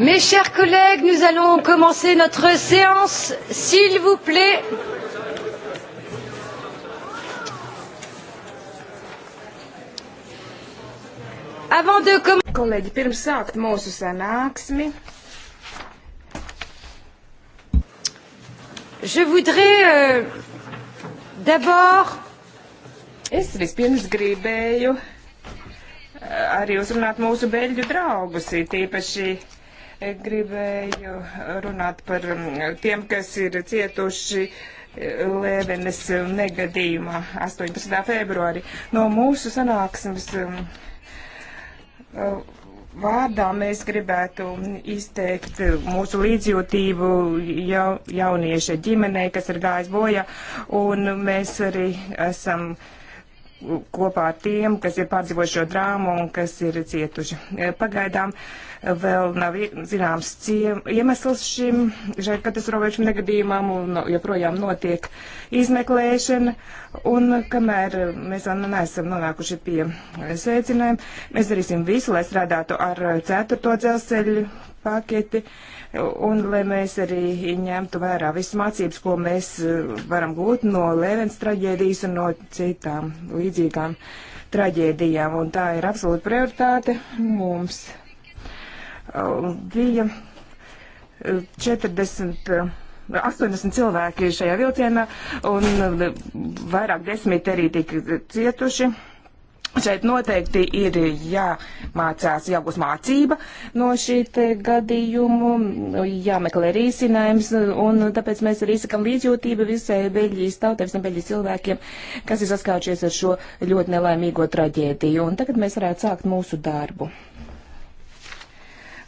Mes chers collègues, nous allons commencer notre séance. S'il vous plaît. Avant de commencer. Kolēģi, pirms sākt mūsu sanāksmi, je voudrais euh, d'abord. Es vispirms gribēju euh, arī uzrunāt mūsu beļģu draugus, it īpaši gribēju runāt par um, tiem, kas ir cietuši uh, Lēvenes negadījumā 18. februārī. No mūsu sanāksmes um, uh, vārdā mēs gribētu izteikt mūsu līdzjūtību ja, jaunieša ģimenei, kas ir gājis bojā, un mēs arī esam kopā ar tiem, kas ir pārdzīvojuši šo drāmu un kas ir cietuši. Pagaidām. Uh, vēl nav zināms ciem, iemesls šim šai katastrofēšam negadījumam un no, joprojām notiek izmeklēšana. Un kamēr mēs vēl neesam nonākuši pie sveicinājuma, mēs darīsim visu, lai strādātu ar ceturto dzelzceļu paketi un lai mēs arī ņemtu vērā visas mācības, ko mēs eh, varam gūt no Lēvens traģēdijas un no citām līdzīgām traģēdijām. Un tā ir absolūta prioritāte mums bija 40. Eh, 80 eh, cilvēki šajā vilcienā un eh, vairāk desmit arī tika cietuši. Šeit noteikti ir jāmācās, jāgūst mācība no šī gadījumu, jāmeklē risinājums, un tāpēc mēs arī izsakam līdzjūtību visai Beļģijas tautības un Beļģijas cilvēkiem, kas ir saskārušies ar šo ļoti nelaimīgo traģēdiju. Un tagad mēs varētu sākt mūsu darbu.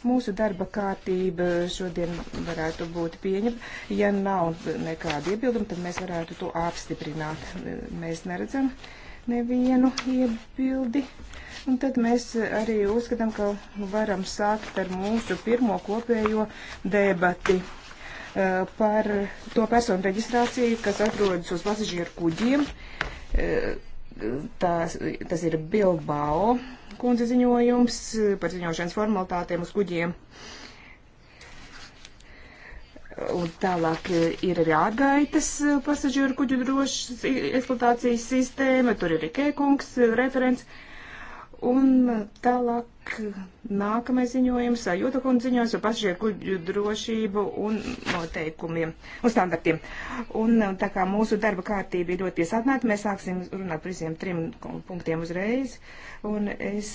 Mūsu darba kārtība šodien varētu būt pieņemta. Ja nav nekāda iebilduma, tad mēs varētu to apstiprināt. Mēs neredzam nevienu iebildi. Un tad mēs arī uzskatām, ka varam sākt ar mūsu pirmo kopējo debati eh, par to personu reģistrāciju, kas atrodas uz pasažieru kuģiem. Eh, tas, tas ir Bilbao kundze ziņojums eh, par ziņošanas formalitātēm uz kuģiem. Un tālāk eh, ir arī ārgaitas eh, pasažieru kuģu drošas eksploatācijas sistēma, tur ir Rikē kungs referents. Uh, Un tālāk nākamais ziņojums, jūta kundze ziņojums par pasažieru kuģu drošību un noteikumiem un standartiem. Un tā kā mūsu darba kārtība ir ļoti piesātnēta, mēs sāksim runāt par visiem trim punktiem uzreiz. Un es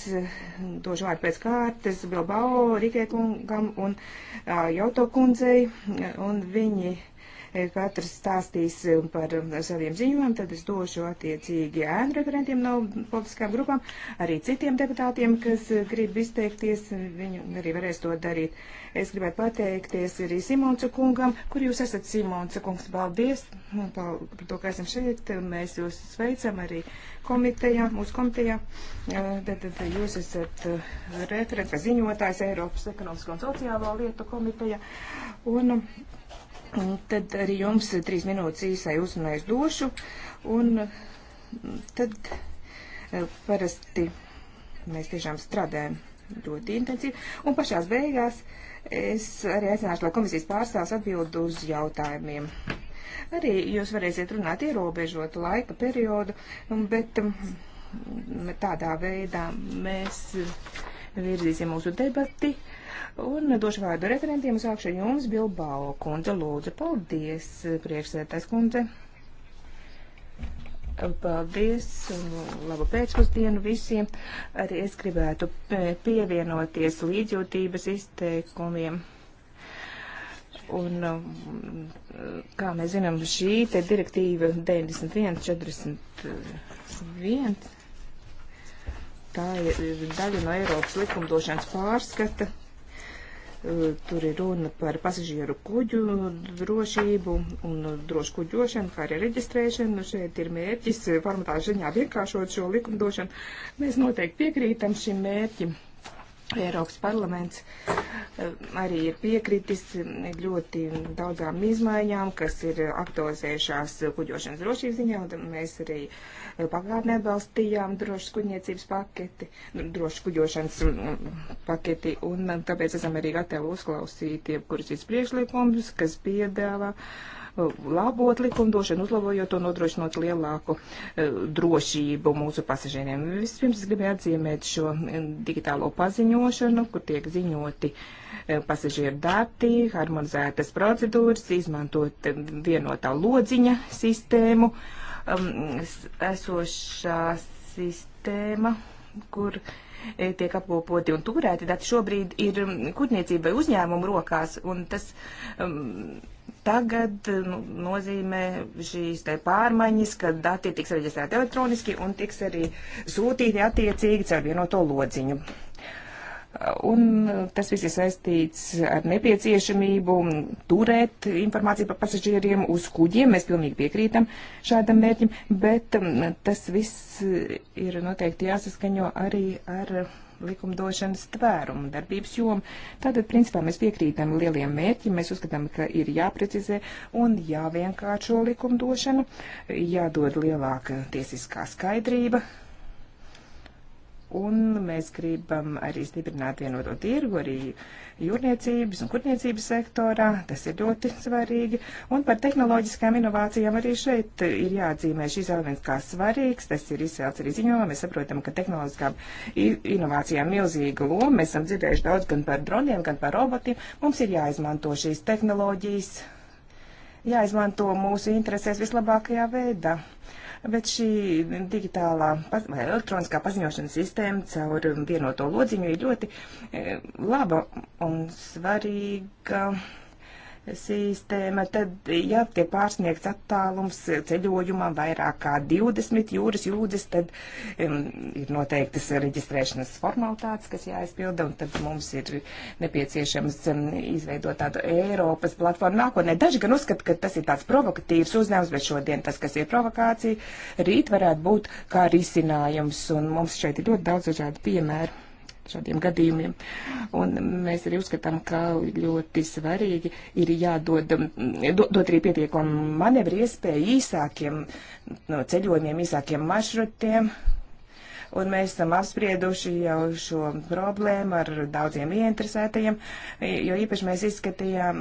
došu vārdu pēc kārtas Bilbao Rikē kungam un Joto kundzei. Un viņi Eh, katrs stāstīs um, par um, saviem ziņojumiem, tad es došu attiecīgi ēnu referentiem no politiskām grupām, arī citiem deputātiem, kas eh, grib izteikties, eh, viņi arī varēs to darīt. Es gribētu pateikties arī Simonsa kungam, kur jūs esat Simonsa kungs, paldies nu, par to, ka esam šeit, mēs jūs sveicam arī komitejā, mūsu komitejā, tad jūs esat referents, ziņotājs Eiropas ekonomisko un sociālo lietu komiteja, un Un tad arī jums trīs minūtes īsai uzrunājas došu. Un mm, tad eh, parasti mēs tiešām strādājam ļoti intensīvi. Un pašās beigās es arī aicināšu, lai komisijas pārstāvs atbild uz jautājumiem. Arī jūs varēsiet runāt ierobežotu laika periodu, bet mm, tādā veidā mēs virzīsim mūsu debati Un došu vārdu referentiem, sākšu ar jums, Bilbao kundze, lūdzu, paldies, priekšsētājs kundze. Paldies un labu pēcpusdienu visiem. Arī es gribētu pievienoties līdzjūtības izteikumiem. Un, um, kā mēs zinām, šī te direktīva 91.41. Tā ir daļa no Eiropas likumdošanas pārskata Eh, tur ir runa par pasažieru kuģu drošību un drošu kuģošanu, kā arī reģistrēšanu. Nu, šeit ir mērķis eh, formatāla ziņā vienkāršot šo likumdošanu. Mēs noteikti piekrītam šim mērķim. Eiropas parlaments eh, arī ir piekritis ļoti daudzām izmaiņām, kas ir aktualizējušās kuģošanas drošības ziņā, un mēs arī eh, pagātnē atbalstījām drošas kuģniecības paketi, nu, drošas kuģošanas mm, paketi, un eh, tāpēc esam arī gatavi uzklausīt jebkurus cits priekšlikumus, kas piedāvā uh, labot likumdošanu, uzlabojot un nodrošinot lielāku eh, drošību mūsu pasažieriem. Vispirms es gribēju atzīmēt šo eh, digitālo paziņošanu, kur tiek ziņoti eh, pasažieru dati, harmonizētas procedūras, izmantot vienotā lodziņa sistēmu, um, esošā sistēma, kur tiek apkopoti un turēti dati šobrīd ir mm, kurniecība vai uzņēmumu rokās, un tas um, tagad nu, nozīmē šīs te pārmaiņas, kad dati tiks reģistrēti elektroniski un tiks arī sūtīti attiecīgi caur vienoto lodziņu. Un tas viss ir saistīts ar nepieciešamību turēt informāciju par pasažieriem uz kuģiem. Mēs pilnīgi piekrītam šādam mērķim, bet um, tas viss ir noteikti jāsaskaņo arī ar likumdošanas tvērumu, darbības jomu. Tātad, principā, mēs piekrītam lieliem mērķiem, mēs uzskatām, ka ir jāprecizē un jāvienkāršo likumdošana, jādod lielāka tiesiskā skaidrība un mēs gribam arī stiprināt vienoto tirgu arī jūrniecības un kurniecības sektorā. Tas ir ļoti svarīgi. Un par tehnoloģiskām inovācijām arī šeit ir jāatzīmē šis elements kā svarīgs. Tas ir izcēlts arī ziņojumā. Mēs saprotam, ka tehnoloģiskām inovācijām milzīga loma. Mēs esam dzirdējuši daudz gan par droniem, gan par robotiem. Mums ir jāizmanto šīs tehnoloģijas jāizmanto mūsu interesēs vislabākajā veidā bet šī digitālā vai elektroniskā paziņošanas sistēma caur vienoto lodziņu ir ļoti eh, laba un svarīga sistēma, tad, ja tiek pārsniegts attālums ceļojumam vairāk kā 20 jūras jūdzes, tad um, ir noteiktas reģistrēšanas formalitātes, kas jāizpilda, un tad mums ir nepieciešams um, izveidot tādu Eiropas platformu nākotnē. Daži gan uzskata, ka tas ir tāds provokatīvs uzņēmums, bet šodien tas, kas ir provokācija, rīt varētu būt kā risinājums, un mums šeit ir ļoti daudz dažādu piemēru šādiem gadījumiem. Un mēs arī uzskatām, ka ļoti svarīgi ir jādod do, dot arī pietiekama manevri iespēja īsākiem no ceļojumiem, īsākiem maršrutiem. Un mēs esam apsprieduši jau šo problēmu ar daudziem ieinteresētajiem, jo īpaši mēs izskatījām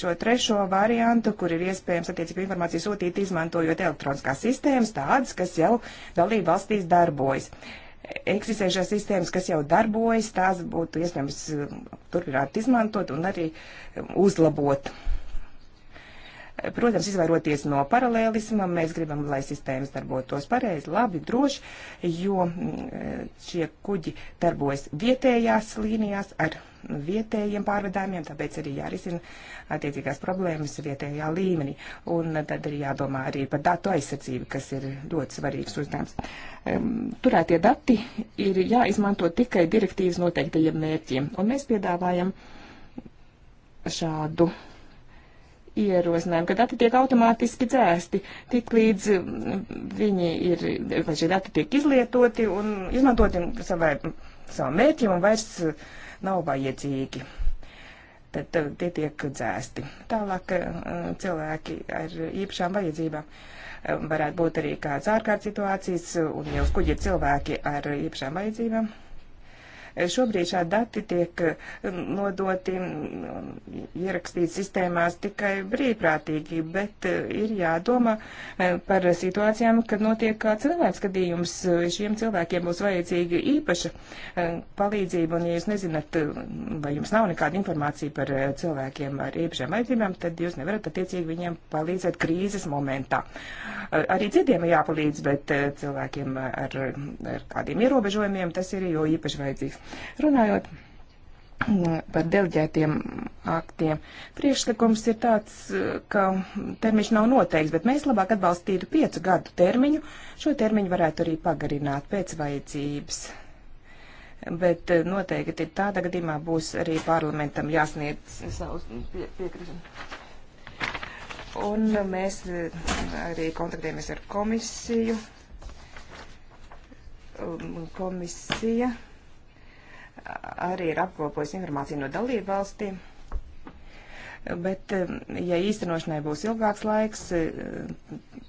šo trešo variantu, kur ir iespējams attiecīgi informāciju sūtīt, izmantojot elektroniskās sistēmas, tādas, kas jau dalība valstīs darbojas. Uh, eksistējušās sistēmas, kas jau darbojas, tās būtu iespējams eh, turpināt izmantot un arī eh, uzlabot. Protams, izvairoties no paralēlisma, mēs gribam, lai sistēmas darbotos pareizi, labi, droši, jo mm, šie kuģi darbojas vietējās līnijās ar vietējiem pārvedājumiem, tāpēc arī jārisina attiecīgās problēmas vietējā līmenī. Un tad arī jādomā arī par datu aizsardzību, kas ir ļoti svarīgs uzdevums. Turētie dati ir jāizmanto tikai direktīvas noteiktajiem mērķiem, un mēs piedāvājam šādu ierosinājumi, ka dati tiek automātiski dzēsti, tik līdz mm, viņi ir, vai šie dati tiek izlietoti un izmantoti savai, savam mērķim un vairs eh, nav vajadzīgi. Tad eh, tie tiek dzēsti. Tālāk eh, cilvēki ar īpašām vajadzībām. Varētu būt arī kāds ārkārtas situācijas, un jau uz kuģi ir cilvēki ar īpašām vajadzībām Šobrīd šādi dati tiek eh, nodoti, mm, ierakstīti sistēmās tikai brīvprātīgi, bet eh, ir jādomā eh, par situācijām, kad notiek kāds cilvēks gadījums. Šiem cilvēkiem būs vajadzīga īpaša palīdzība, un ja jūs nezināt, vai jums nav nekāda informācija par cilvēkiem ar īpašām vajadzībām, tad jūs nevarat attiecīgi viņiem palīdzēt krīzes momentā. Arī citiem ir jāpalīdz, bet cilvēkiem ar, ar kādiem ierobežojumiem tas ir jo īpaši vajadzīgs. Runājot mm, par deleģētiem aktiem. Priekšlikums ir tāds, ka termiņš nav noteikts, bet mēs labāk atbalstītu piecu gadu termiņu. Šo termiņu varētu arī pagarināt pēc vajadzības. Bet eh, noteikti tādā gadījumā būs arī parlamentam jāsniedz savus pie, piekrišanu. Un mēs eh, arī kontaktējamies ar komisiju. Um, komisija arī ir apkopojis informāciju no dalību valstīm. Bet, um, ja īstenošanai būs ilgāks laiks, uh,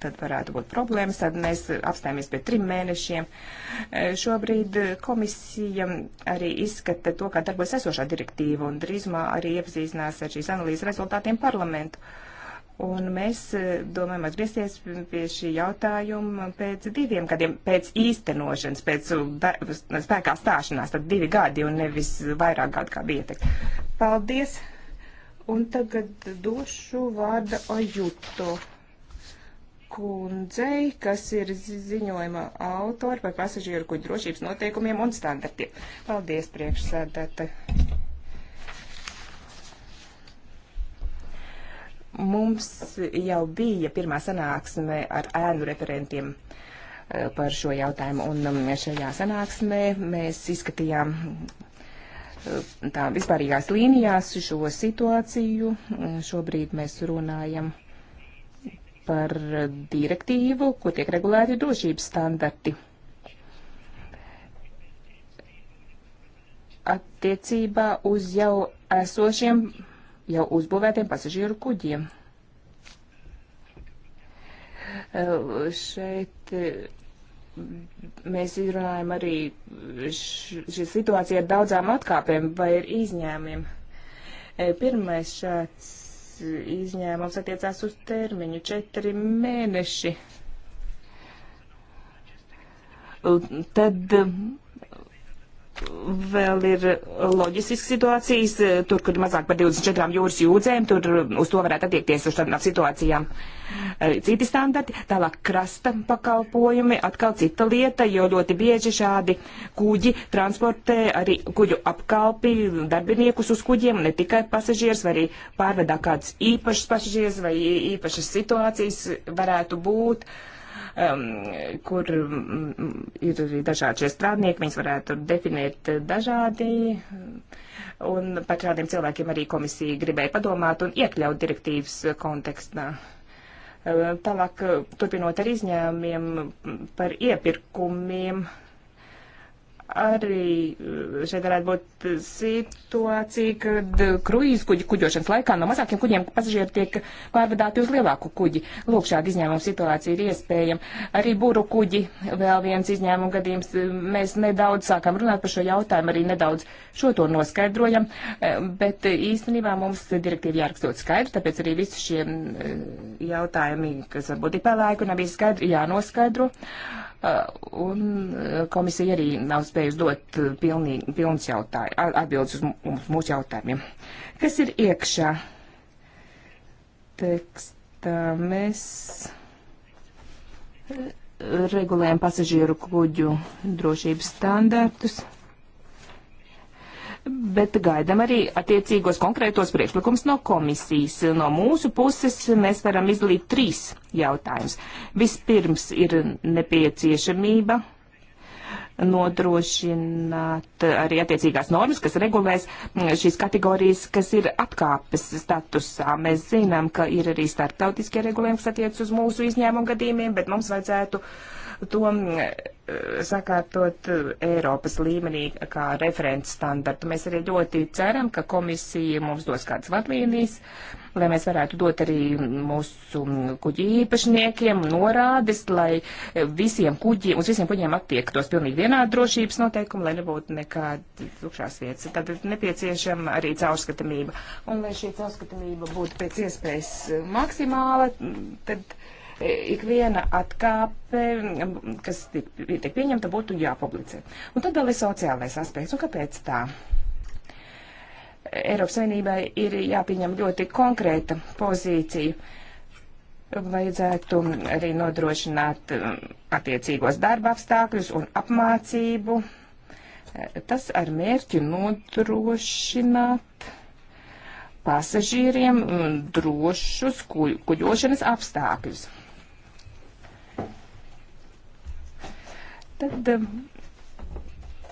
tad varētu būt problēmas, tad mēs apstājamies pie trim mēnešiem. Uh, šobrīd komisija arī izskata to, kā darbojas esošā direktīva, un drīzumā arī iepazīstinās ar šīs analīzes rezultātiem parlamentu. Uh, Un mēs eh, domājam atgriezties pie šī jautājuma pēc diviem gadiem, pēc īstenošanas, pēc eh, spēkā stāšanās, tad divi gadi un nevis vairāk gadu kā bija. Paldies! Un tagad došu vārdu Ajuto kundzei, kas ir ziņojuma autori par pasažieru kuģu drošības noteikumiem un standartiem. Paldies, priekšsēdētāji! Mums jau bija pirmā sanāksme ar ēnu referentiem eh, par šo jautājumu, un um, šajā sanāksmē mēs izskatījām eh, tā vispārīgās līnijās šo situāciju. Šobrīd mēs runājam par direktīvu, ko tiek regulēti drošības standarti. Attiecībā uz jau esošiem jau uzbūvētiem pasažieru kuģiem. Šeit e, mēs runājam arī šī situācija ar daudzām atkāpēm vai ar izņēmiem. E, pirmais šāds izņēmums attiecās uz termiņu - četri mēneši. Tad vēl ir loģiskas situācijas, tur, kur ir mazāk par 24 jūras jūdzēm, tur uz to varētu attiekties uz tādām situācijām. Citi standarti, tālāk krasta pakalpojumi, atkal cita lieta, jo ļoti bieži šādi kuģi transportē arī kuģu apkalpi darbiniekus uz kuģiem, ne tikai pasažieris, vai arī pārvedā kāds īpašs pasažieris vai īpašas situācijas varētu būt. Uh, um, kur mm, mm, ir dažādi šie strādnieki, viņas varētu definēt dažādi. Un par šādiem cilvēkiem arī komisija gribēja padomāt un iekļaut direktīvas kontekstā. Tālāk, turpinot ar izņēmumiem par iepirkumiem, uh, arī eh, šeit varētu būt situācija, kad kruīzkuģi kuģošanas laikā no mazākiem kuģiem pasažieri tiek pārvadāti uz lielāku kuģi. Lūk, šāda izņēmuma situācija ir iespējama. Arī būru kuģi vēl viens izņēmuma gadījums. Mēs nedaudz sākam runāt par šo jautājumu, arī nedaudz šo to noskaidrojam, eh, bet īstenībā mums direktīva jārakstot skaidri, tāpēc arī visi šie mm, eh, jautājumi, kas varbūt ir pelēki un nav bijis skaidri, jānoskaidro. Uh, Uh, un uh, komisija arī nav spējusi dot uh, pilnī, pilns jautāju, atbildes uz, uz mūsu jautājumiem. Kas ir iekšā? Tekstā mēs regulējam pasažieru kuģu drošības standartus bet gaidam arī attiecīgos konkrētos priekšlikums no komisijas. No mūsu puses mēs varam izdalīt trīs jautājumus. Vispirms ir nepieciešamība nodrošināt arī attiecīgās normas, kas regulēs šīs kategorijas, kas ir atkāpes statusā. Mēs zinām, ka ir arī starptautiskie regulējumi, kas attiec uz mūsu izņēmumu gadījumiem, bet mums vajadzētu to sakārtot uh, Eiropas līmenī kā referents standartu. Mēs arī ļoti ceram, ka komisija mums dos kādas vadlīnijas, lai mēs varētu dot arī mūsu mm, kuģi īpašniekiem norādes, lai visiem kuģiem, uz visiem kuģiem attiektos pilnīgi vienādi drošības noteikumi, lai nebūtu nekāda tukšās vietas. Tad ir nepieciešama arī caurskatamība. Un lai šī caurskatamība būtu pēc iespējas uh, maksimāla, mm, tad. Uh, ikviena atkāpe, kas tiek pieņemta, būtu jāpublicē. Un tad vēl ir sociālais aspekts. Un kāpēc tā? Eiropas Savienībai ir jāpieņem ļoti konkrēta pozīcija. Vajadzētu arī nodrošināt attiecīgos darba apstākļus un apmācību. Tas ar mērķi nodrošināt pasažīriem drošus kuģošanas apstākļus. Tad, um,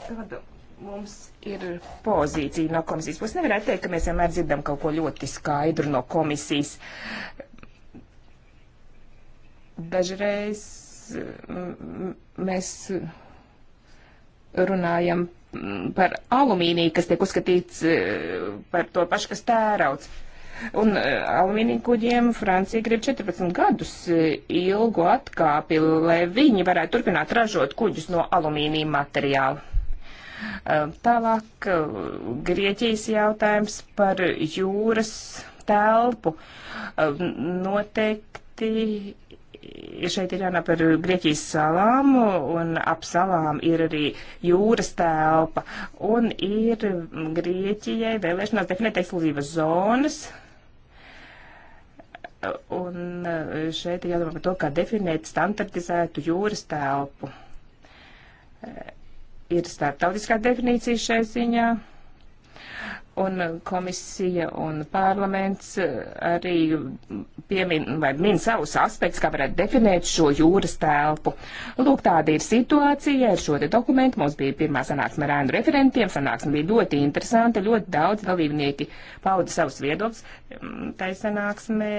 tad mums ir pozīcija no komisijas puses. Nevarētu teikt, ka mēs vienmēr dzirdam kaut ko ļoti skaidru no komisijas. Dažreiz mm, mm, mēs runājam mm, par alumīniju, kas tiek uzskatīts par to pašu, kas tērauds. Tā Un e, alumīnija kuģiem Francija grib 14 gadus e, ilgu atkāpi, lai viņi varētu turpināt ražot kuģus no alumīnija materiāla. E, tālāk Grieķijas jautājums par jūras telpu. Noteikti šeit ir jānāk par Grieķijas salām, un ap salām ir arī jūras telpa, un ir Grieķijai vēlēšanās definēt ekskluzīvas zonas, Un eh, šeit ir jādomā par to, kā definēt standartizētu jūras telpu. Eh, ir starptautiskā definīcija šai ziņā, un komisija un parlaments eh, arī piemin vai min savus aspektus, kā varētu definēt šo jūras telpu. Lūk, tāda ir situācija ar šo te dokumentu. Mums bija pirmā sanāksme ar ēnu referentiem, sanāksme bija ļoti interesanta, ļoti daudz dalībnieki pauda savus viedokļus mm, tai sanāksmē,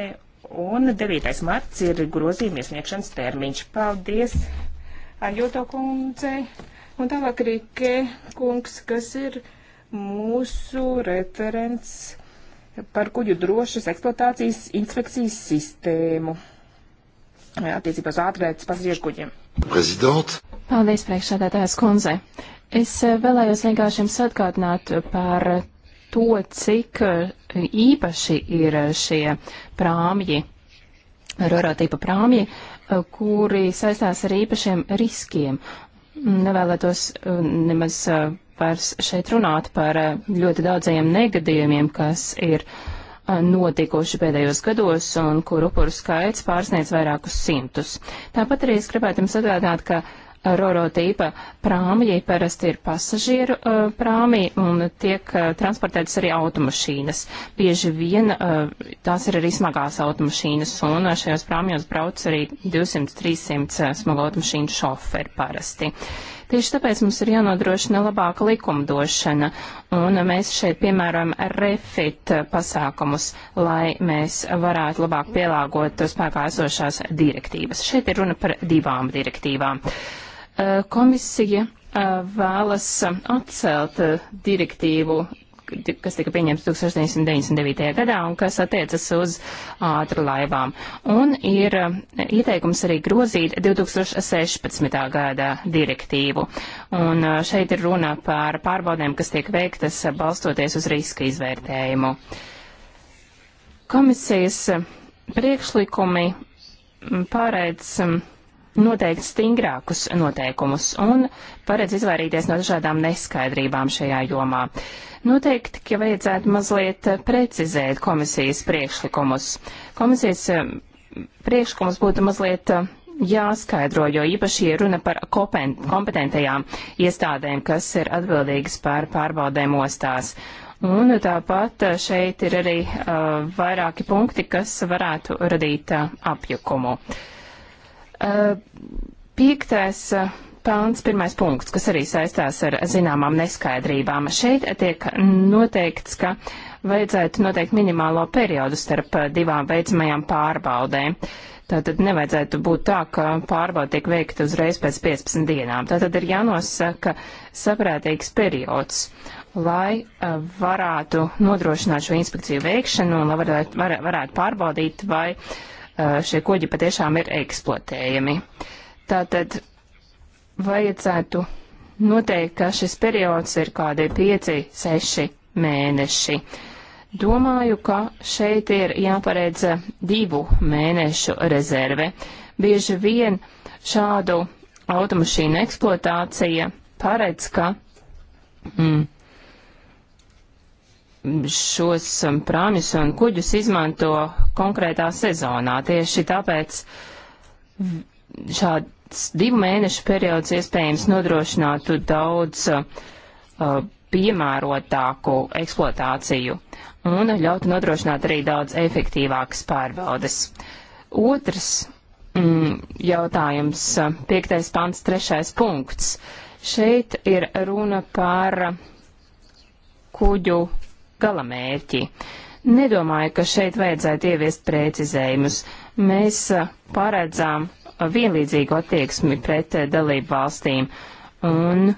Un 9. marts ir grozījuma iesniegšanas termiņš. Paldies, Aļoto kundze. Un tālāk Rīke kungs, kas ir mūsu referents par kuģu drošas eksploatācijas inspekcijas sistēmu attiecībā uz ātrētas pasažierkuģiem. Prezident. Paldies, priekšsādātājas kundze. Es eh, vēlējos vienkārši jums atgādināt par to, cik uh, īpaši ir uh, šie prāmji, rorotīpa prāmji, uh, kuri saistās ar īpašiem riskiem. Nevēlētos nemaz vairs šeit runāt par ļoti daudzajiem negadījumiem, kas ir notikuši pēdējos gados un kur upuru skaits pārsniedz vairākus simtus. Tāpat arī es gribētu jums atgādināt, ka roro tīpa prāmjai parasti ir pasažieru uh, prāmji un tiek uh, transportētas arī automašīnas. Bieži vien uh, tās ir arī smagās automašīnas un uh, šajos prāmjos brauc arī 200-300 uh, smago automašīnu šoferi parasti. Tieši tāpēc mums ir jānodrošina labāka likumdošana, un uh, mēs šeit piemēram refit uh, pasākumus, lai mēs varētu labāk pielāgot spēkā esošās direktīvas. Šeit ir runa par divām direktīvām. Uh, Eh, komisija eh, vēlas eh, atcelt direktīvu kas tika pieņemts 1999. gadā un kas attiecas uz ātru laivām. Un ir ieteikums arī grozīt 2016. gada direktīvu. Un šeit ir runa par pārbaudēm, kas tiek veiktas balstoties uz riska izvērtējumu. Komisijas priekšlikumi mm, pārēc noteikt stingrākus noteikumus un paredz izvairīties no dažādām neskaidrībām šajā jomā. Noteikti, ka vajadzētu mazliet precizēt komisijas priekšlikumus. Komisijas eh, priekšlikums būtu mazliet eh, jāskaidro, jo īpaši ir runa par kompetentajām iestādēm, kas ir atbildīgas par pārbaudēm ostās. Un tāpat eh, šeit ir arī uh, vairāki punkti, kas varētu radīt uh, apjukumu. Uh, Eh, piektais eh, pāns, pirmais punkts, kas arī saistās ar zināmām neskaidrībām. Šeit tiek noteikts, ka vajadzētu noteikt minimālo periodu starp eh, divām veicamajām pārbaudēm. Tātad nevajadzētu būt tā, ka pārbauda tiek veikta uzreiz pēc 15 dienām. Tātad ir jānosaka saprātīgs periods, lai varētu nodrošināt šo inspekciju veikšanu un lai varētu, var, varētu pārbaudīt, vai uh, Eh, šie kuģi patiešām ir eksploatējami. Tātad vajadzētu noteikt, ka šis periods ir kādi 5-6 mēneši. Domāju, ka šeit ir jāparedz divu mēnešu rezerve. Bieži vien šādu automašīnu eksploatācija paredz, ka mm, šos um, prāņus un kuģus izmanto konkrētā sezonā. Tieši tāpēc šāds divu mēnešu periods iespējams nodrošinātu daudz uh, piemērotāku eksploatāciju un ļautu nodrošināt arī daudz efektīvākas pārbaudes. Otrs mm, jautājums, uh, piektais pants, trešais punkts. Šeit ir runa par kuģu galamērķi. Nedomāju, ka šeit vajadzētu ieviest precizējumus. Mēs uh, paredzām uh, vienlīdzīgu attieksmi pret uh, dalību valstīm un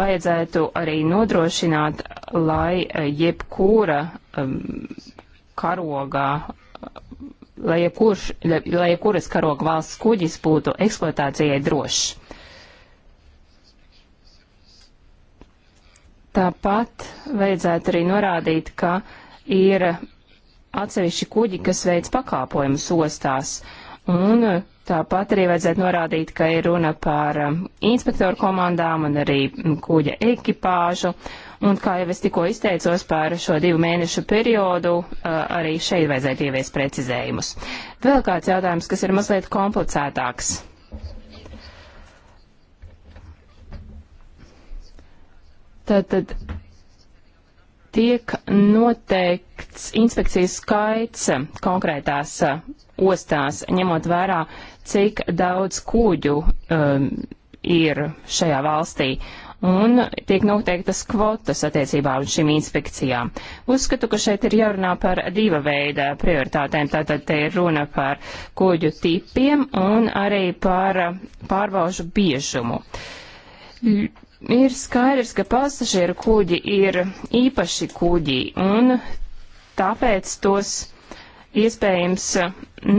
vajadzētu arī nodrošināt, lai jebkura um, karogā, lai, jebkurš, lai jebkuras karoga valsts kuģis būtu eksploatācijai drošs. Tāpat vajadzētu arī norādīt, ka ir atsevišķi kuģi, kas veids pakāpojumus ostās. Un tāpat arī vajadzētu norādīt, ka ir runa par um, inspektoru komandām un arī mm, kuģa ekipāžu. Un kā jau es tikko izteicos par šo divu mēnešu periodu, uh, arī šeit vajadzētu ievies precizējumus. Vēl kāds jautājums, kas ir mazliet komplicētāks. Tātad tiek noteikts inspekcijas skaits konkrētās uh, ostās, ņemot vērā, cik daudz kuģu um, ir šajā valstī. Un tiek noteiktas kvotas attiecībā uz šīm inspekcijām. Uzskatu, ka šeit ir jārunā par diva veida prioritātēm. Tātad te ir runa par kuģu tipiem un arī par pārbaužu biežumu Ir skaidrs, ka pasažieru kuģi ir īpaši kuģi, un tāpēc tos iespējams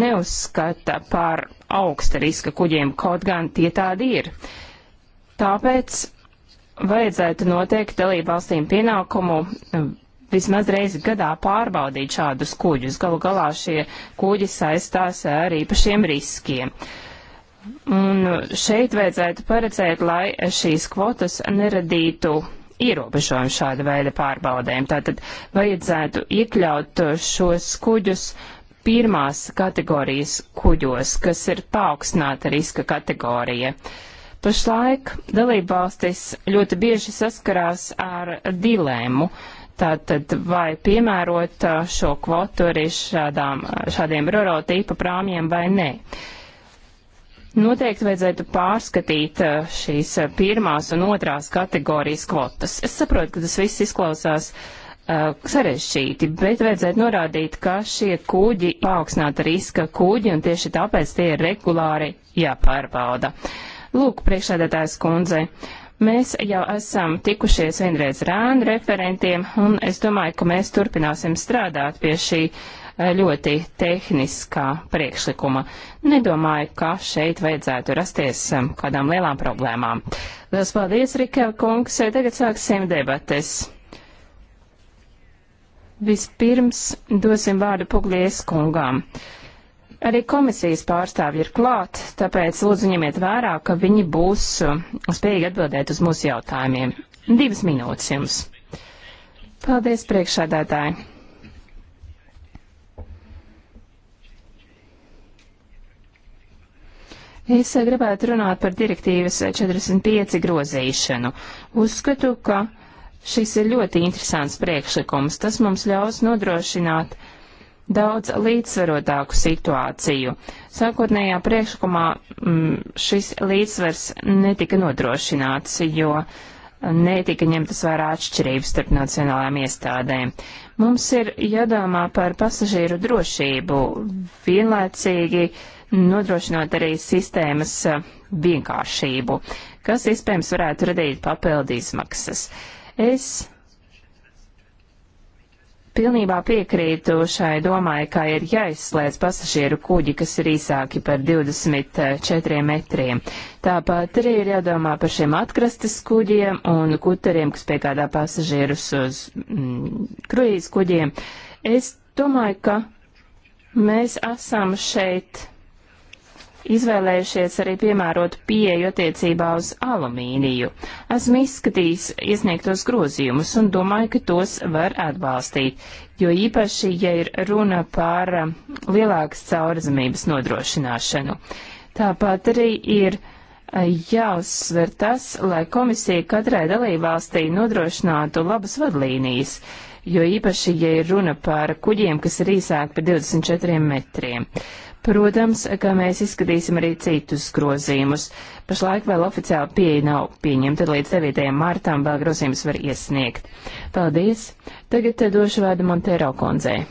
neuzskata par augsta riska kuģiem, kaut gan tie tādi ir. Tāpēc vajadzētu noteikt dalību valstīm pienākumu eh, vismaz reizi gadā pārbaudīt šādus kuģus. Galu galā šie kuģi saistās ar īpašiem riskiem. Uh, Un šeit vajadzētu paredzēt, lai šīs kvotas neradītu ierobežojumu šāda veida pārbaudēm. Tātad vajadzētu iekļaut šos kuģus pirmās kategorijas kuģos, kas ir paaugstināta riska kategorija. Pašlaik dalībvalstis ļoti bieži saskarās ar dilēmu, tātad vai piemērot šo kvotu arī šādām, šādiem roro tīpa prāmjiem vai nē. Uh, Noteikti vajadzētu pārskatīt eh, šīs eh, pirmās un otrās kategorijas kvotas. Es saprotu, ka tas viss izklausās uh, sarežģīti, bet vajadzētu norādīt, ka šie kuģi paaugstināta riska kuģi un tieši tāpēc tie ir regulāri jāpārbauda. Lūk, priekšsēdētājs kundzei. Mēs jau esam tikušies vienreiz rānu referentiem, un es domāju, ka mēs turpināsim strādāt pie šī uh, Eh, ļoti tehniskā priekšlikuma. Nedomāju, ka šeit vajadzētu rasties eh, kādām lielām problēmām. Lielas paldies, Rikēv kungs. Eh, tagad sāksim debates. Vispirms dosim vārdu Puglies kungām. Arī komisijas pārstāvji ir klāt, tāpēc lūdzu ņemiet vērā, ka viņi būs spējīgi atbildēt uz mūsu jautājumiem. Divas minūtes jums. Paldies, priekšādātāji. Es gribētu runāt par direktīvas 45 grozīšanu. Uzskatu, ka šis ir ļoti interesants priekšlikums. Tas mums ļaus nodrošināt daudz līdzsvarotāku situāciju. Sākotnējā priekšlikumā mm, šis līdzsvars netika nodrošināts, jo netika ņemtas vērā atšķirības starp nacionālajām iestādēm. Mums ir jādomā par pasažieru drošību vienlaicīgi nodrošinot arī sistēmas vienkāršību, kas iespējams varētu radīt papildu izmaksas. Es pilnībā piekrītu šai domai, ka ir jāizslēdz pasažieru kuģi, kas ir īsāki par 24 metriem. Tāpat arī ir jādomā par šiem atkrastes kuģiem un kutariem, kas piegādā pasažierus uz mm, kruīz kuģiem. Es domāju, ka mēs esam šeit izvēlējušies arī piemērot pieeju attiecībā uz alumīniju. Esmu izskatījis iesniegtos grozījumus un domāju, ka tos var atbalstīt, jo īpaši, ja ir runa par um, lielākas caurzemības nodrošināšanu. Tāpat arī ir uh, jāuzsver tas, lai komisija katrai dalībvalstī nodrošinātu labas vadlīnijas jo īpaši, ja ir runa par kuģiem, kas ir īsāki par 24 metriem. Uh, Protams, ka mēs izskatīsim arī citus grozījumus. Pašlaik vēl oficiāli pieeja nav pieņemta, līdz 9. martām vēl grozījumus var iesniegt. Paldies! Tagad eh, došu vārdu Montero kundzei.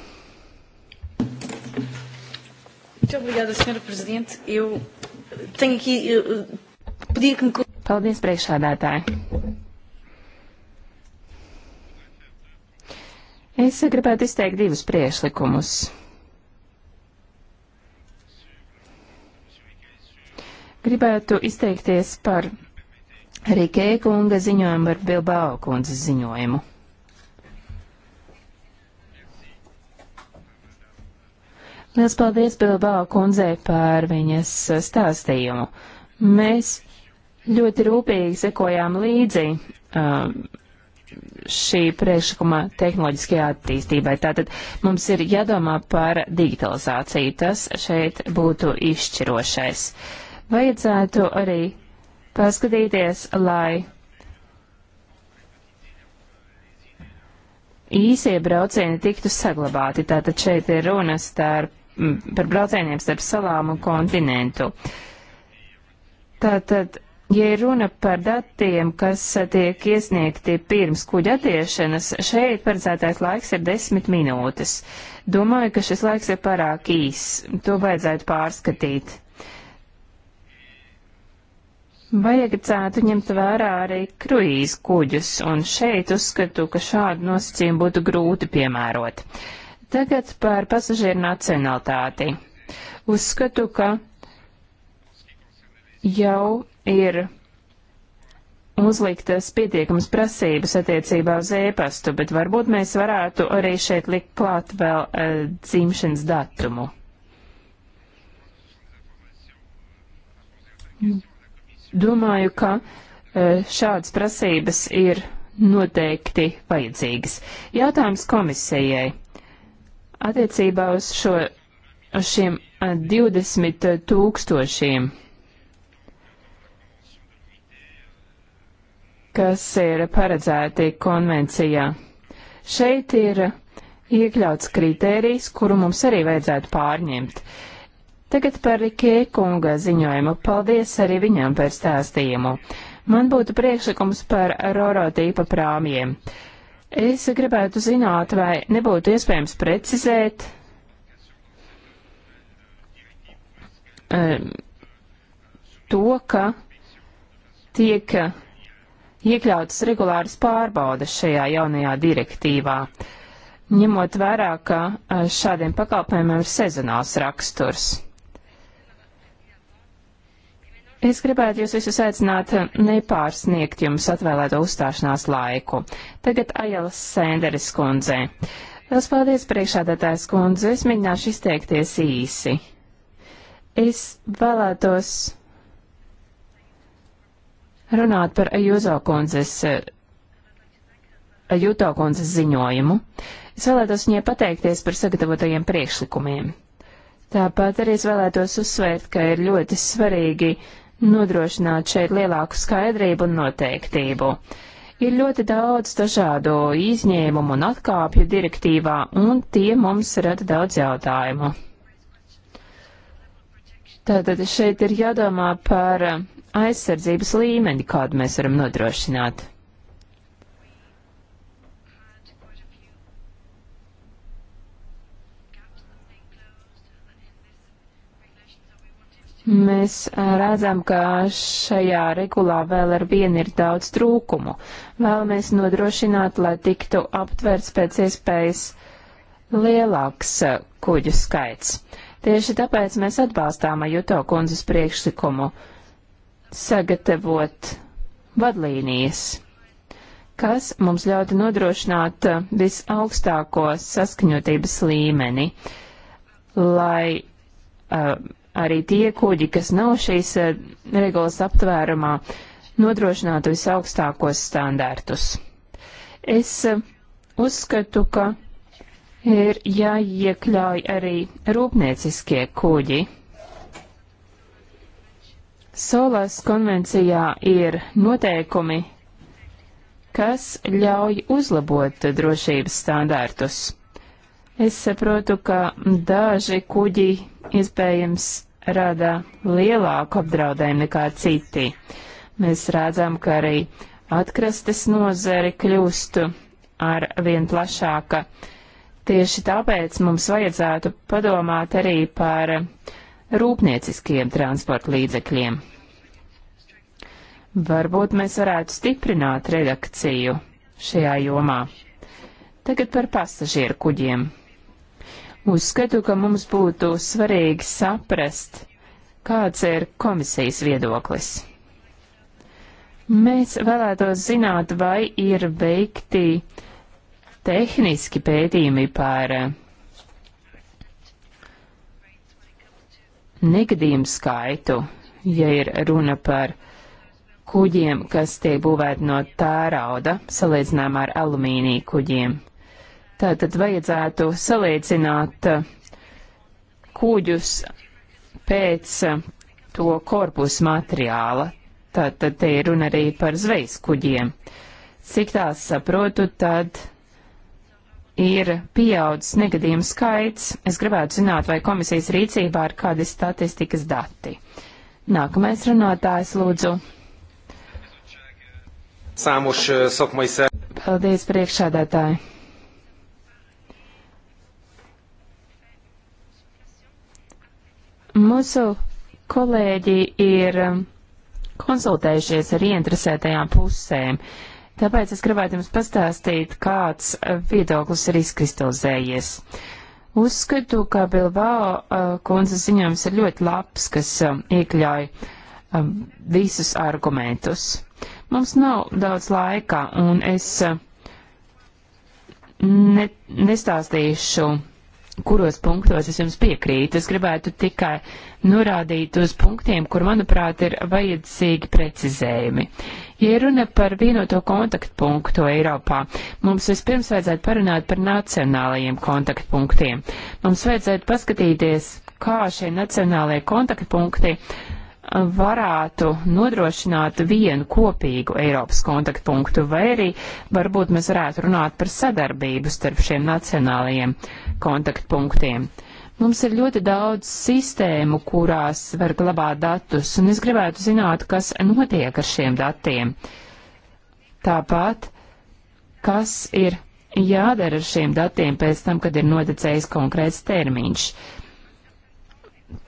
Paldies, priekšādātāji! Es gribētu izteikt divus priešlikumus. Gribētu izteikties par Rīkē kunga ziņojumu ar Bilbao kundzes ziņojumu. Liels paldies Bilbao kundzei par viņas stāstījumu. Mēs ļoti rūpīgi sekojām līdzi um, šī priekšlikuma tehnoloģiskajā attīstībai. Tātad mums ir jādomā par digitalizāciju. Tas šeit būtu izšķirošais. Uh, Vajadzētu arī paskatīties, lai īsie braucieni tiktu saglabāti. Tātad šeit ir runa starp, par braucieniem starp salām un kontinentu. Tātad, ja ir runa par datiem, kas tiek iesniegti pirms kuģa attiešanas, šeit paredzētais laiks ir desmit minūtes. Domāju, ka šis laiks ir pārāk īs. To vajadzētu pārskatīt. Vajadzētu ņemt vērā arī kruīz kuģus, un šeit uzskatu, ka šādu nosacījumu būtu grūti piemērot. Tagad par pasažieru nacionalitāti. Uzskatu, ka jau ir uzliktas pietiekamas prasības attiecībā uz ēpastu, bet varbūt mēs varētu arī šeit likt klāt vēl uh, e, dzimšanas datumu domāju, ka e, šādas prasības ir noteikti vajadzīgas. Jautājums komisijai. Attiecībā uz, šo, uz šiem 20 e, tūkstošiem, kas ir paredzēti konvencijā, šeit ir iekļauts kritērijs, kuru mums arī vajadzētu pārņemt. Uh, Tagad par Rikē kunga ziņojumu. Paldies arī viņam par stāstījumu. Man būtu priekšlikums par Roro tīpa prāmjiem. Es gribētu zināt, vai nebūtu iespējams precizēt um, to, ka tiek iekļautas regulāras pārbaudas šajā jaunajā direktīvā, ņemot vērā, ka eh, šādiem pakalpojumiem ir sezonāls raksturs. Es gribētu jūs visus aicināt eh, nepārsniegt jums atvēlēto uzstāšanās laiku. Tagad Ajelas Sēnderis kundzē. Lielas paldies priekšādātājs kundze, es mēģināšu izteikties īsi. Es vēlētos runāt par Ajuzo kundzes, eh, Ajuto kundzes ziņojumu. Es vēlētos viņai pateikties par sagatavotajiem priekšlikumiem. Tāpat arī es vēlētos uzsvērt, ka ir ļoti svarīgi uh, nodrošināt šeit lielāku skaidrību un noteiktību. Ir ļoti daudz dažādu izņēmumu un atkāpju direktīvā, un tie mums rada daudz jautājumu. Tātad šeit ir jādomā par aizsardzības līmeni, kādu mēs varam nodrošināt. Mēs redzam, ka šajā regulā vēl ar vienu ir daudz trūkumu. Vēlamies nodrošināt, lai tiktu aptverts pēc iespējas lielāks kuģu skaits. Tieši tāpēc mēs atbalstām Ajuto kundzes priekšlikumu sagatavot vadlīnijas, kas mums ļautu nodrošināt visaugstāko saskaņotības līmeni, lai uh, arī tie kuģi, kas nav šīs eh, regulas aptvērumā, nodrošinātu visaugstākos standārtus. Es eh, uzskatu, ka ir jāiekļauj arī rūpnieciskie kuģi. Solas konvencijā ir noteikumi, kas ļauj uzlabot drošības standārtus. Es saprotu, ka daži kuģi iespējams rada lielāku apdraudējumu nekā citi. Mēs redzam, ka arī atkrastes nozari kļūst ar vien plašāka. Tieši tāpēc mums vajadzētu padomāt arī par rūpnieciskiem transporta līdzekļiem. Varbūt mēs varētu stiprināt redakciju šajā jomā. Tagad par pasažieru kuģiem. Uzskatu, ka mums būtu svarīgi saprast, kāds ir komisijas viedoklis. Mēs vēlētos zināt, vai ir veikti tehniski pētījumi par negadījumu skaitu, ja ir runa par kuģiem, kas tiek būvēti no tērauda, salīdzinām ar alumīnija kuģiem. Tātad vajadzētu salīdzināt uh, kūģus pēc uh, to korpusu materiāla. Tātad te ir runa arī par zvejas kuģiem. Cik tās saprotu, tad ir pieaudzis negadījumu skaits. Es gribētu zināt, vai komisijas rīcībā ir kādi statistikas dati. Nākamais runātājs lūdzu. Sāmuši, uh, sakmaisē. Paldies priekšādātāji. Mūsu kolēģi ir um, konsultējušies ar ieinteresētajām pusēm. Tāpēc es gribētu jums pastāstīt, kāds uh, viedoklis ir izkristalizējies. Uzskatu, ka Bilbao uh, kundzes ziņojums ir ļoti labs, kas um, iekļauj um, visus argumentus. Mums nav daudz laika, un es uh, ne, nestāstīšu kuros punktos es jums piekrītu. Es gribētu tikai norādīt uz punktiem, kur, manuprāt, ir vajadzīgi precizējumi. Ja runa par vienoto kontaktpunktu Eiropā, mums vispirms vajadzētu parunāt par nacionālajiem kontaktpunktiem. Mums vajadzētu paskatīties, kā šie nacionālajie kontaktpunkti varētu nodrošināt vienu kopīgu Eiropas kontaktpunktu, vai arī varbūt mēs varētu runāt par sadarbību starp šiem nacionālajiem kontaktpunktiem. Mums ir ļoti daudz sistēmu, kurās var glabāt datus, un es gribētu zināt, kas notiek ar šiem datiem. Tāpat, kas ir jādara ar šiem datiem pēc tam, kad ir noticējis konkrēts termiņš. Uh,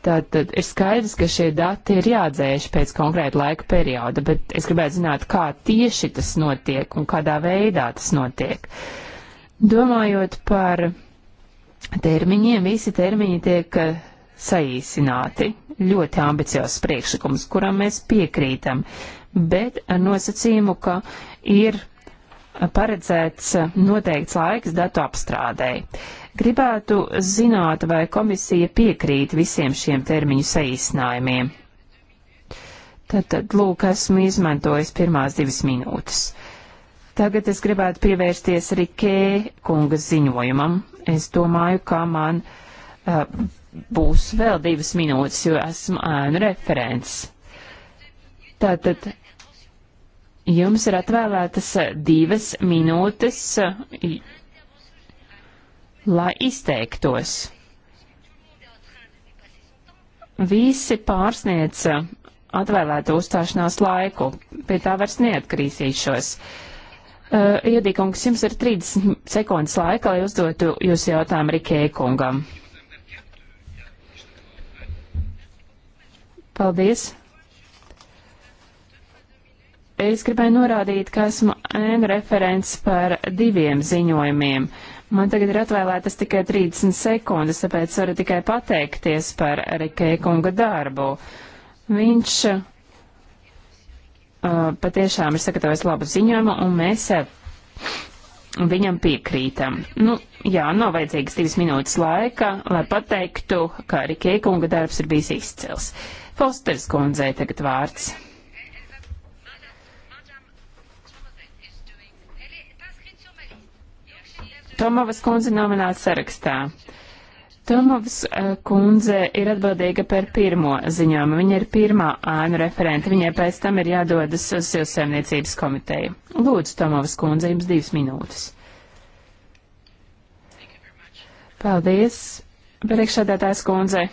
Tātad ir skaidrs, ka šie dati ir jādzēš pēc konkrēta laika perioda, bet es gribētu zināt, kā tieši tas notiek un kādā veidā tas notiek. Domājot par termiņiem, visi termiņi tiek eh, saīsināti. Ļoti ambiciozs priekšlikums, kuram mēs piekrītam, bet ar nosacījumu, ka ir paredzēts noteikts laiks datu apstrādēji. Gribētu zināt, vai komisija piekrīt visiem šiem termiņu saīsinājumiem. Tad, tad lūk, esmu izmantojis pirmās divas minūtes. Tagad es gribētu pievērsties arī Kē kunga ziņojumam. Es domāju, ka man uh, būs vēl divas minūtes, jo esmu ēnu referents. Tātad Jums ir atvēlētas divas minūtes, lai izteiktos. Visi pārsniedz atvēlēto uzstāšanās laiku, pie tā vairs neatkrīsīšos. Uh, Iedīkungs, jums ir 30 sekundes laika, lai uzdotu jūsu jautājumu Rikēja kungam. Paldies! Es gribēju norādīt, ka esmu ēnu referents par diviem ziņojumiem. Man tagad ir atvēlētas tikai 30 sekundes, tāpēc varu tikai pateikties par Rikē kunga darbu. Viņš uh, patiešām ir sagatavojis labu ziņojumu, un mēs uh, viņam piekrītam. Nu, jā, nav vajadzīgas divas minūtes laika, lai pateiktu, ka Rikē kunga darbs ir bijis izcils. Fosters kundzei tagad vārds. Tomovas kundze nominēta sarakstā. Tomovas eh, kundze ir atbildīga par pirmo ziņojumu. Viņa ir pirmā ēnu referente. Viņai pēc tam ir jādodas uz Silsēmniecības komiteju. Lūdzu, Tomovas kundze, jums divas minūtes. Paldies, priekšādātājs kundze.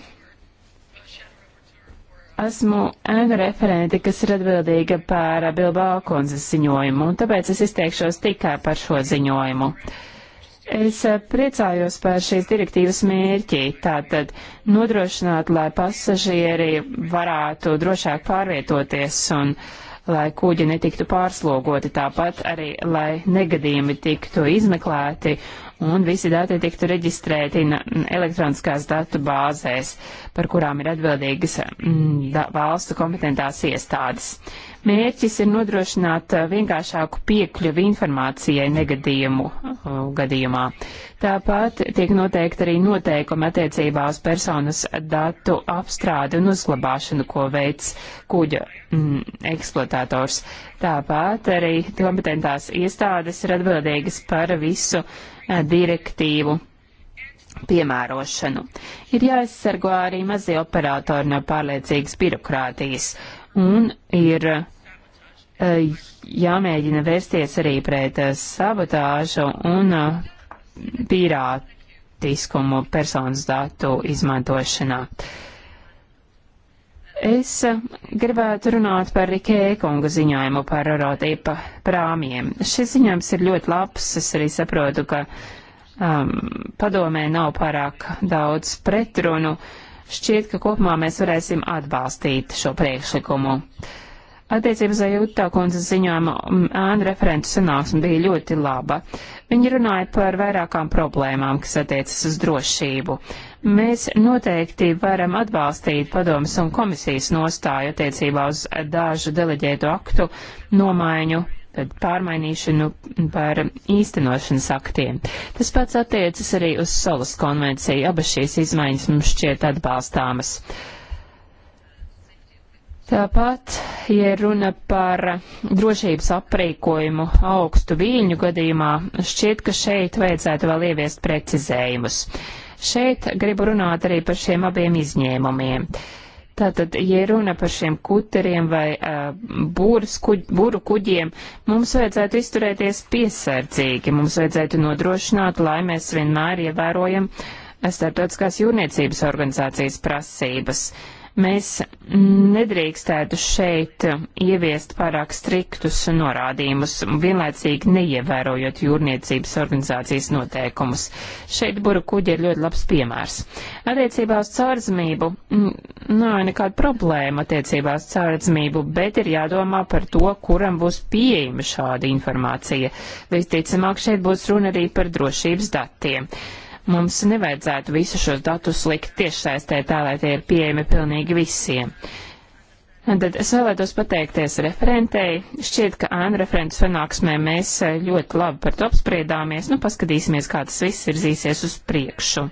Esmu ēnu referente, kas ir atbildīga par Bilbao kundzes ziņojumu, un tāpēc es izteikšos tikai par šo ziņojumu. Uh, Es eh, priecājos par šīs direktīvas mērķi, tātad nodrošināt, lai pasažieri varētu drošāk pārvietoties un lai kuģi netiktu pārslogoti, tāpat arī, lai negadījumi tiktu izmeklēti un visi dati tiktu reģistrēti elektroniskās datu bāzēs, par kurām ir atbildīgas mm, valstu kompetentās iestādes. Mērķis ir nodrošināt vienkāršāku piekļuvi informācijai negadījumu gadījumā. Tāpat tiek noteikti arī noteikumi attiecībā uz personas datu apstrādi un uzglabāšanu, ko veids kuģa mm, eksploatātors. Tāpat arī kompetentās iestādes ir atbildīgas par visu uh, Eh, direktīvu piemērošanu. Ir jāaizsargo arī mazie operatori no pārliecīgas birokrātijas un ir eh, jāmēģina vērsties arī pret eh, sabotāžu un pirātiskumu personas datu izmantošanā. Uh, Es eh, gribētu runāt par Rikē kunga ziņojumu par orotīpa prāmiem. Šis ziņojums ir ļoti labs, es arī saprotu, ka um, padomē nav pārāk daudz pretrunu. Šķiet, ka kopumā mēs varēsim atbalstīt šo priekšlikumu. Attiecības ar Jūtā kundzes ziņojumu um, ēnu referentu sanāksme bija ļoti laba. Viņi runāja par vairākām problēmām, kas attiecas uz drošību. Mēs noteikti varam atbalstīt padomas un komisijas nostāju attiecībā uz dažu deleģētu aktu nomaiņu pārmainīšanu par īstenošanas aktiem. Tas pats attiecas arī uz Solas konvenciju. Abas šīs izmaiņas mums šķiet atbalstāmas. Tāpat, ja runa par drošības aprīkojumu augstu viļņu gadījumā, šķiet, ka šeit vajadzētu vēl ieviest precizējumus. Šeit gribu runāt arī par šiem abiem izņēmumiem. Tātad, ja runa par šiem kuteriem vai uh, kuģ, būru kuģiem, mums vajadzētu izturēties piesardzīgi, mums vajadzētu nodrošināt, lai mēs vienmēr ievērojam starptautiskās jūrniecības organizācijas prasības. Uh, Mēs nedrīkstētu šeit ieviest pārāk striktus norādījumus, vienlaicīgi neievērojot jūrniecības organizācijas noteikumus. Šeit buru kuģi ir ļoti labs piemērs. Attiecībā uz cārdzmību mm, nav nekāda problēma attiecībā uz cārdzmību, bet ir jādomā par to, kuram būs pieejama šāda informācija. Visticamāk, šeit būs runa arī par drošības datiem. Mums nevajadzētu visu šos datus likt tiešsaistē tā, lai tie ir pieejami pilnīgi visiem. Un tad es vēlētos pateikties referentei. Šķiet, ka ēnu referentu sanāksmē mēs eh, ļoti labi par to apspriedāmies. Nu, paskatīsimies, kā tas viss virzīsies uz priekšu.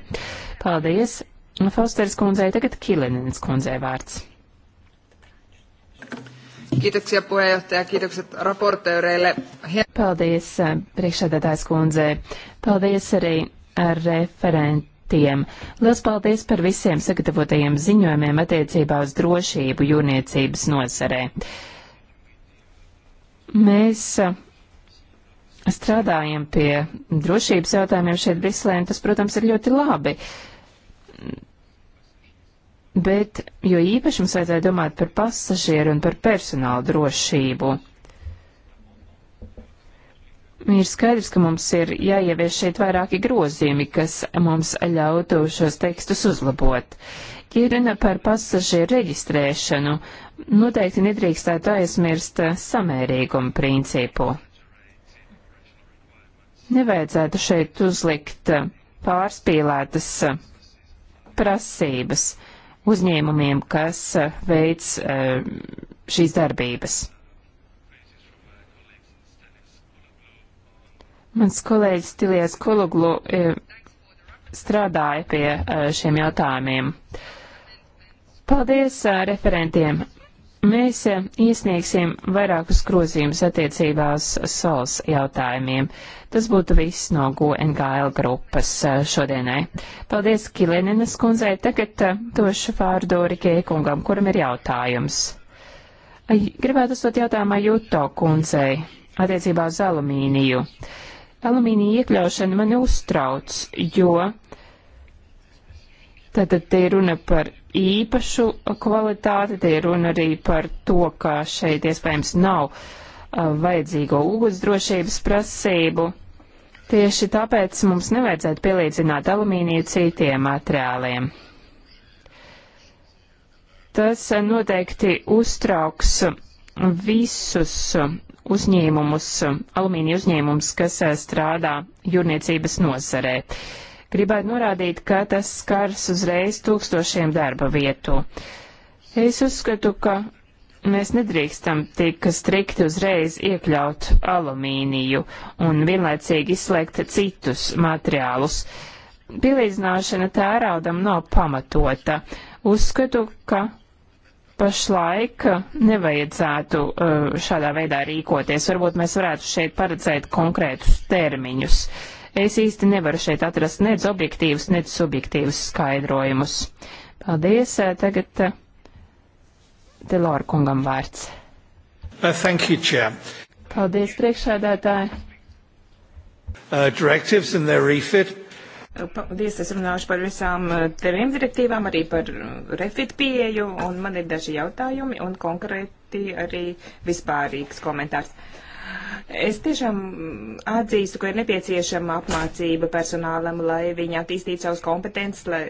Paldies! Nu, Fausteris kundzei tagad Kilenins kundzei vārds. Kiitoksia puheenjohtaja, kiitokset raportööreille. Paldies eh, priekšsēdētājs kundzei. Paldies arī referentiem. Lielas paldies par visiem sagatavotajiem ziņojumiem attiecībā uz drošību jūrniecības nozarē. Mēs strādājam pie drošības jautājumiem šeit Briselē, un tas, protams, ir ļoti labi. Bet, jo īpaši mums vajadzēja domāt par pasažieru un par personāla drošību ir skaidrs, ka mums ir jāievieš šeit vairāki grozījumi, kas mums ļautu šos tekstus uzlabot. Ja runa par pasažieru reģistrēšanu, noteikti nedrīkstētu aizmirst samērīgumu principu. Nevajadzētu šeit uzlikt pārspīlētas prasības uzņēmumiem, kas veids eh, šīs darbības. Mans kolēģis Tilijas Kologlu e, strādāja pie e, šiem jautājumiem. Paldies e, referentiem. Mēs iesniegsim vairākus grozījumus attiecībās sols jautājumiem. Tas būtu viss no GNGL grupas šodienai. Paldies Kileninas kundzei. Tagad došu vārdu Rikē kungam, kuram ir jautājums. Gribētu uzdot jautājumu Juto kundzei attiecībā uz alumīniju. Uh, alumīnija iekļaušana mani uztrauc, jo tātad te ir runa par īpašu kvalitāti, te ir runa arī par to, ka šeit iespējams nav uh, vajadzīgo ugunsdrošības prasību. Tieši tāpēc mums nevajadzētu pielīdzināt alumīniju citiem materiāliem. Tas uh, noteikti uztrauks visus uh, uzņēmumus, alumīnija uzņēmumus, kas eh, strādā jūrniecības nozarē. Gribētu norādīt, ka tas skars uzreiz tūkstošiem darba vietu. Es uzskatu, ka mēs nedrīkstam tik strikti uzreiz iekļaut alumīniju un vienlaicīgi izslēgt citus materiālus. Pielīdzināšana tērādam nav pamatota. Uzskatu, ka pašlaik nevajadzētu eh, šādā veidā rīkoties. Varbūt mēs varētu šeit paredzēt konkrētus termiņus. Es īsti nevaru šeit atrast nec objektīvus, nec subjektīvus skaidrojumus. Paldies. Eh, tagad eh, Delora kungam vārds. Uh, thank you, Chair. Paldies, priekšsēdētāji. Uh, directives and their refit Eh, paldies, es runāšu par visām eh, trim direktīvām, arī par eh, refit pieeju, un man ir daži jautājumi, un konkrēti arī vispārīgs komentārs. Es tiešām mm, atzīstu, ka ir nepieciešama apmācība personālam, lai viņi attīstītu savus kompetences, lai,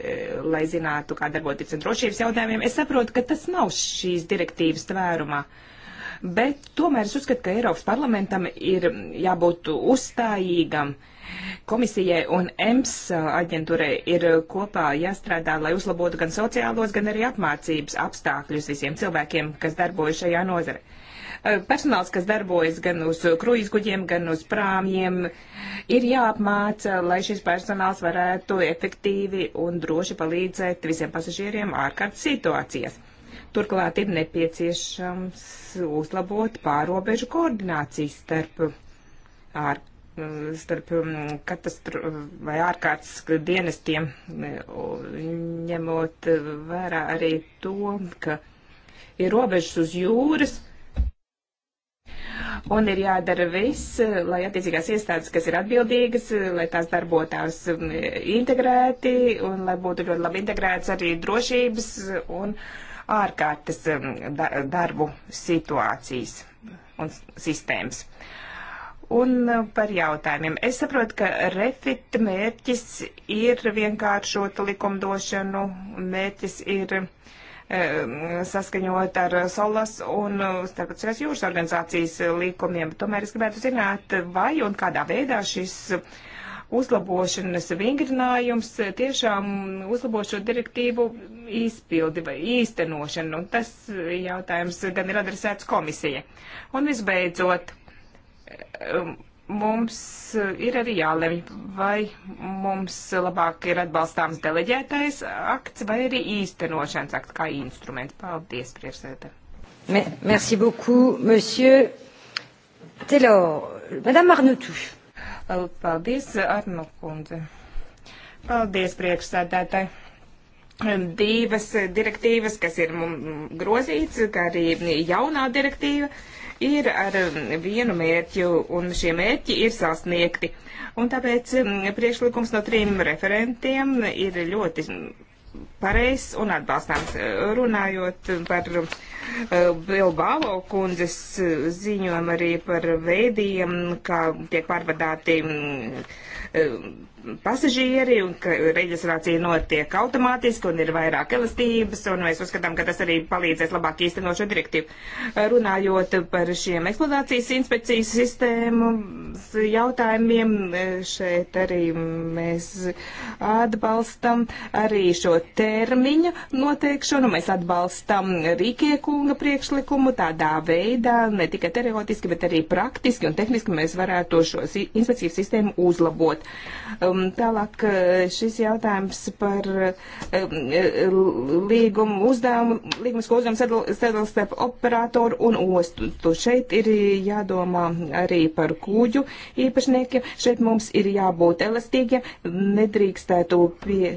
lai zinātu, kā darboties ar drošības jautājumiem. Es saprotu, ka tas nav šīs direktīvas tvērumā. Bet tomēr es uzskatu, ka Eiropas parlamentam ir mm, jābūt uzstājīgam uh, Komisijai un EMS aģentūrai ir kopā jāstrādā, lai uzlabotu gan sociālos, gan arī apmācības apstākļus visiem cilvēkiem, kas darbojas šajā nozare eh, personāls, kas darbojas gan uz kruīzguģiem, gan uz prāmjiem, ir jāapmāca, lai šis personāls varētu efektīvi un droši palīdzēt visiem pasažieriem ārkārtas situācijas. Turklāt ir nepieciešams uzlabot pārobežu koordināciju starp ārkārtas starp um, katastro vai ārkārtas dienestiem, ņemot vērā arī to, ka ir robežas uz jūras. Un ir jādara viss, lai attiecīgās iestādes, kas ir atbildīgas, lai tās darbotās um, integrēti un lai būtu ļoti labi integrēts arī drošības un ārkārtas um, darbu situācijas un sistēmas. Uh, Un uh, par jautājumiem. Es saprotu, ka refit mērķis ir vienkāršot likumdošanu, mērķis ir e, saskaņot ar solas un uh, starptautiskās jūras organizācijas uh, likumiem. Tomēr es gribētu zināt, vai un kādā veidā šis uzlabošanas vingrinājums tiešām uzlabo šo direktīvu izpildi vai īstenošanu. Un tas jautājums gan ir adresēts komisija. Un visbeidzot mums eh, ir arī jālemj, vai mums labāk ir atbalstāms deleģētais akts vai arī īstenošanas akts kā instruments. Paldies, priekšsēdē. Merci beaucoup, monsieur Taylor. Madame Arnautu. Paldies, Arno kundze. Paldies, priekšsēdētāji divas direktīvas, kas ir grozīts, kā arī jaunā direktīva ir ar um, vienu mērķu, un šie mērķi ir sasniegti. Un tāpēc um, priekšlikums no trim referentiem ir ļoti um, pareizs un atbalstāms. Runājot par Bilbao kundzes uh, ziņojumu arī par veidiem, kā tiek pārvadāti pasažieri un ka reģistrācija notiek automātiski un ir vairāk elastības, un mēs uzskatām, ka tas arī palīdzēs labāk īstenot šo direktīvu. Runājot par šiem eksploatācijas inspekcijas sistēmu jautājumiem, šeit arī mēs atbalstam arī šo termiņu noteikšanu, mēs atbalstam Rīkie kunga priekšlikumu tādā veidā, ne tikai teoretiski, bet arī praktiski un tehniski mēs varētu šo inspekcijas sistēmu uzlabot. Um, Um, tālāk uh, šis jautājums par um, uh, līgumu uzdevumu, līgumisko uzdevumu sadalās starp operatoru un ostu. Šeit ir jādomā arī par kūģu īpašniekiem. Šeit mums ir jābūt elastīgiem, nedrīkstētu pie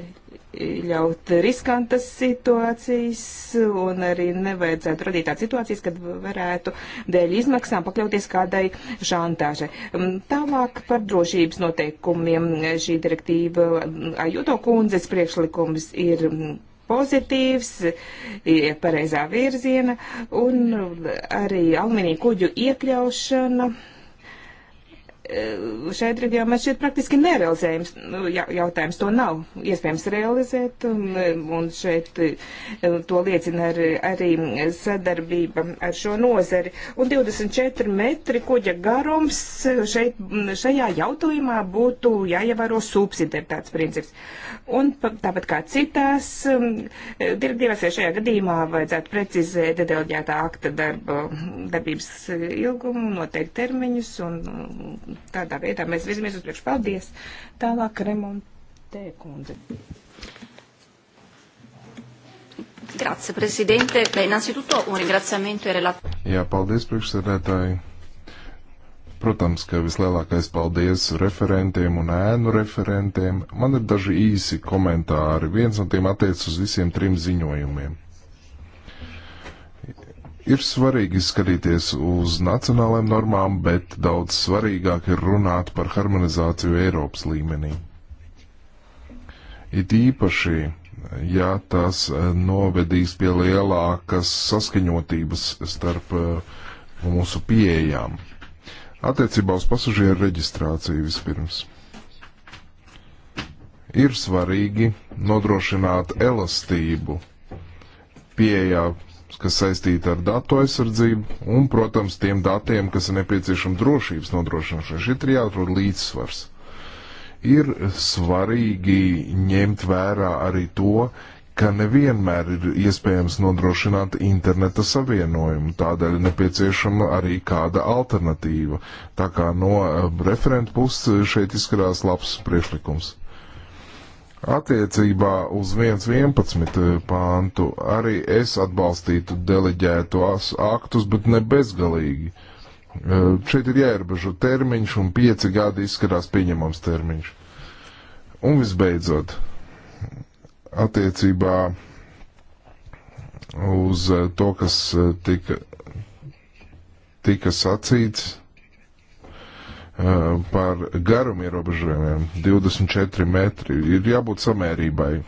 pieļaut riskantas situācijas un arī nevajadzētu radīt tādas situācijas, kad varētu dēļ izmaksām pakļauties kādai šantāžai. Mm, tālāk par drošības noteikumiem šī direktīva Ajuto kundzes priekšlikums ir pozitīvs, iet pareizā virziena un arī alumīnija kuģu iekļaušana Eh, šeit reģionā šķiet praktiski nerealizējums nu, jautājums. To nav iespējams realizēt, un, eh, un šeit eh, to liecina ar, arī sadarbība ar šo nozari. Un 24 metri kuģa garums šeit, mm, šajā jautājumā būtu jāievēro subsidiaritātes princips. Un tāpat kā citās mm, direktīvās, ja šajā gadījumā vajadzētu precizēt dedelģētā akta darba, darbības ilgumu, noteikt termiņus un tādā veidā mēs virzamies uz priekšu. Paldies! Tālāk remontē kundze. Grazie, Presidente. Beh, innanzitutto un ringraziamento ai relatori. Jā, paldies, priekšsēdētāji. Protams, ka vislielākais paldies referentiem un ēnu referentiem. Man ir daži īsi komentāri. Viens no tiem attiec uz visiem trim ziņojumiem. Ir svarīgi skatīties uz nacionālajām normām, bet daudz svarīgāk ir runāt par harmonizāciju Eiropas līmenī. It īpaši, ja tas eh, novedīs pie lielākas saskaņotības starp eh, mūsu pieejām. Attiecībā uz pasažieru reģistrāciju vispirms. Ir svarīgi nodrošināt elastību pieejā kas saistīta ar datu aizsardzību un, protams, tiem datiem, kas ir nepieciešami drošības nodrošināšanai. Šeit ir jāatrod līdzsvars. Ir svarīgi ņemt vērā arī to, ka nevienmēr ir iespējams nodrošināt interneta savienojumu, tādēļ nepieciešama arī kāda alternatīva. Tā kā no eh, referenta puses šeit izskatās labs priešlikums. Attiecībā uz 1.11. Eh, pāntu arī es atbalstītu deleģētos aktus, bet ne bezgalīgi. Eh, šeit ir jāierobežo termiņš, un pieci gadi izskatās pieņemams termiņš. Un visbeidzot, attiecībā uz eh, to, kas tika, tika sacīts Eh, par garumu ierobežojumiem - 24 metri. Ir jābūt samērībai.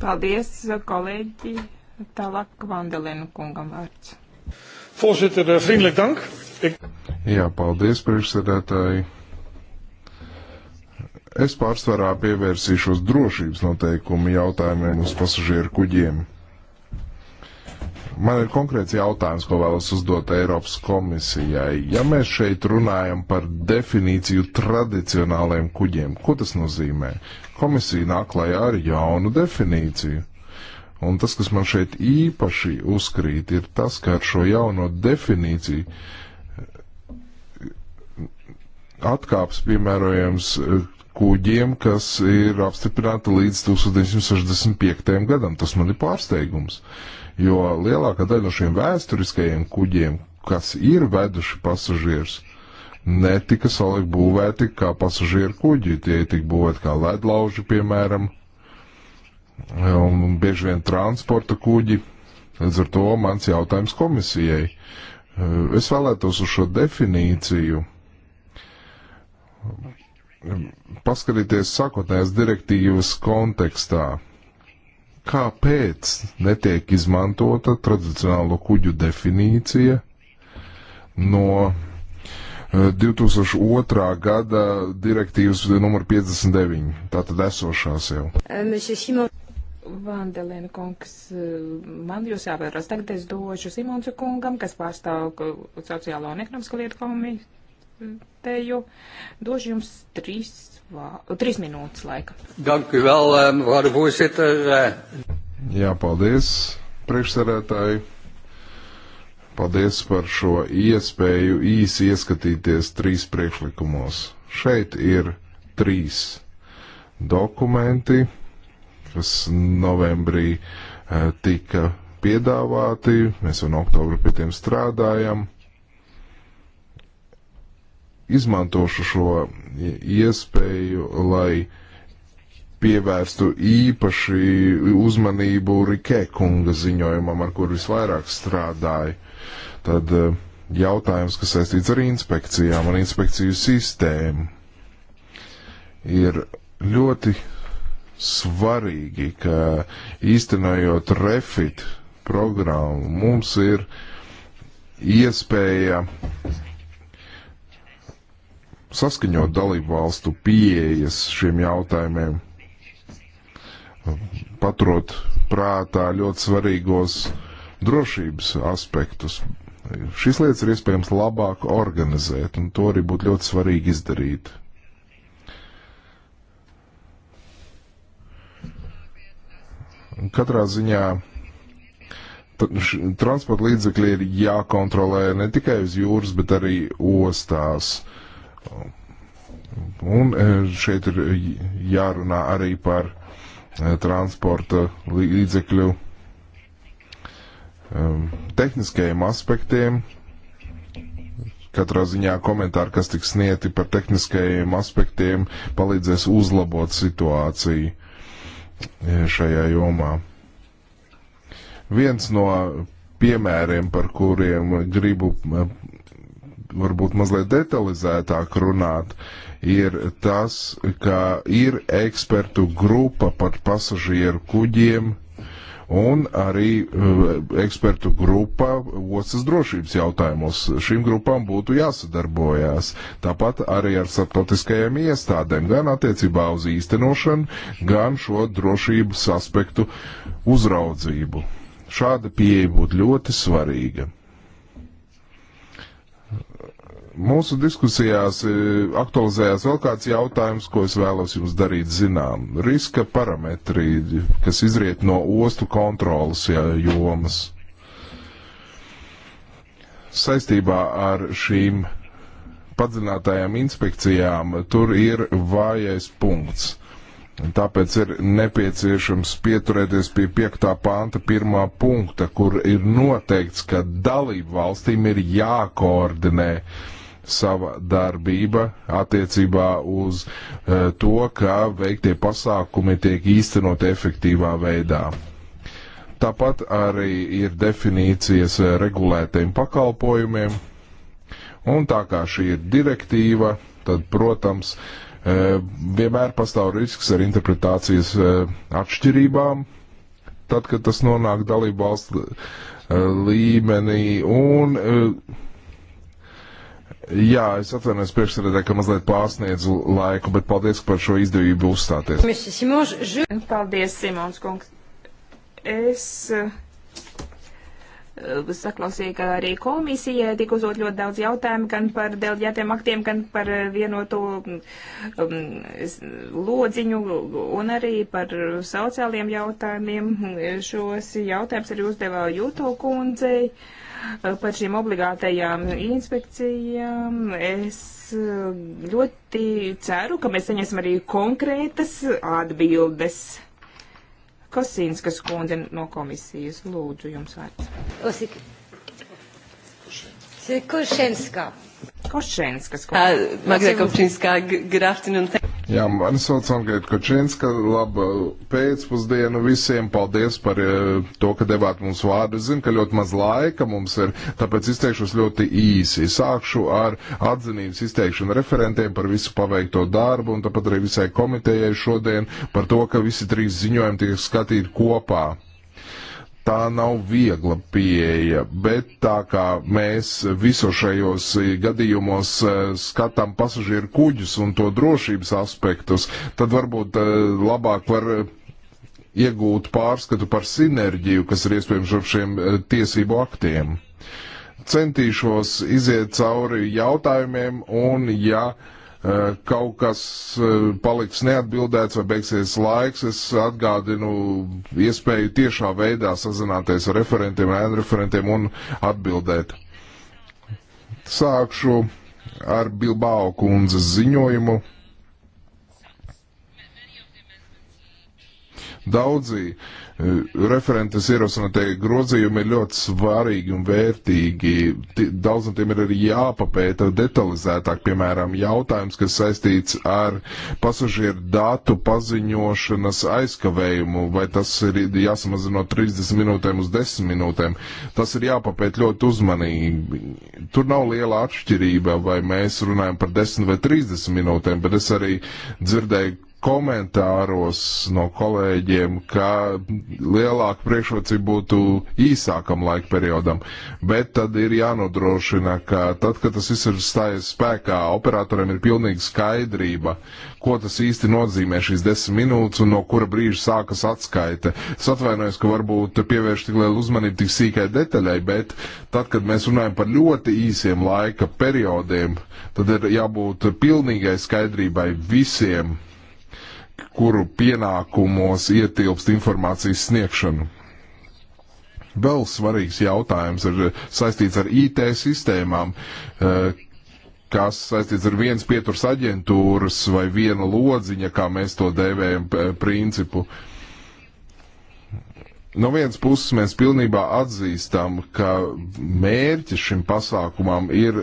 Paldies, kolēģi. Tālāk Vandelēnu kungam vārds. Voorzitter, eh, vriendelijk dank. Ik... Jā, paldies, priekšsēdētāji. Es pārsvarā pievērsīšos drošības noteikumu jautājumiem uz pasažieru kuģiem. Man ir konkrēts jautājums, ko vēlos uzdot Eiropas komisijai. Ja mēs šeit runājam par definīciju tradicionāliem kuģiem, ko tas nozīmē? Komisija nāk klajā ar jaunu definīciju. Un tas, kas man šeit īpaši uzkrīt, ir tas, ka ar šo jauno definīciju atkāps piemērojams eh, kuģiem, kas ir apstiprināti līdz 1965. gadam. Tas man ir pārsteigums. Uh, jo lielākā daļa no šiem vēsturiskajiem kuģiem, kas ir veduši pasažierus, netika salikt būvēti kā pasažieru kuģi. Tie tika būvēti kā ledlauži, piemēram, un bieži vien transporta kuģi. Līdz ar to mans jautājums komisijai. Es vēlētos uz šo definīciju paskatīties sakotnējās direktīvas kontekstā kāpēc netiek izmantota tradicionālo kuģu definīcija no 2002. Eh, gada direktīvas numur 59, tātad esošās jau. Eh, Vandelēna kungs, eh, man jūs jāvēlas. Tagad es došu Simonsu kungam, kas pārstāv sociālo un ekonomisko lietu komiteju. Došu jums trīs trīs minūtes laika. Danku vēl, varu būsit ar. Jā, paldies, priekšsarētāji. Paldies par šo iespēju īsi ieskatīties trīs priekšlikumos. Šeit ir trīs dokumenti, kas novembrī eh, tika piedāvāti, mēs jau no oktobra pie tiem strādājam izmantošu šo iespēju, lai pievērstu īpaši uzmanību Rikē kunga ziņojumam, ar kur visvairāk strādāju. Tad eh, jautājums, kas saistīts ar inspekcijām un inspekciju sistēmu, ir ļoti svarīgi, ka īstenojot refit programmu, mums ir iespēja saskaņot dalību valstu pieejas šiem jautājumiem, paturot prātā ļoti svarīgos drošības aspektus. Šīs lietas ir iespējams labāk organizēt, un to arī būtu ļoti svarīgi izdarīt. Katrā ziņā transporta līdzekļi ir jākontrolē ne tikai uz jūras, bet arī ostās. Uh, Un e, šeit ir jārunā arī par e, transporta līdzekļu e, tehniskajiem aspektiem. Katrā ziņā komentāri, kas tiks sniegti par tehniskajiem aspektiem, palīdzēs uzlabot situāciju šajā jomā. Viens no piemēriem, par kuriem gribu varbūt mazliet detalizētāk runāt, ir tas, ka ir ekspertu grupa par pasažieru kuģiem un arī eh, ekspertu grupa ostas drošības jautājumos. Šīm grupām būtu jāsadarbojās. Tāpat arī ar starptautiskajiem iestādēm, gan attiecībā uz īstenošanu, gan šo drošības aspektu uzraudzību. Šāda pieeja būtu ļoti svarīga. Mūsu diskusijās e, aktualizējās vēl kāds jautājums, ko es vēlos jums darīt zinām. Riska parametri, kas izriet no ostu kontrolas jā, jomas saistībā ar šīm padziļinātajām inspekcijām, tur ir vājais punkts Tāpēc ir nepieciešams pieturēties pie 5. panta, 1. punkta, kur ir noteikts, ka dalību valstīm ir jākoordinē sava darbība attiecībā uz uh, to, kā veiktie pasākumi tiek īstenot efektīvā veidā. Tāpat arī ir definīcijas eh, regulētiem pakalpojumiem, un tā kā šī ir direktīva, tad, protams, uh, Eh, vienmēr pastāv risks ar interpretācijas eh, atšķirībām, tad, kad tas nonāk dalību valstu eh, līmenī. Un, jā, es atvainojos priekšsēdētāji, ka mazliet pārsniedzu laiku, bet paldies par šo izdevību uzstāties. Paldies, Simons kungs. Es Eh, saklausīja arī komisija, tika uzdot ļoti daudz jautājumu gan par delģētiem aktiem, gan par vienoto um, lodziņu un arī par sociāliem jautājumiem. Šos jautājumus arī uzdevā Jūto kundzei eh, par šīm obligātajām inspekcijām. Es eh, ļoti ceru, ka mēs saņemsim arī konkrētas atbildes. Kosīnskas kundze no komisijas. Lūdzu, jums vārds. Kosinska. Košēnskas. Magda Košēnskā, good afternoon. Jā, man sauc Angaita Kočinska, laba pēcpusdiena visiem, paldies par eh, to, ka devāt mums vārdu. Es zinu, ka ļoti maz laika mums ir, tāpēc izteikšos ļoti īsi. Sākšu ar atzinības izteikšanu referentiem par visu paveikto darbu un tāpat arī visai komitejai šodien par to, ka visi trīs ziņojumi tiek skatīti kopā tā nav viegla pieeja, bet tā kā mēs visos šajos gadījumos eh, skatām pasažieru kuģus un to drošības aspektus, tad varbūt eh, labāk var eh, iegūt pārskatu par sinerģiju, kas ir iespējams ar šiem tiesību aktiem. Centīšos iziet cauri jautājumiem un, ja uh, Eh, kaut kas eh, paliks neatbildēts vai beigsies laiks, es atgādinu iespēju tiešā veidā sazināties ar referentiem, ēnu referentiem un atbildēt. Sākšu ar Bilbao kundzes ziņojumu. Daudzi uh, referentes ierosinātie grozījumi ir ļoti svarīgi un vērtīgi. Daudz no tiem ir arī jāpapēta detalizētāk, piemēram, jautājums, kas saistīts ar pasažieru datu paziņošanas aizkavējumu, vai tas ir jāsamazina no 30 minūtēm uz 10 minūtēm. Tas ir jāpapēta ļoti uzmanīgi. Tur nav liela atšķirība, vai mēs runājam par 10 vai 30 minūtēm, bet es arī dzirdēju komentāros no kolēģiem, ka lielāka priekšrocība būtu īsākam laika periodam, bet tad ir jānodrošina, ka tad, kad tas viss ir stājies spēkā, operatoriem ir pilnīga skaidrība, ko tas īsti nozīmē šīs desmit minūtes un no kura brīža sākas atskaite. Es atvainojos, ka varbūt pievērš tik lielu uzmanību tik sīkai detaļai, bet tad, kad mēs runājam par ļoti īsiem laika periodiem, tad ir jābūt pilnīgai skaidrībai visiem kuru pienākumos ietilpst informācijas sniegšanu. Vēl svarīgs jautājums ir saistīts ar IT sistēmām, eh, kas saistīts ar viens pieturs aģentūras vai viena lodziņa, kā mēs to dēvējam, eh, principu. Uh, No vienas puses mēs pilnībā atzīstam, ka mērķis šim pasākumam ir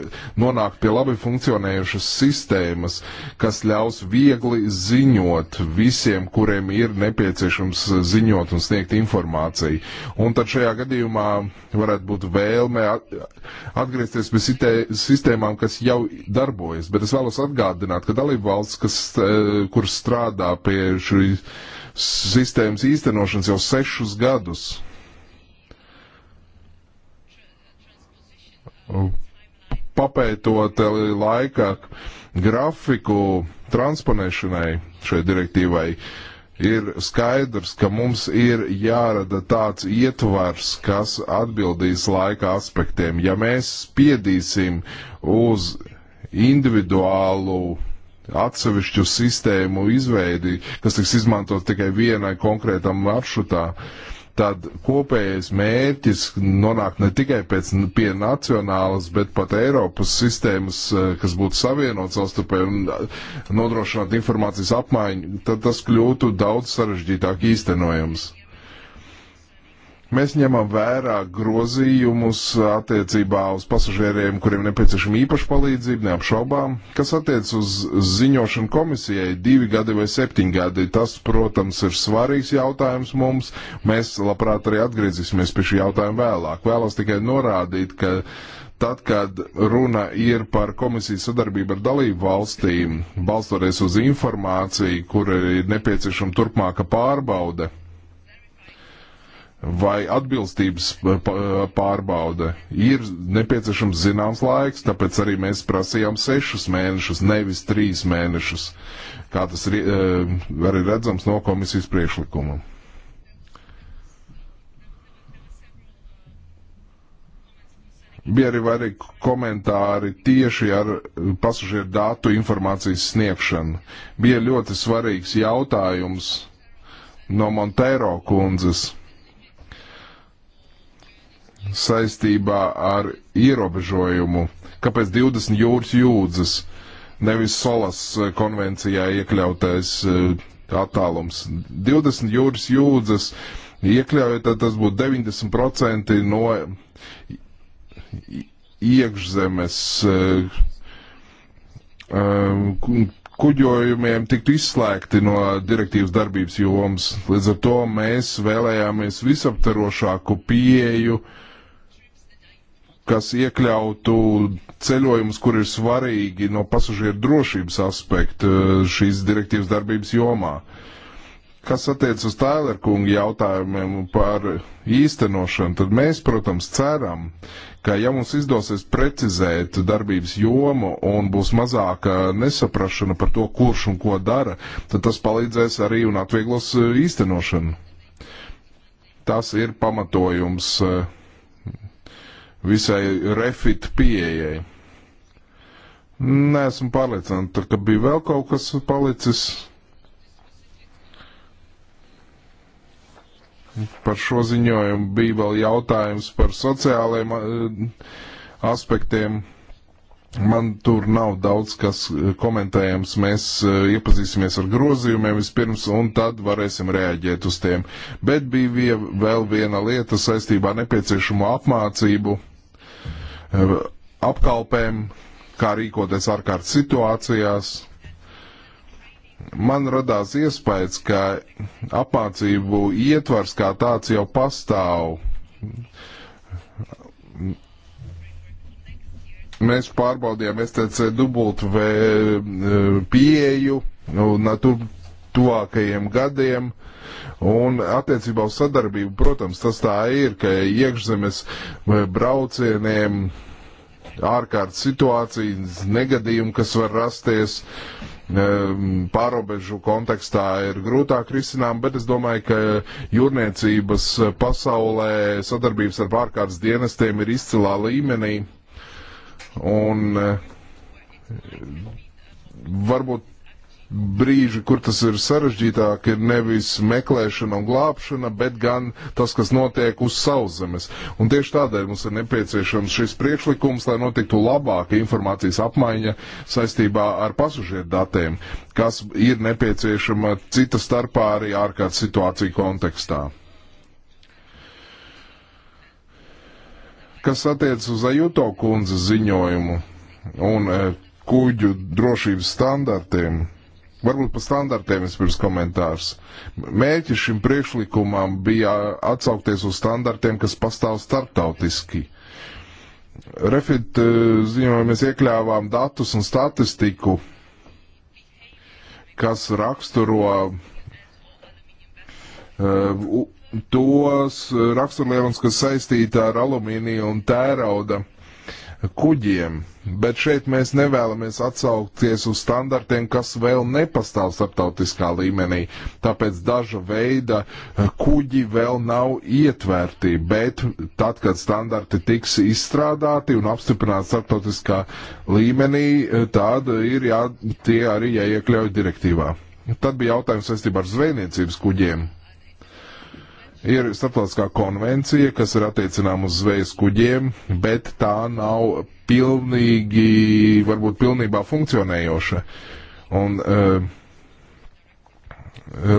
nonākt pie labi funkcionējušas sistēmas, kas ļaus viegli ziņot visiem, kuriem ir nepieciešams ziņot un sniegt informāciju. Un tad šajā gadījumā varētu būt vēlme atgriezties pie sitē, sistēmām, kas jau darbojas. Bet es vēlos atgādināt, ka dalību valsts, kas, eh, kur strādā pie šīs sistēmas īstenošanas jau sešus gadus. Papētot eh, laika grafiku transponēšanai šai direktīvai, ir skaidrs, ka mums ir jārada tāds ietvars, kas atbildīs laika aspektiem. Ja mēs spiedīsim uz individuālu atsevišķu sistēmu izveidi, kas tiks izmantot tikai vienai konkrētam maršrutā, tad kopējais mērķis nonāk ne tikai pēc, pie nacionālas, bet pat Eiropas sistēmas, eh, kas būtu savienot savstarpēji un eh, nodrošināt informācijas apmaiņu, tad tas kļūtu daudz sarežģītāk īstenojams. Mēs ņemam vērā grozījumus attiecībā uz pasažieriem, kuriem nepieciešama īpaša palīdzība, neapšaubām. Kas attiec uz ziņošanu komisijai, divi gadi vai septiņi gadi, tas, protams, ir svarīgs jautājums mums. Mēs labprāt arī atgriezīsimies pie šī jautājuma vēlāk. Vēlos tikai norādīt, ka tad, kad runa ir par komisijas sadarbību ar dalību valstīm, balstoties uz informāciju, kur ir nepieciešama turpmāka pārbaude vai atbilstības eh, eh, pārbaude. Ir nepieciešams zināms laiks, tāpēc arī mēs prasījām sešus mēnešus, nevis trīs mēnešus, kā tas ir eh, arī redzams no komisijas priekšlikuma. Bija arī vairāk komentāri tieši ar pasažieru datu informācijas sniegšanu. Bija ļoti svarīgs jautājums no Montero kundzes saistībā ar ierobežojumu. Kāpēc 20 jūras jūdzes, nevis solas eh, konvencijā iekļautais eh, attālums? 20 jūras jūdzes iekļaujot, tad tas būtu 90% no iekšzemes eh, kuģojumiem tiktu izslēgti no direktīvas darbības jomas. Līdz ar to mēs vēlējāmies visaptarošāku pieeju uh, kas iekļautu ceļojumus, kur ir svarīgi no pasažieru drošības aspekta eh, šīs direktīvas darbības jomā. Kas attiec uz Tēlera kunga jautājumiem par īstenošanu, tad mēs, protams, ceram, ka ja mums izdosies precizēt darbības jomu un būs mazāka nesaprašana par to, kurš un ko dara, tad tas palīdzēs arī un atvieglos eh, īstenošanu. Tas ir pamatojums uh, visai refit pieejai. Nesmu pārliecināta, ka bija vēl kaut kas palicis par šo ziņojumu bija vēl jautājums par sociālajiem eh, aspektiem. Man tur nav daudz kas eh, komentējams. Mēs eh, iepazīsimies ar grozījumiem vispirms un tad varēsim reaģēt uz tiem. Bet bija vēl viena lieta saistībā ar nepieciešamo apmācību Uh, apkalpēm, kā rīkoties ārkārtas situācijās. Man radās iespējas, ka apmācību ietvars kā tāds jau pastāv. Mēs pārbaudījām STC dubultu uh, pieeju, un uh, tur tuvākajiem gadiem. Un attiecībā uz sadarbību, protams, tas tā ir, ka iekšzemes eh, braucieniem ārkārtas situācijas, negadījumi, kas var rasties ehm, pārobežu kontekstā, ir grūtāk risinām, bet es domāju, ka jūrniecības pasaulē sadarbības ar ārkārtas dienestiem ir izcilā līmenī. Un eh, varbūt brīži, kur tas ir sarežģītāk, ir nevis meklēšana un glābšana, bet gan tas, kas notiek uz sauszemes. Un tieši tādēļ mums ir nepieciešams šis priekšlikums, lai notiktu labāka informācijas apmaiņa saistībā ar pasažieru datiem, kas ir nepieciešama cita starpā arī ārkārtas situāciju kontekstā. Kas attiec uz Ajuto kundzes ziņojumu un e, kuģu drošības standartiem, Varbūt par standartiem vispirms komentārs. Mēķis šim priekšlikumam bija atsaukties uz standartiem, kas pastāv starptautiski. Refit eh, ziņojumā mēs iekļāvām datus un statistiku, kas raksturo uh, tos raksturlielums, kas saistīta ar alumīniju un tērauda kuģiem. Uh, Bet šeit mēs nevēlamies atsaukties uz standartiem, kas vēl nepastāv starptautiskā līmenī. Tāpēc daža veida eh, kuģi vēl nav ietvērti, bet tad, kad standarti tiks izstrādāti un apstiprināti starptautiskā līmenī, eh, tad ir jā, tie arī jāiekļauj direktīvā. Tad bija jautājums saistībā ar zvejniecības kuģiem. Ir starptautiskā konvencija, kas ir attiecinām uz zvejas kuģiem, bet tā nav pilnīgi, varbūt pilnībā funkcionējoša. Un, eh,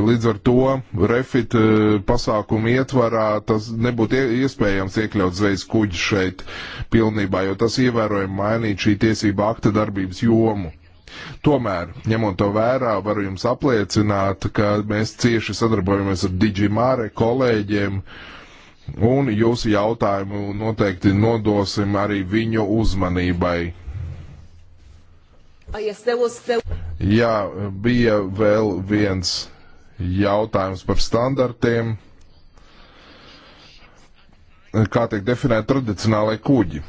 līdz ar to refit eh, pasākumu ietvarā tas nebūtu iespējams iekļaut zvejas kuģi šeit pilnībā, jo tas ievērojami mainītu šī tiesība akta darbības jomu. Tomēr, ņemot to vērā, varu jums apliecināt, ka mēs cieši sadarbojamies ar Digimāre kolēģiem, un jūsu jautājumu noteikti nodosim arī viņu uzmanībai. Oh, Jā, bija vēl viens jautājums par standartiem. Kā tiek definēti tradicionālai kuģi?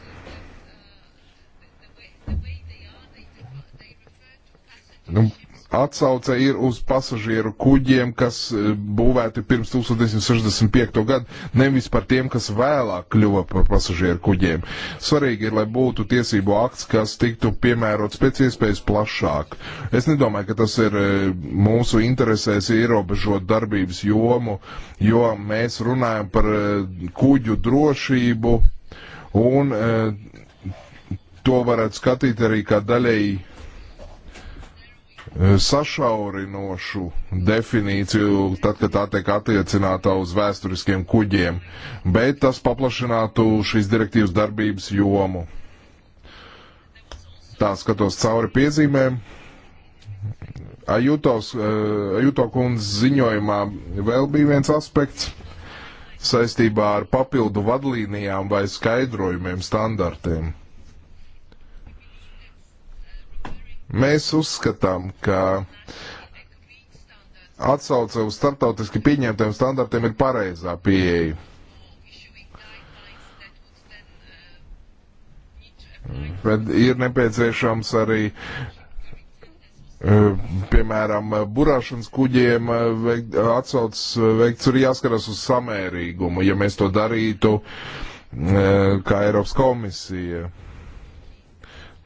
Nu, Atsauce ir uz pasažieru kuģiem, kas e, būvēti pirms 1965. gadu, nevis par tiem, kas vēlāk kļuva par pasažieru kuģiem. Svarīgi ir, lai būtu tiesību akts, kas tiktu piemērots pēc iespējas plašāk. Es nedomāju, ka tas ir e, mūsu interesēs ierobežot darbības jomu, jo mēs runājam par e, kuģu drošību un to varētu skatīt arī kā daļēji sašaurinošu definīciju, tad, kad tā tiek attiecināta uz vēsturiskiem kuģiem, bet tas paplašinātu šīs direktīvas darbības jomu. Tā skatos cauri piezīmēm. Ajutos, eh, Ajuto kundzes ziņojumā vēl bija viens aspekts saistībā ar papildu vadlīnijām vai skaidrojumiem standartiem. Mēs uzskatām, ka atsauce uz starptautiski pieņemtiem standartiem ir pareizā pieeja. Bet ir nepieciešams arī, eh, piemēram, burāšanas kuģiem eh, atsaucas eh, veikts, ir jāskaras uz samērīgumu, ja mēs to darītu kā Eiropas komisija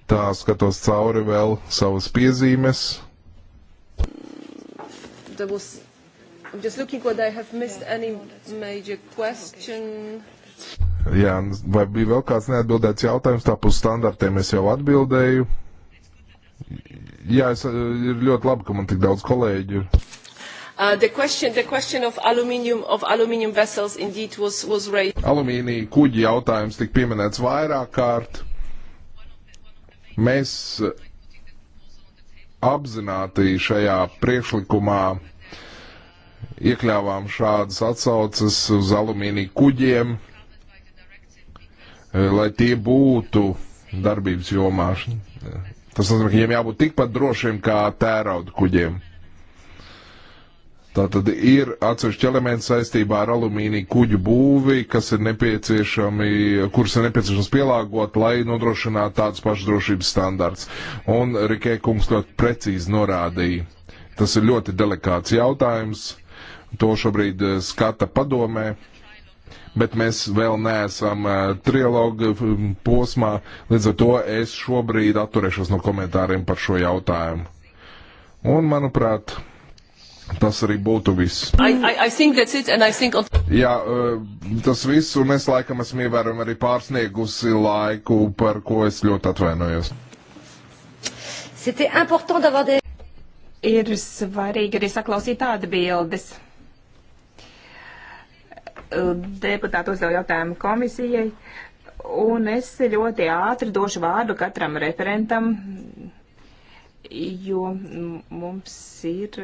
tā skatos cauri vēl savas piezīmes. Was, I'm just looking whether I have missed any major question. Jā, vai bija vēl kāds neatbildēts jautājums, tā pus standartiem es jau atbildēju. Jā, es, eh, ir ļoti labi, ka man tik daudz kolēģi ir. Uh, the question, the question of aluminium, of aluminium vessels indeed was, was raised. Alumīnija kuģi jautājums tik pieminēts vairāk kārt. Uh, Mēs apzināti šajā priekšlikumā iekļāvām šādas atsauces uz alumīnija kuģiem, eh, lai tie būtu darbības jomā. Tas nozīmē, ka viņiem jābūt tikpat drošiem kā tērauda kuģiem. Tātad ir atsevišķi elementi saistībā ar alumīniju kuģu būvi, kas ir nepieciešami, kurus ir nepieciešams pielāgot, lai nodrošinātu tādus pašus drošības standarts. Un Rikē kungs ļoti precīzi norādīja. Tas ir ļoti delikāts jautājums. To šobrīd eh, skata padomē bet mēs vēl neesam uh, eh, trilogu mm, posmā. Līdz ar to es šobrīd atturēšos no komentāriem par šo jautājumu. Un, manuprāt, Tas arī būtu viss. I, I, I think... Jā, eh, tas viss, un es laikam esmu ievērojami arī pārsniegusi laiku, par ko es ļoti atvainojos. Ir svarīgi arī saklausīt atbildes. Deputāti uzdev jautājumu komisijai, un es ļoti ātri došu vārdu katram referentam, jo mums ir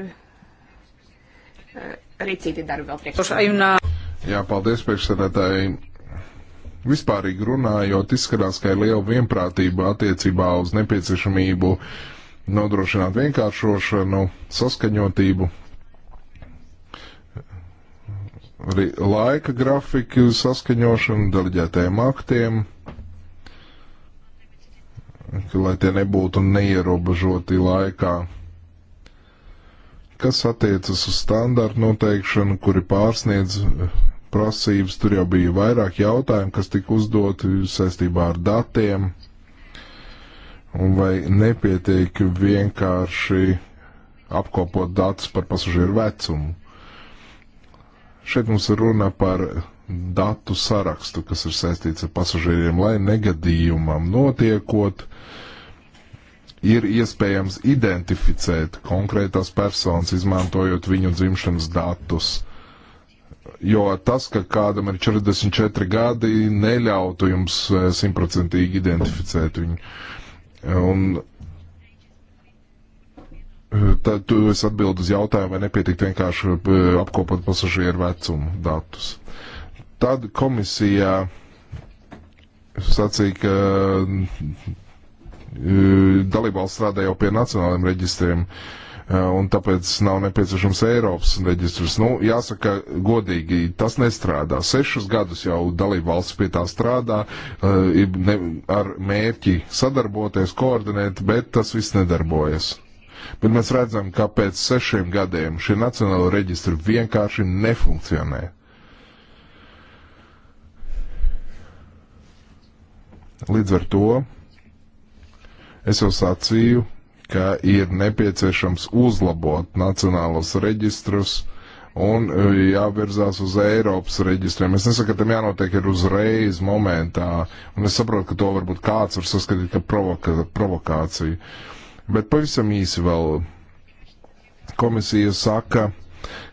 arī citi darbi vēl priekšā. Jā, paldies priekšsēdētāji. Vispārīgi runājot, izskatās, ka ir liela vienprātība attiecībā uz nepieciešamību nodrošināt vienkāršošanu, saskaņotību, arī laika grafiku saskaņošanu, deleģētajiem aktiem, lai tie nebūtu neierobežoti laikā. Kas attiecas uz standartu noteikšanu, kuri pārsniedz eh, prasības, tur jau bija vairāk jautājumu, kas tika uzdoti saistībā ar datiem, un vai nepietiek vienkārši apkopot datus par pasažieru vecumu. Šeit mums ir runa par datu sarakstu, kas ir saistīts ar pasažieriem, lai negadījumam notiekot, uh, ir iespējams identificēt konkrētās personas, izmantojot viņu dzimšanas datus. Jo tas, ka kādam ir 44 gadi, neļautu jums e, simtprocentīgi identificēt viņu. Un e, tad tu es atbildu uz jautājumu, vai nepietiek vienkārši e, apkopot pasažieru vecumu datus. Tad komisijā sacīja, ka dalībvalsts strādā jau pie nacionāliem reģistriem, un tāpēc nav nepieciešams Eiropas reģistrs. Nu, jāsaka, godīgi, tas nestrādā. Sešus gadus jau dalībvalsts pie tā strādā, ar mērķi sadarboties, koordinēt, bet tas viss nedarbojas. Bet mēs redzam, ka pēc sešiem gadiem šie nacionāli reģistri vienkārši nefunkcionē. Līdz ar to Es jau sacīju, ka ir nepieciešams uzlabot nacionālos reģistrus un e, jāvirzās uz Eiropas reģistriem. Es nesaku, ka tam jānotiek ir uzreiz momentā, un es saprotu, ka to varbūt kāds var saskatīt, ka provoka, provokācija. Bet pavisam īsi vēl komisija saka,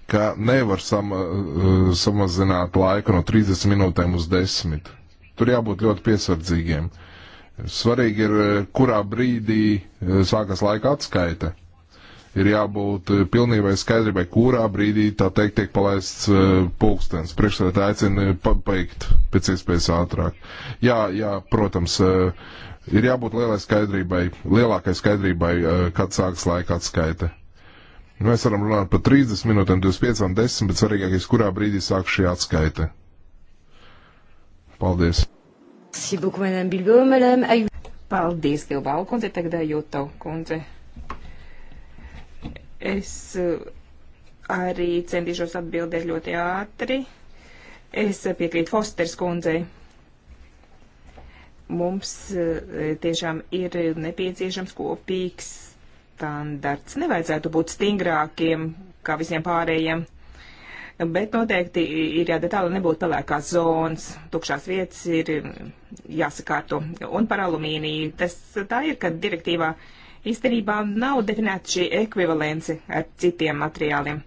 ka nevar sama, e, samazināt laiku no 30 minūtēm uz 10. Tur jābūt ļoti piesardzīgiem. Uh, Svarīgi ir, eh, kurā brīdī eh, sākas laika atskaita. Ir jābūt eh, pilnībai skaidrībai, kurā brīdī, tā teikt, tiek palaists pulkstens. Priekšsēdētāji aicina pabeigt pēc iespējas ātrāk. Jā, jā, protams, ir jābūt lielai skaidrībai, lielākai skaidrībai, kad sākas laika atskaita. Mēs varam runāt par 30 minūtēm, 25, 10, bet svarīgākais, kurā brīdī sāk šī atskaita. Paldies! Paldies, Gilbau kundze, tagad jūtu kundze. Es uh, arī centīšos atbildēt ļoti ātri. Es uh, piekrītu Fosters kundzei. Mums uh, tiešām ir nepieciešams kopīgs standarts. Nevajadzētu būt stingrākiem kā visiem pārējiem bet noteikti ir jādara tā, lai nebūtu pelēkās zonas, tukšās vietas ir jāsakārto. Un par alumīniju tas tā ir, ka direktīvā īstenībā nav definēta šī ekvivalence ar citiem materiāliem.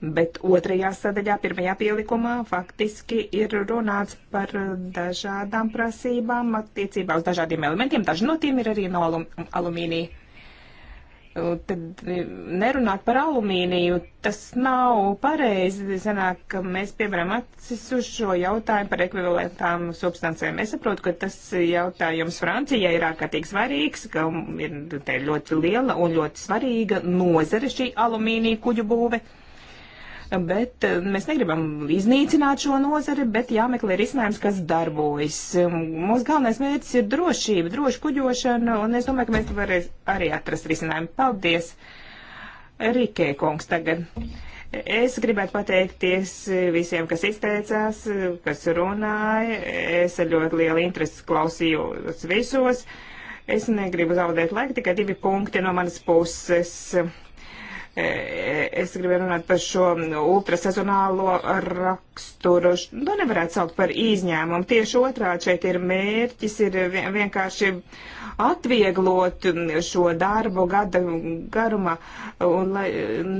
Bet otrajā sadaļā, pirmajā pielikumā, faktiski ir runāts par dažādām prasībām attiecībā uz dažādiem elementiem. Daži no tiem ir arī no alum alumīnija tad nerunāt par alumīniju, tas nav pareizi. Sanāk, ka mēs pievaram acis uz šo jautājumu par ekvivalentām substancēm. Es saprotu, ka tas jautājums Francijai ir ārkārtīgi svarīgs, ka ir te ļoti liela un ļoti svarīga nozare šī alumīnija kuģu būve bet eh, mēs negribam iznīcināt šo nozari, bet jāmeklē risinājums, kas darbojas. Um, mūsu galvenais mērķis ir drošība, droša kuģošana, un es domāju, ka mēs varēsim arī atrast risinājumu. Paldies, Rikē kungs, tagad. Es gribētu pateikties visiem, kas izteicās, kas runāja. Es ar ļoti lielu interesi klausījos visos. Es negribu zaudēt laiku, tikai divi punkti no manas puses. E, es gribēju runāt par šo ultrasezonālo raksturu. To nevarētu saukt par izņēmumu. Tieši otrādi šeit ir mērķis, ir vienkārši atvieglot šo darbu gada garumā un lai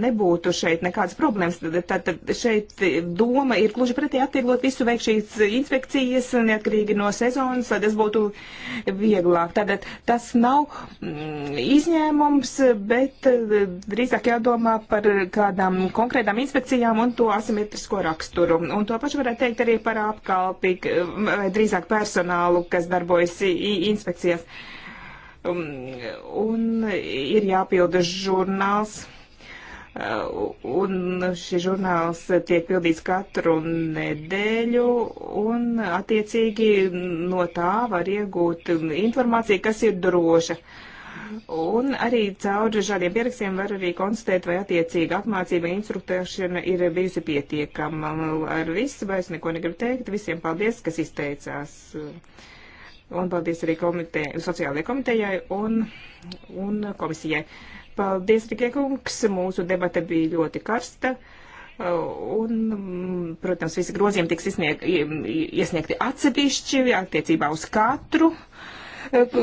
nebūtu šeit nekādas problēmas. Tad, tad šeit doma ir gluži pretī atvieglot visu veikt šīs inspekcijas neatkarīgi no sezonas, lai tas būtu vieglāk. Tātad tas nav mm, izņēmums, bet eh, drīzāk jādomā par kādām konkrētām inspekcijām un to asimetrisko raksturu. Un to pašu varētu teikt arī par apkalpi, vai drīzāk personālu, kas darbojas inspekcijās. Um, un ir jāpilda žurnāls. Uh, un šis žurnāls tiek pildīts katru nedēļu, un attiecīgi no tā var iegūt informāciju, kas ir droša. Un arī caur šādiem pierakstiem var arī konstatēt, vai attiecīga apmācība instruktēšana ir bijusi pietiekama. Ar visu vairs neko negribu teikt. Visiem paldies, kas izteicās. Uh, Un paldies arī komite, sociālajai komitejai un, un komisijai. Paldies, Rikē kungs, mūsu debata bija ļoti karsta. Un, protams, visi grozījumi tiks izsnieg, iesniegti atsevišķi attiecībā uz katru eh,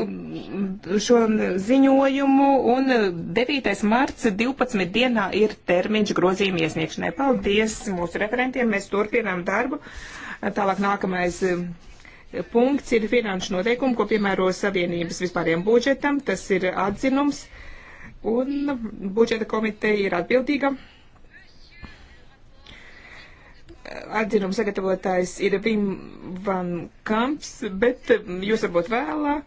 šo ziņojumu. Un 9. marts 12. dienā ir termiņš grozījumu iesniegšanai. Paldies mūsu referentiem, mēs turpinām darbu. Tālāk nākamais punkts ir finanšu noteikumi, ko piemēro Savienības vispāriem budžetam. Tas ir atzinums, un budžeta komiteja ir atbildīga. Atzinuma sagatavotājs ir Vim Van Kamps, bet jūs varbūt vēlāk.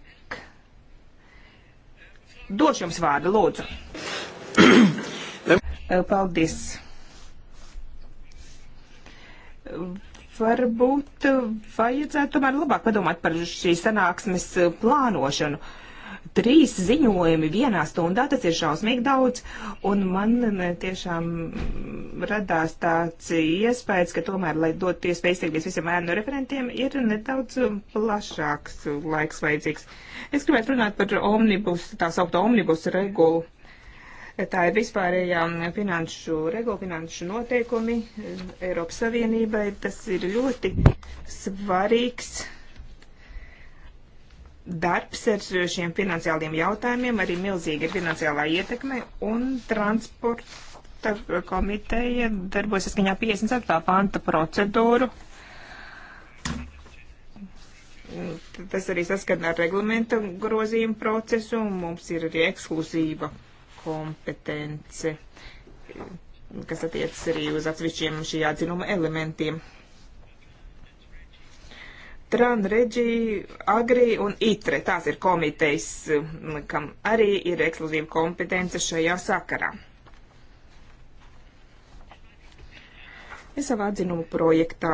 Došu jums vārdu, lūdzu. Paldies varbūt vajadzētu tomēr labāk padomāt par šīs sanāksmes eh, plānošanu. Trīs ziņojumi vienā stundā, tas ir šausmīgi daudz, un man eh, tiešām radās tāds iespējas, ka tomēr, lai dot iespēju izteikties visiem ēnu referentiem, ir nedaudz plašāks laiks vajadzīgs. Es gribētu runāt par omnibus, tā saukto omnibus regulu Tā ir vispārējā mm, finanšu regula, finanšu noteikumi eh, Eiropas Savienībai. Tas ir ļoti svarīgs darbs ar šiem finansiāliem jautājumiem, arī milzīga finansiālā ietekme un transporta komiteja darbojas saskaņā 57. panta procedūru. Tas arī saskana ar reglamentu grozījumu procesu, un mums ir arī ekskluzīva kompetence, kas attiecas arī uz atsevišķiem šī atzinuma elementiem. Tran, Reģi, Agri un Itre, tās ir komitejas, kam arī ir ekskluzīva kompetence šajā sakarā. Es savā atzinumu projektā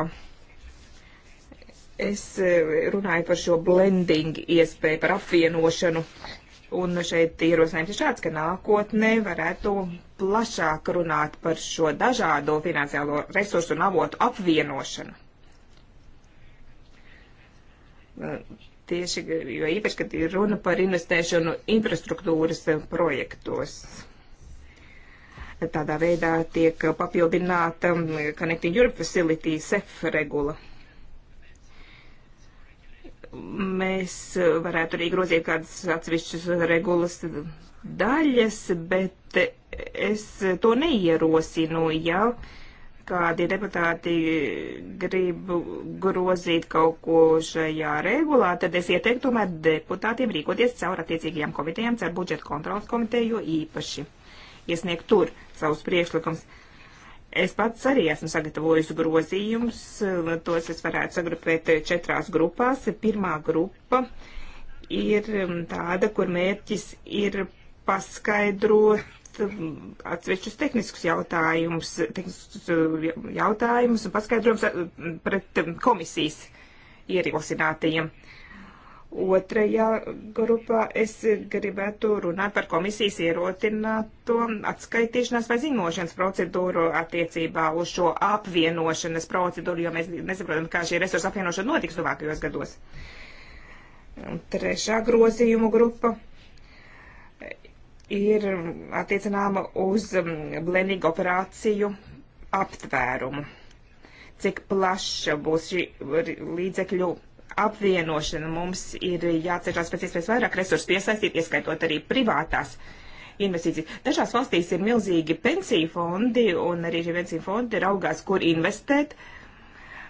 es eh, runāju par šo blending iespēju, par apvienošanu Un šeit ierosinājums ir šāds, ka nākotnē varētu plašāk runāt par šo dažādo finansiālo resursu un avotu apvienošanu. Tieši, jo īpaši, kad ir runa par investēšanu infrastruktūras projektos. Tādā veidā tiek papildināta Connecting Europe Facility SEF regula mēs varētu arī grozīt kādas atsevišķas regulas daļas, bet es to neierosinu, ja kādi deputāti grib grozīt kaut ko šajā regulā, tad es ieteiktu tomēr deputātiem rīkoties caur attiecīgajām komitejām, caur budžeta kontrolas komiteju īpaši, iesniegt tur savus priekšlikums. Uh, Es pats arī esmu sagatavojis grozījumus, tos es varētu sagrupēt četrās grupās. Pirmā grupa ir um, tāda, kur mērķis ir paskaidrot um, atsevišķus tehniskus jautājumus, tehniskus um, jautājumus un paskaidrojums uh, pret komisijas ierosinātajiem. Uh, Otrajā grupā es gribētu runāt par komisijas ierotināto atskaitīšanās vai ziņošanas procedūru attiecībā uz šo apvienošanas procedūru, jo mēs nesaprotam, kā šī resursa apvienošana notiks tuvākajos gados. Trešā grozījumu grupa ir attiecināma uz blending um, operāciju aptvērumu. Cik plaša būs šī līdzekļu apvienošana. Mums ir jācenšas pēc iespējas vairāk resursu piesaistīt, ieskaitot arī privātās investīcijas. Dažās valstīs ir milzīgi pensiju fondi, un arī šie pensiju fondi raugās, kur investēt.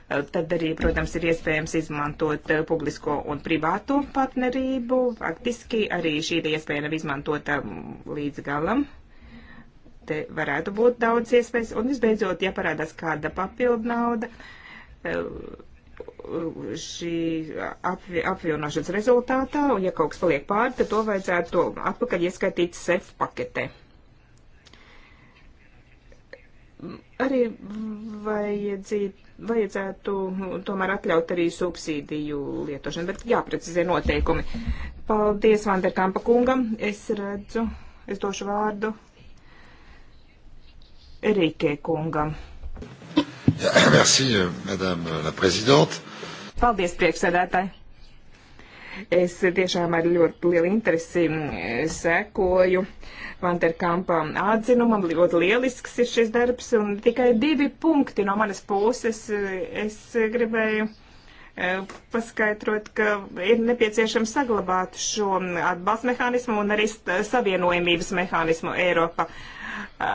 Eh, tad arī, protams, ir iespējams izmantot eh, publisko un privāto partnerību. Faktiski arī šī iespēja nav izmantota mm, līdz galam. Te varētu būt daudz iespējas. Un visbeidzot, ja parādās kāda papildu nauda, eh, šī apvi, apvienošanas rezultātā, un ja kaut kas paliek pāri, tad to vajadzētu to atpakaļ ieskaitīt SEF paketē. Arī vajadzīt, vajadzētu tomēr atļaut arī subsīdiju lietošanu, bet jāprecizē noteikumi. Paldies Vanderkampa kungam. Es redzu, es došu vārdu Rīkē kungam. Merci, euh, madame la prezidente. Paldies, priekšsēdētāji. Es tiešām ar ļoti lielu interesi mm, sekoju Vanterkampa atzinumam. Ļoti lielisks ir šis darbs un tikai divi punkti no manas puses. Es gribēju e, paskaidrot, ka ir nepieciešams saglabāt šo atbalsta mehānismu un arī savienojumības mehānismu Eiropā. E,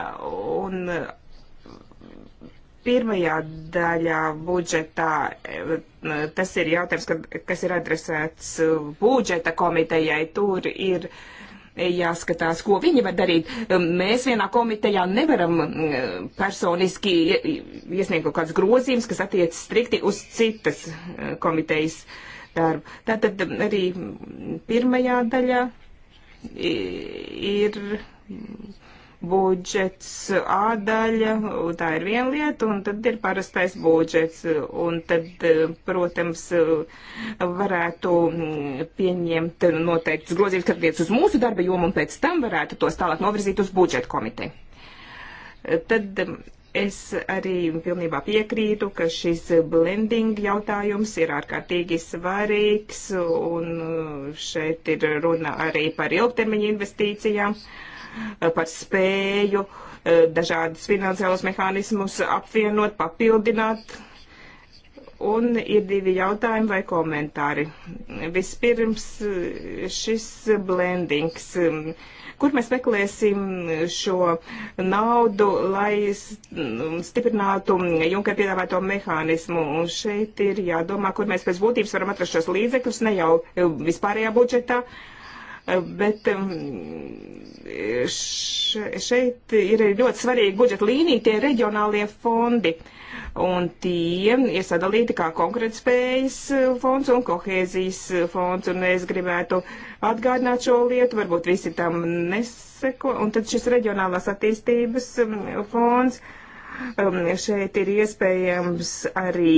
un Pirmajā daļā budžetā eh, tas ir jautājums, kas ir adresēts eh, budžeta komitejai. Tur ir jāskatās, ko viņi var darīt. Eh, mēs vienā komitejā nevaram personiski iesniegt kaut kādas grozījumus, kas attiecas strikti uz citas komitejas darbu. Tātad arī pirmajā daļā ir budžets A daļa, un tā ir viena lieta, un tad ir parastais budžets, un tad, protams, varētu pieņemt noteikts grozījums, kad liec uz mūsu darba jomu, un pēc tam varētu tos tālāk novirzīt uz budžeta komiteju. Tad es arī pilnībā piekrītu, ka šis blending jautājums ir ārkārtīgi svarīgs, un šeit ir runa arī par ilgtermiņa investīcijām. Uh, Eh, par spēju eh, dažādas finansiālas mehānismus apvienot, papildināt. Un ir divi jautājumi vai komentāri. Vispirms eh, šis blendings. Kur mēs meklēsim šo naudu, lai mm, stiprinātu Junkai piedāvāto mehānismu? Un šeit ir jādomā, kur mēs pēc būtības varam atrast šos līdzekļus, ne jau vispārējā budžetā, uh, Bet um, šeit ir ļoti svarīga budžeta līnija, tie reģionālie fondi. Un tie ir sadalīti kā konkurētspējas fonds un kohēzijas fonds. Un es gribētu atgādināt šo lietu, varbūt visi tam neseko. Un tad šis reģionālās attīstības um, fonds. Um, šeit ir iespējams arī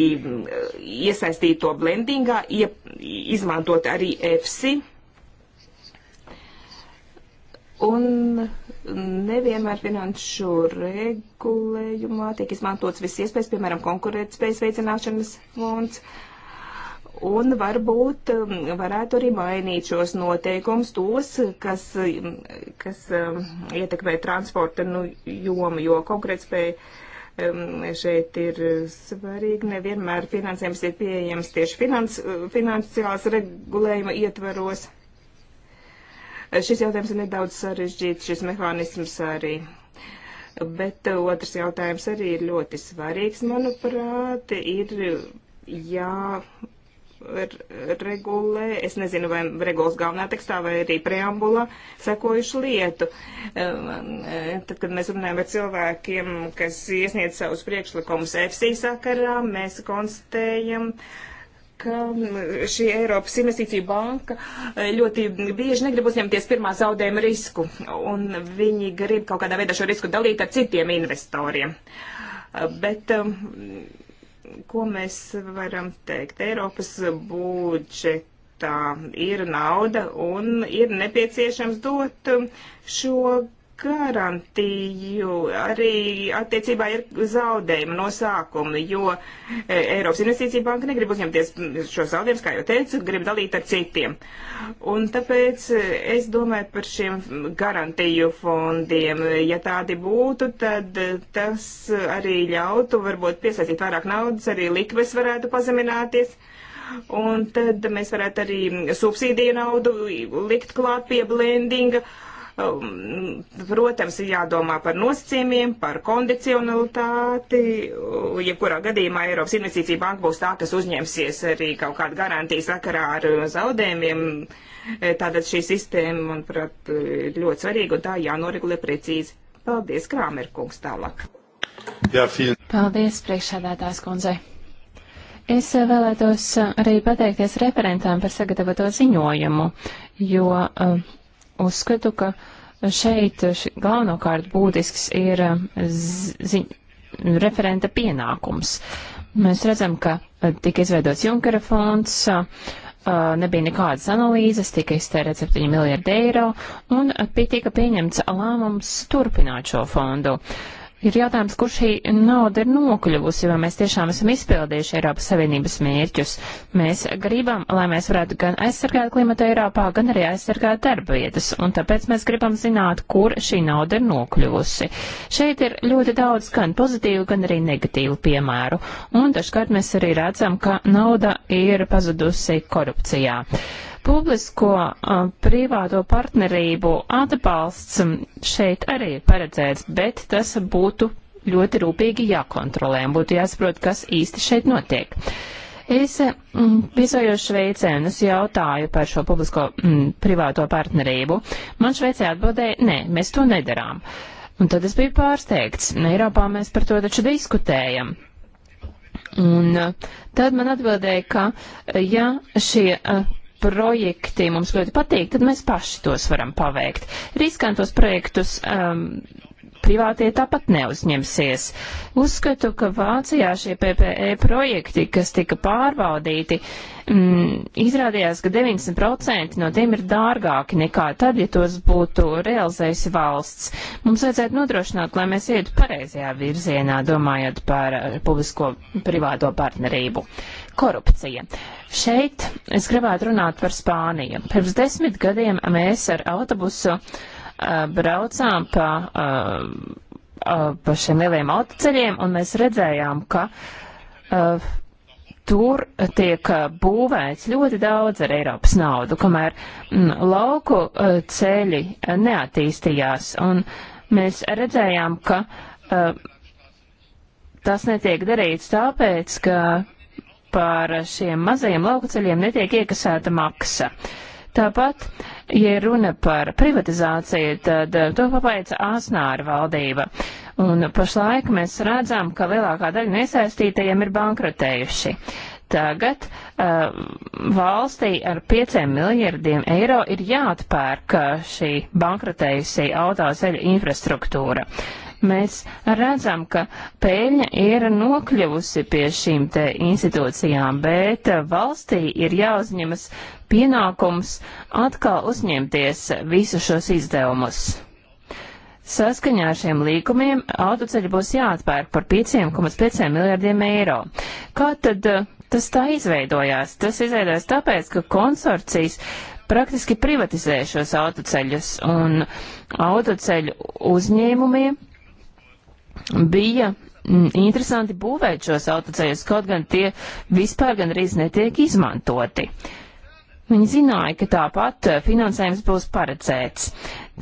iesaistīt to blendingā, izmantot arī EFSI Un nevienmēr finanšu regulējumā tiek izmantots viss iespējas, piemēram, konkurētspējas veicināšanas fonds. Un varbūt um, varētu arī mainīt šos noteikumus, tos, kas, um, kas um, ietekmē transporta nu, jomu, jo konkurētspēja šeit ir svarīgi. Nevienmēr finansējums ir pieejams tieši finans, uh, finansiāls regulējuma ietvaros. Šis jautājums ir nedaudz sarežģīts, šis mehānisms arī. Bet otrs jautājums arī ir ļoti svarīgs, manuprāt, ir jā, regulē, es nezinu, vai regulas galvenā tekstā vai arī preambulā sekojuši lietu. Ehm, tad, kad mēs runājam ar cilvēkiem, kas iesniedz savus priekšlikumus EFSI sakarā, mēs konstatējam, uh, ka šī Eiropas investīcija banka eh, ļoti bieži negrib uzņemties pirmā zaudējuma risku, un viņi grib kaut kādā veidā šo risku dalīt ar citiem investoriem. Eh, bet eh, ko mēs varam teikt? Eiropas budžets tā ir nauda un ir nepieciešams dot šo garantiju arī attiecībā ir zaudējuma no sākuma, jo e, Eiropas Investīcija banka negrib uzņemties šo zaudējumu, kā jau teicu, grib dalīt ar citiem. Un tāpēc e, es domāju par šiem garantiju fondiem. Ja tādi būtu, tad e, tas arī ļautu varbūt piesaistīt vairāk naudas, arī likmes varētu pazemināties. Un tad mēs varētu arī subsīdiju naudu likt klāt pie blendinga. Uh, Protams, ir jādomā par nosacījumiem, par kondicionalitāti. Jebkurā gadījumā Eiropas Investīcija banka būs tā, kas uzņemsies arī kaut kādu garantiju sakarā ar zaudējumiem. Tātad šī sistēma, manuprāt, ir ļoti svarīga un tā jānoregulē precīzi. Paldies, Krāmerkungs, tālāk. Jā, fīn. Paldies, priekšsēdētājs kundzei. Es vēlētos arī pateikties referentām par sagatavoto ziņojumu, jo uzskatu, ka šeit galvenokārt būtisks ir eh, zi, referenta pienākums. Mēs redzam, ka eh, tika izveidots Junkera fonds, eh, nebija nekādas analīzes, tika iztērēt 7 miljardi eiro un tika pieņemts lēmums turpināt šo fondu. Uh, ir jautājums, kur šī nauda ir nokļuvusi, vai mēs tiešām esam izpildījuši Eiropas Savienības mērķus. Mēs gribam, lai mēs varētu gan aizsargāt klimatu Eiropā, gan arī aizsargāt darba vietas, un tāpēc mēs gribam zināt, kur šī nauda ir nokļuvusi. Šeit ir ļoti daudz gan pozitīvu, gan arī negatīvu piemēru, un dažkārt mēs arī redzam, ka nauda ir pazudusi korupcijā. Uh, Publisko privāto partnerību atbalsts šeit arī ir paredzēts, bet tas būtu ļoti rūpīgi jākontrolē un būtu jāsaprot, kas īsti šeit notiek. Es viesojos mm, Šveicē un es jautāju par šo publisko m, mm, privāto partnerību. Man Šveicē atbildēja, nē, mēs to nedarām. Un tad es biju pārsteigts. Eiropā mēs par to taču diskutējam. Un tad man atbildēja, ka ja šie projekti mums ļoti patīk, tad mēs paši tos varam paveikt. Riskantos projektus um, privātie tāpat neuzņemsies. Uzskatu, ka Vācijā šie PPE projekti, kas tika pārbaudīti, mm, izrādījās, ka 90% no tiem ir dārgāki nekā tad, ja tos būtu realizējusi valsts. Mums vajadzētu nodrošināt, lai mēs ietu pareizajā virzienā, domājot par uh, publisko privāto partnerību. Korupcija. Šeit es gribētu runāt par Spāniju. Pirms desmit gadiem mēs ar autobusu uh, braucām pa, uh, uh, pa šiem lieliem autoceļiem, un mēs redzējām, ka uh, tur tiek uh, būvēts ļoti daudz ar Eiropas naudu, kamēr mm, lauku uh, ceļi uh, neattīstījās. Un mēs redzējām, ka uh, tas netiek darīts tāpēc, ka par šiem mazajiem laukuceļiem netiek iekasēta maksa. Tāpat, ja runa par privatizāciju, tad eh, to paveica Āsnāra valdība. Un pašlaik mēs redzam, ka lielākā daļa nesaistītajiem ir bankrotējuši. Tagad uh, valstī ar 5 miljardiem eiro ir jāatpērk eh, šī bankrotējusī autoceļu infrastruktūra. Uh, Mēs redzam, ka peļņa ir nokļuvusi pie šīm te institūcijām, bet valstī ir jāuzņemas pienākums atkal uzņemties visus šos izdevumus. Saskaņā ar šiem līkumiem autoceļi būs jāatpērk par 5,5 miljardiem eiro. Kā tad eh, tas tā izveidojās? Tas izveidojās tāpēc, ka konsorcijas praktiski privatizē šos autoceļus un autoceļu uzņēmumiem bija mm, interesanti būvēt šos autoceļus, kaut gan tie vispār gan arī netiek izmantoti. Viņi zināja, ka tāpat eh, finansējums būs paredzēts.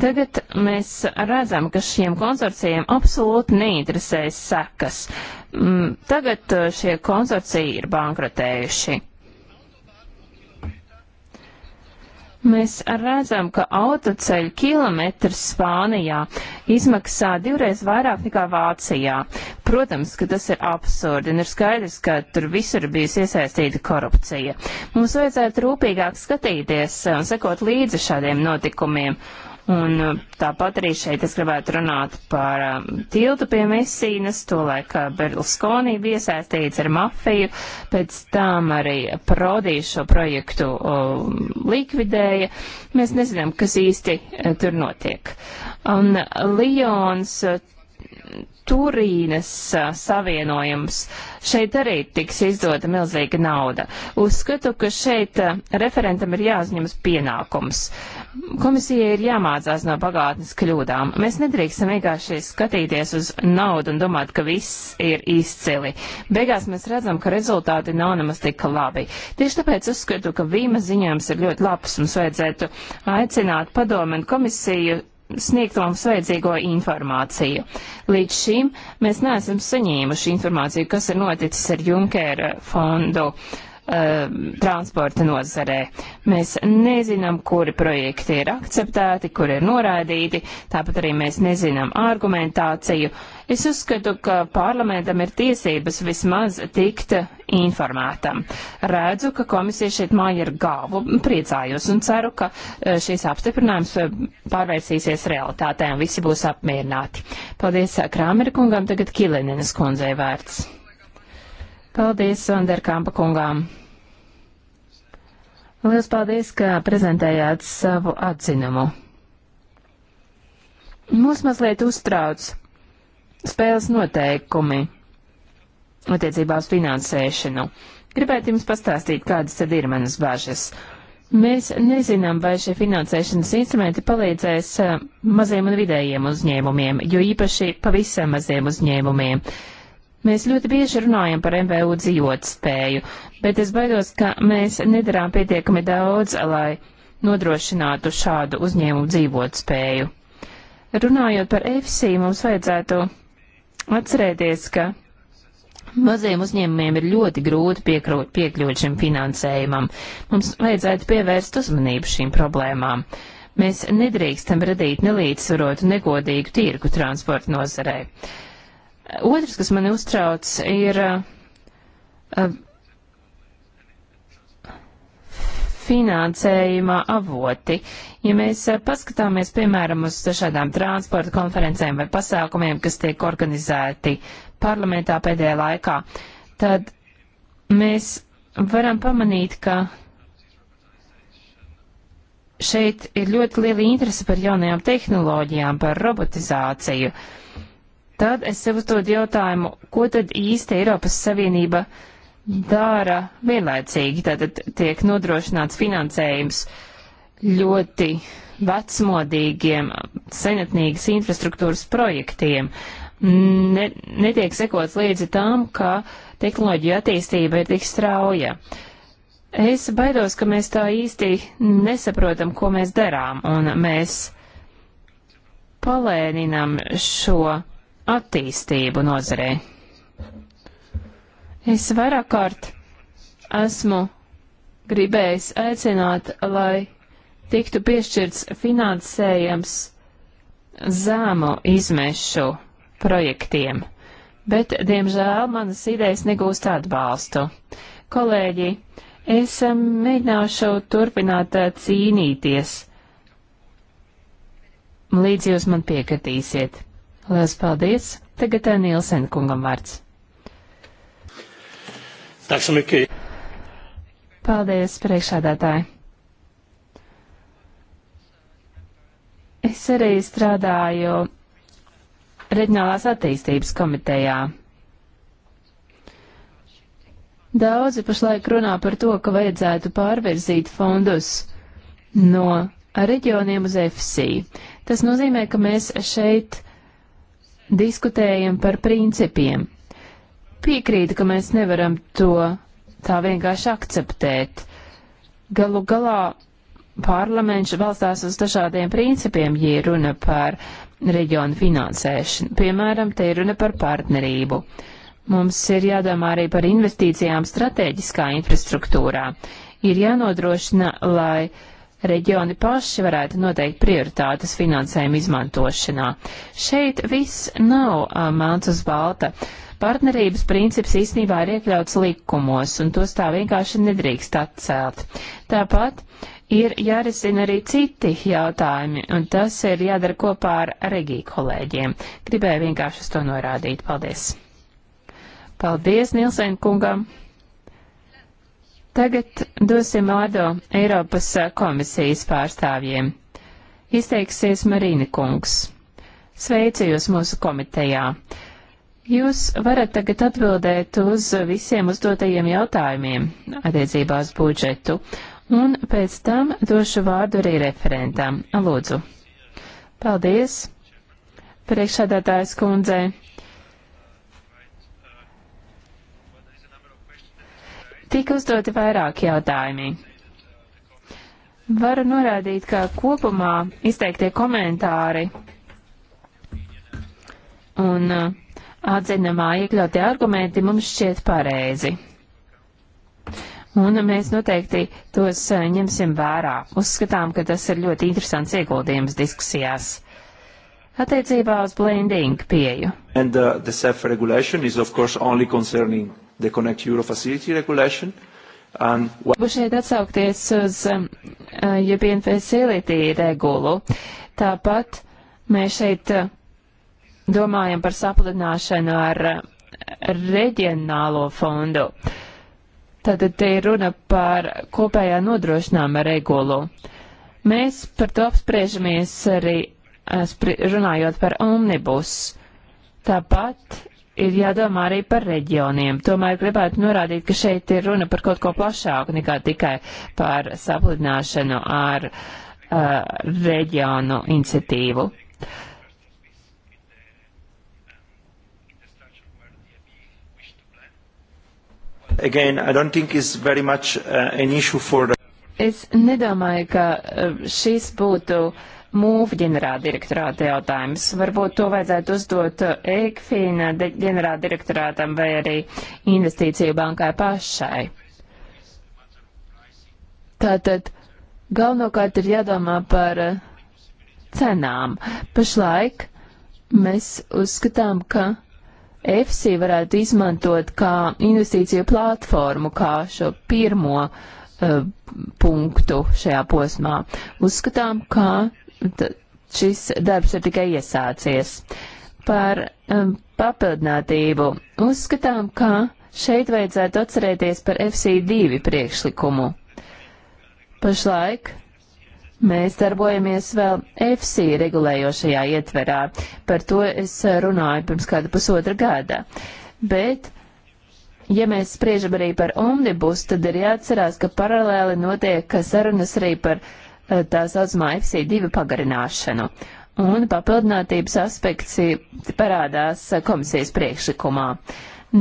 Tagad mēs redzam, ka šiem konsorcijiem absolūti neinteresēs sekas. Mm, tagad eh, šie konsorcija ir bankrotējuši. Mēs redzam, ka autoceļu kilometrs Spānijā izmaksā divreiz vairāk nekā Vācijā. Protams, ka tas ir absurdi un ir skaidrs, ka tur visur bijusi iesaistīta korupcija. Mums vajadzētu rūpīgāk skatīties un sekot līdzi šādiem notikumiem Un uh, tāpat arī šeit es gribētu runāt par um, tiltu pie Messīnas, to laika uh, Berluskonī bija iesaistīts ar mafiju, pēc tam arī Prodī šo projektu o, uh, likvidēja. Mēs nezinām, kas īsti tur notiek. Un Lions Turīnas savienojums. Šeit arī tiks izdota milzīga nauda. Uzskatu, ka šeit referentam ir jāuzņemas pienākums. Komisijai ir jāmācās no pagātnes kļūdām. Mēs nedrīkstam vienkārši skatīties uz naudu un domāt, ka viss ir izcili. Beigās mēs redzam, ka rezultāti nav nemaz tik labi. Tieši tāpēc uzskatu, ka Vīma ziņojums ir ļoti labs. Mums vajadzētu aicināt padomu un komisiju sniegt mums vajadzīgo informāciju. Līdz šim mēs neesam saņēmuši informāciju, kas ir noticis ar Junkera fondu um, transporta nozarē. Mēs nezinām, kuri projekti ir akceptēti, kuri ir noraidīti, tāpat arī mēs nezinām argumentāciju, Es uzskatu, ka parlamentam ir tiesības vismaz tikt informētam. Redzu, ka komisija šeit māja ir galvu, priecājos un ceru, ka eh, šīs apstiprinājums eh, pārvērsīsies realitātē un visi būs apmierināti. Paldies eh, Krāmeri kungam, tagad Kilinenes kundzei vērts. Paldies Vanderkampa kungām. Lielas paldies, ka prezentējāt savu atzinumu. Mūs mazliet uztrauc spēles noteikumi attiecībā uz finansēšanu. Gribētu jums pastāstīt, kādas tad ir manas bažas. Mēs nezinām, vai šie finansēšanas instrumenti palīdzēs eh, maziem un vidējiem uzņēmumiem, jo īpaši pavisam maziem uzņēmumiem. Mēs ļoti bieži runājam par MVU dzīvotspēju, bet es baidos, ka mēs nedarām pietiekami daudz, lai nodrošinātu šādu uzņēmumu dzīvotspēju. Runājot par EFSI, mums vajadzētu Atcerēties, ka Maziem uzņēmumiem ir ļoti grūti piekrūt, piekļūt šim finansējumam. Mums vajadzētu pievērst uzmanību šīm problēmām. Mēs nedrīkstam radīt nelīdzsvarotu, negodīgu tirgu transporta nozarē. Otrs, kas mani uztrauc, ir uh, finansējuma avoti. Ja mēs eh, paskatāmies, piemēram, uz dažādām transporta konferencēm vai pasākumiem, kas tiek organizēti parlamentā pēdējā laikā, tad mēs varam pamanīt, ka šeit ir ļoti liela interese par jaunajām tehnoloģijām, par robotizāciju. Tad es sev uzdodu jautājumu, ko tad īsti Eiropas Savienība uh, dara vienlaicīgi. Tātad tiek nodrošināts finansējums ļoti vecmodīgiem, senatnīgas infrastruktūras projektiem. Ne, netiek sekots līdzi tam, ka tehnoloģija attīstība ir tik strauja. Es baidos, ka mēs tā īsti nesaprotam, ko mēs darām, un mēs palēninam šo attīstību nozarei. Es vairāk kārt esmu gribējis aicināt, lai tiktu piešķirts finansējums zēmu izmešu projektiem, bet, diemžēl, manas idejas negūst atbalstu. Kolēģi, es um, mēģināšu turpināt uh, cīnīties, līdz jūs man piekritīsiet. Lielas paldies! Tagad uh, Nielsen kungam vārds. Tack så mycket. Paldies, priekšādātāji. Es arī strādāju Reģionālās attīstības komitejā. Daudzi pašlaik runā par to, ka vajadzētu pārvirzīt fondus no reģioniem uz FSI. Tas nozīmē, ka mēs šeit diskutējam par principiem piekrītu, ka mēs nevaram to tā vienkārši akceptēt. Galu galā parlaments balstās uz dažādiem principiem, ja runa par reģionu finansēšanu. Piemēram, te ir runa par partnerību. Mums ir jādomā arī par investīcijām strateģiskā infrastruktūrā. Ir jānodrošina, lai reģioni paši varētu noteikt prioritātes finansējuma izmantošanā. Šeit viss nav uh, melns uz balta. Uh, Partnerības princips īstenībā ir iekļauts likumos, un tos tā vienkārši nedrīkst atcelt. Tāpat ir jārisina arī citi jautājumi, un tas ir jādara kopā ar Regiju kolēģiem. Gribēju vienkārši uz to norādīt. Paldies! Paldies Nielsen kungam! Tagad dosim vārdu Eiropas komisijas pārstāvjiem. Izteiksies Marīni kungs. Sveicu jūs mūsu komitejā. Jūs varat tagad atbildēt uz visiem uzdotajiem jautājumiem attiecībā uz budžetu, un pēc tam došu vārdu arī referentām. Lūdzu. Paldies, priekšādātājs kundze. Tika uzdoti vairāki jautājumi. Varu norādīt, ka kopumā izteiktie komentāri un uh, atzinumā iekļautie argumenti mums šķiet pareizi. Un mēs noteikti tos eh, ņemsim vērā. Uzskatām, ka tas ir ļoti interesants ieguldījums diskusijās. Attiecībā uz blending pieju. And, uh, the CEF regulation is of course only concerning the Connect Euro facility regulation. Um, what... Gribu šeit atsaukties uz um, uh, eh, European Facility regulu. Tāpat mēs šeit uh, domājam par sapludināšanu ar eh, reģionālo fondu. Tātad te ir runa par kopējā nodrošinājuma regulu. Mēs par to apspriežamies arī eh, runājot par omnibus. Tāpat ir jādomā arī par reģioniem. Tomēr gribētu norādīt, ka šeit ir runa par kaut ko plašāku nekā tikai par sapludināšanu ar uh, reģionu iniciatīvu. Uh, Again, I don't think it's very much uh, an issue for the... Es nedomāju, ka uh, šis būtu mūvu ģenerāldirektorāta jautājums. Varbūt to vajadzētu uzdot uh, EKFINA ģenerāldirektorātam vai arī investīciju bankai pašai. Tātad galvenokārt ir jādomā par uh, cenām. Pašlaik mēs uzskatām, ka EFSI varētu izmantot kā investīciju platformu, kā šo pirmo uh, punktu šajā posmā. Uzskatām, ka šis darbs ir tikai iesācies. Par um, papildinātību uzskatām, ka šeit vajadzētu atcerēties par FC2 priekšlikumu. Pašlaik Mēs darbojamies vēl FC regulējošajā ietverā. Par to es runāju pirms kāda pusotra gada. Bet, ja mēs spriežam arī par omnibus, tad ir jāatcerās, ka paralēli notiek sarunas arī par eh, tā saucamā FC2 pagarināšanu. Un papildinātības aspekts parādās komisijas priekšlikumā.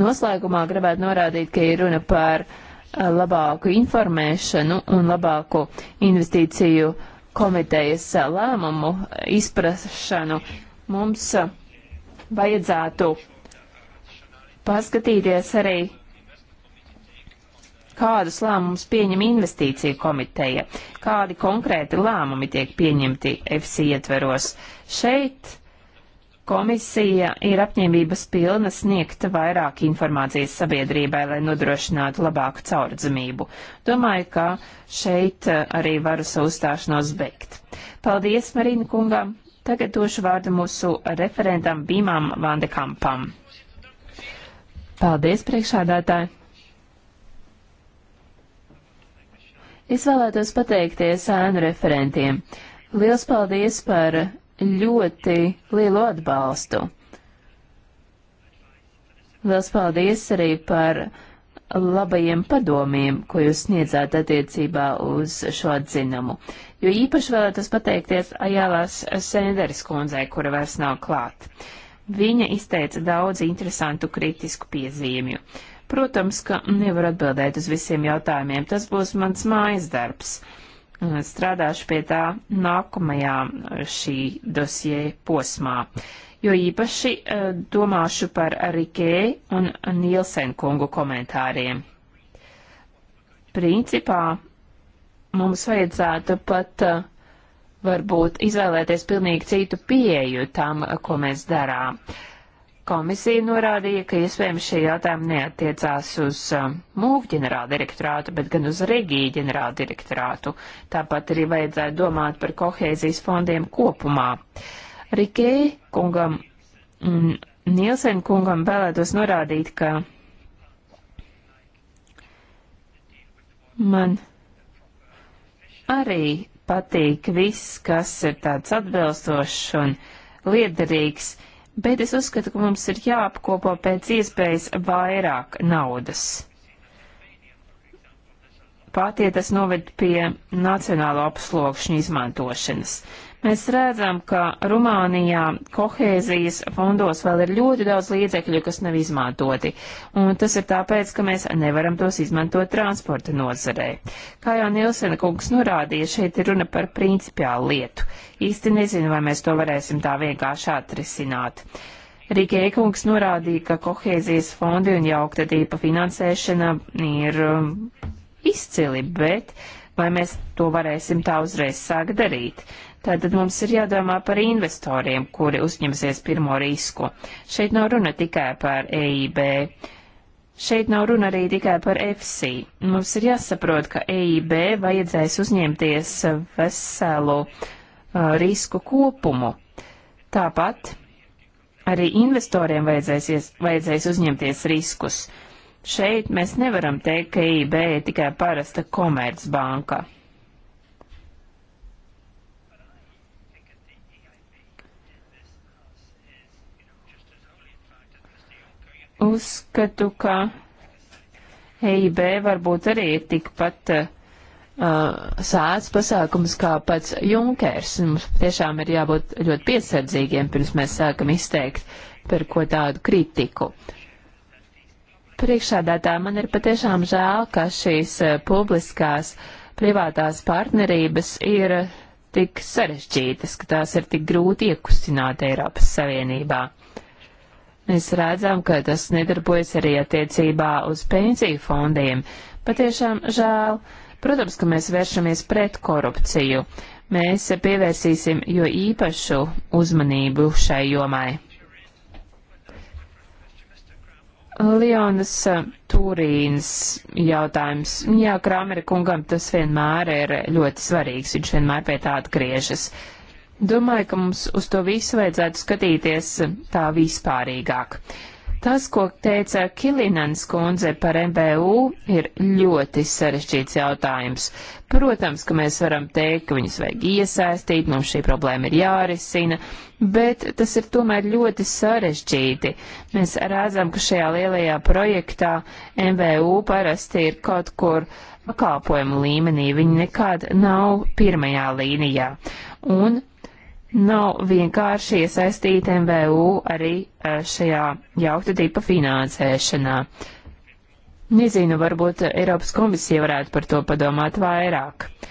Noslēgumā gribētu norādīt, ka ir runa par eh, labāku informēšanu un labāku investīciju uh, komitejas eh, lēmumu izprašanu, mums eh, vajadzētu paskatīties arī, kādus lēmumus pieņem investīcija komiteja, kādi konkrēti lēmumi tiek pieņemti FC ietveros. Šeit Komisija ir apņēmības pilna sniegt vairāk informācijas sabiedrībai, lai nodrošinātu labāku caurdzamību. Domāju, ka šeit eh, arī varu savu stāšanos beigt. Paldies, Marina kungam! Tagad došu vārdu mūsu referentam Bīmam Vandekampam. Paldies, priekšādātāji! Es vēlētos pateikties ēnu referentiem. Liels paldies par ļoti lielu atbalstu. Liels paldies arī par labajiem padomiem, ko jūs sniedzāt attiecībā uz šo atzinumu. Jo īpaši vēlētos pateikties Ajālās Senderis kundzei, kura vairs nav klāt. Viņa izteica daudz interesantu kritisku piezīmju. Protams, ka nevar atbildēt uz visiem jautājumiem, tas būs mans mājas darbs strādāšu pie tā nākamajā uh, šī dosie posmā, jo īpaši uh, domāšu par Rikē un Nielsen kungu komentāriem. Principā mums vajadzētu pat uh, varbūt izvēlēties pilnīgi citu pieeju tam, ko mēs darām. Uh, Komisija norādīja, ka iespējams šie jautājumi neatiecās uz um, MUV ģenerāldirektorātu, bet gan uz Regiju ģenerāldirektorātu. Tāpat arī vajadzētu domāt par kohēzijas fondiem kopumā. Rikēji kungam un mm, Nielsen kungam vēlētos norādīt, ka man arī patīk viss, kas ir tāds atbilstošs un liederīgs bet es uzskatu, ka mums ir jāapkopo pēc iespējas vairāk naudas. Pātie tas noved pie nacionālo apslokšņu izmantošanas. Mēs redzam, ka Rumānijā kohēzijas fondos vēl ir ļoti daudz līdzekļu, kas nav izmantoti, un tas ir tāpēc, ka mēs nevaram tos izmantot transporta nozarē. Kā jau Nilsena kungs norādīja, šeit ir runa par principiālu lietu. Īsti nezinu, vai mēs to varēsim tā vienkārši atrisināt. Rīgē kungs norādīja, ka kohēzijas fondi un jauktatība finansēšana ir um, izcili, bet vai mēs to varēsim tā uzreiz sākt darīt? Tātad mums ir jādomā par investoriem, kuri uzņemsies pirmo risku. Šeit nav runa tikai par EIB. Šeit nav runa arī tikai par FC. Mums ir jāsaprot, ka EIB vajadzēs uzņemties veselu uh, risku kopumu. Tāpat arī investoriem vajadzēs, vajadzēs uzņemties riskus. Šeit mēs nevaram teikt, ka EIB ir tikai parasta komercbanka. Uzskatu, ka EIB varbūt arī ir tikpat uh, sāds pasākums kā pats Junkers. Mums tiešām ir jābūt ļoti piesardzīgiem, pirms mēs sākam izteikt par ko tādu kritiku. Priekšādātā man ir patiešām žēl, ka šīs uh, publiskās privātās partnerības ir tik sarežģītas, ka tās ir tik grūti iekustināt Eiropas Savienībā. Mēs redzam, ka tas nedarbojas arī attiecībā uz pensiju fondiem. Patiešām žēl. Protams, ka mēs vēršamies pret korupciju. Mēs pievērsīsim jo īpašu uzmanību šai jomai. Leonas Turīnas jautājums. Jā, Krāmera kungam tas vienmēr ir ļoti svarīgs, viņš vienmēr pie tā atgriežas. Uh, Domāju, ka mums uz to visu vajadzētu skatīties eh, tā vispārīgāk. Tas, ko teica Kilinans kundze par MBU, ir ļoti sarežģīts jautājums. Protams, ka mēs varam teikt, ka viņus vajag iesaistīt, mums šī problēma ir jārisina, bet tas ir tomēr ļoti sarežģīti. Mēs redzam, ka šajā lielajā projektā MBU parasti ir kaut kur pakalpojumu līmenī, viņi nekad nav pirmajā līnijā. Un nav vienkārši iesaistīt MVU arī eh, šajā jaukta tipa finansēšanā. Nezinu, varbūt Eiropas komisija varētu par to padomāt vairāk. Uh,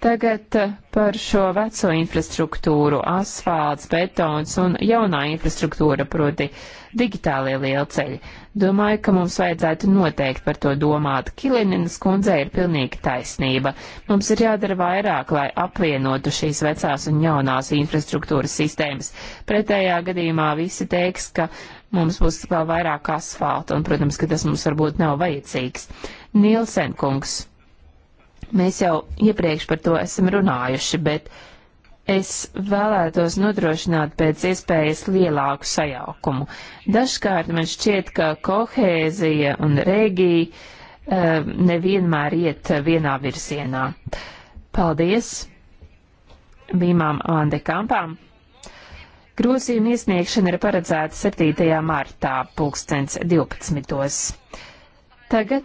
Tagad eh, par šo veco infrastruktūru - asfālts, betons un jaunā infrastruktūra, proti digitālie lielceļi. Domāju, ka mums vajadzētu noteikti par to domāt. Kilininas kundzei ir pilnīgi taisnība. Mums ir jādara vairāk, lai apvienotu šīs vecās un jaunās infrastruktūras sistēmas. Pretējā gadījumā visi teiks, ka mums būs vēl vairāk asfalta, un, protams, ka tas mums varbūt nav vajadzīgs. Nielsen kungs. Mēs jau iepriekš par to esam runājuši, bet es vēlētos nodrošināt pēc iespējas lielāku sajaukumu. Dažkārt man šķiet, ka kohēzija un regija eh, nevienmēr iet vienā virzienā. Paldies Bīmām Vandekampām! Grozījuma iesniegšana ir paredzēta 7. martā, 2012. Tagad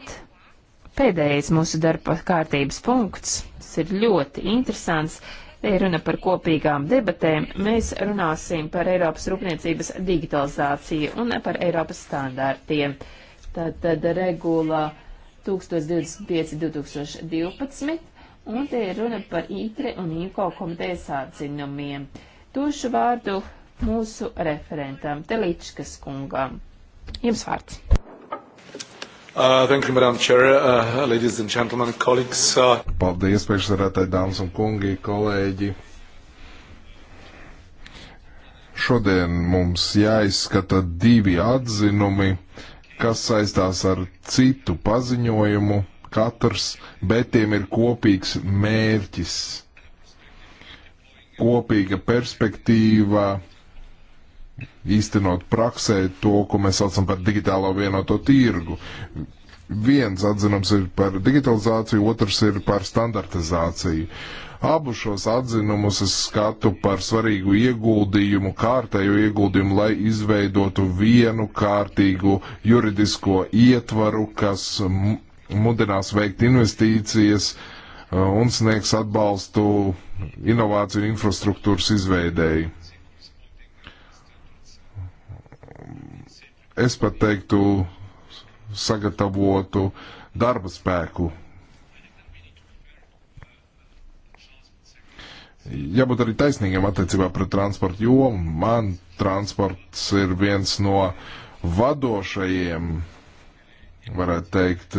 pēdējais mūsu darba kārtības punkts. Tas ir ļoti interesants. Te ir runa par kopīgām debatēm. Mēs runāsim par Eiropas rūpniecības digitalizāciju un par Eiropas standārtiem. Tātad regula 1025-2012 un te ir runa par ITRE un INKO komitejas atzinumiem. Došu vārdu mūsu referentam Teličkas kungam. Jums vārds. Uh, thank you, Madam Chair, uh, ladies and gentlemen, colleagues. Uh... Paldies, priekšsarētāji, dāmas un kungi, kolēģi. Šodien mums jāizskata divi atzinumi, kas saistās ar citu paziņojumu, katrs, bet tiem ir kopīgs mērķis, kopīga perspektīva īstenot praksē to, ko mēs saucam par digitālo vienoto tirgu. Viens atzinums ir par digitalizāciju, otrs ir par standartizāciju. Abu šos atzinumus es skatu par svarīgu ieguldījumu, kārtējo ieguldījumu, lai izveidotu vienu kārtīgu juridisko ietvaru, kas mudinās veikt investīcijas uh, un sniegs atbalstu inovāciju infrastruktūras izveidēji es pat teiktu, sagatavotu darba spēku. Jābūt arī taisnīgiem attiecībā pret transportu jomu. Man transports ir viens no vadošajiem, varētu teikt,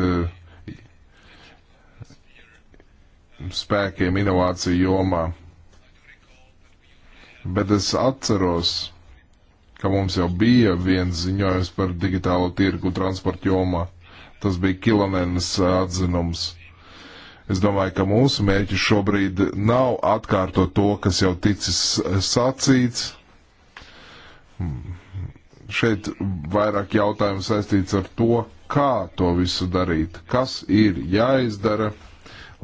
spēkiem inovāciju jomā. Bet es atceros, ka mums jau bija viens ziņojums par digitālo tirgu transporta jomā. Tas bija Kilonenes atzinums. Es domāju, ka mūsu mērķis šobrīd nav atkārtot to, kas jau ticis sacīts. Šeit vairāk jautājumu saistīts ar to, kā to visu darīt, kas ir jāizdara,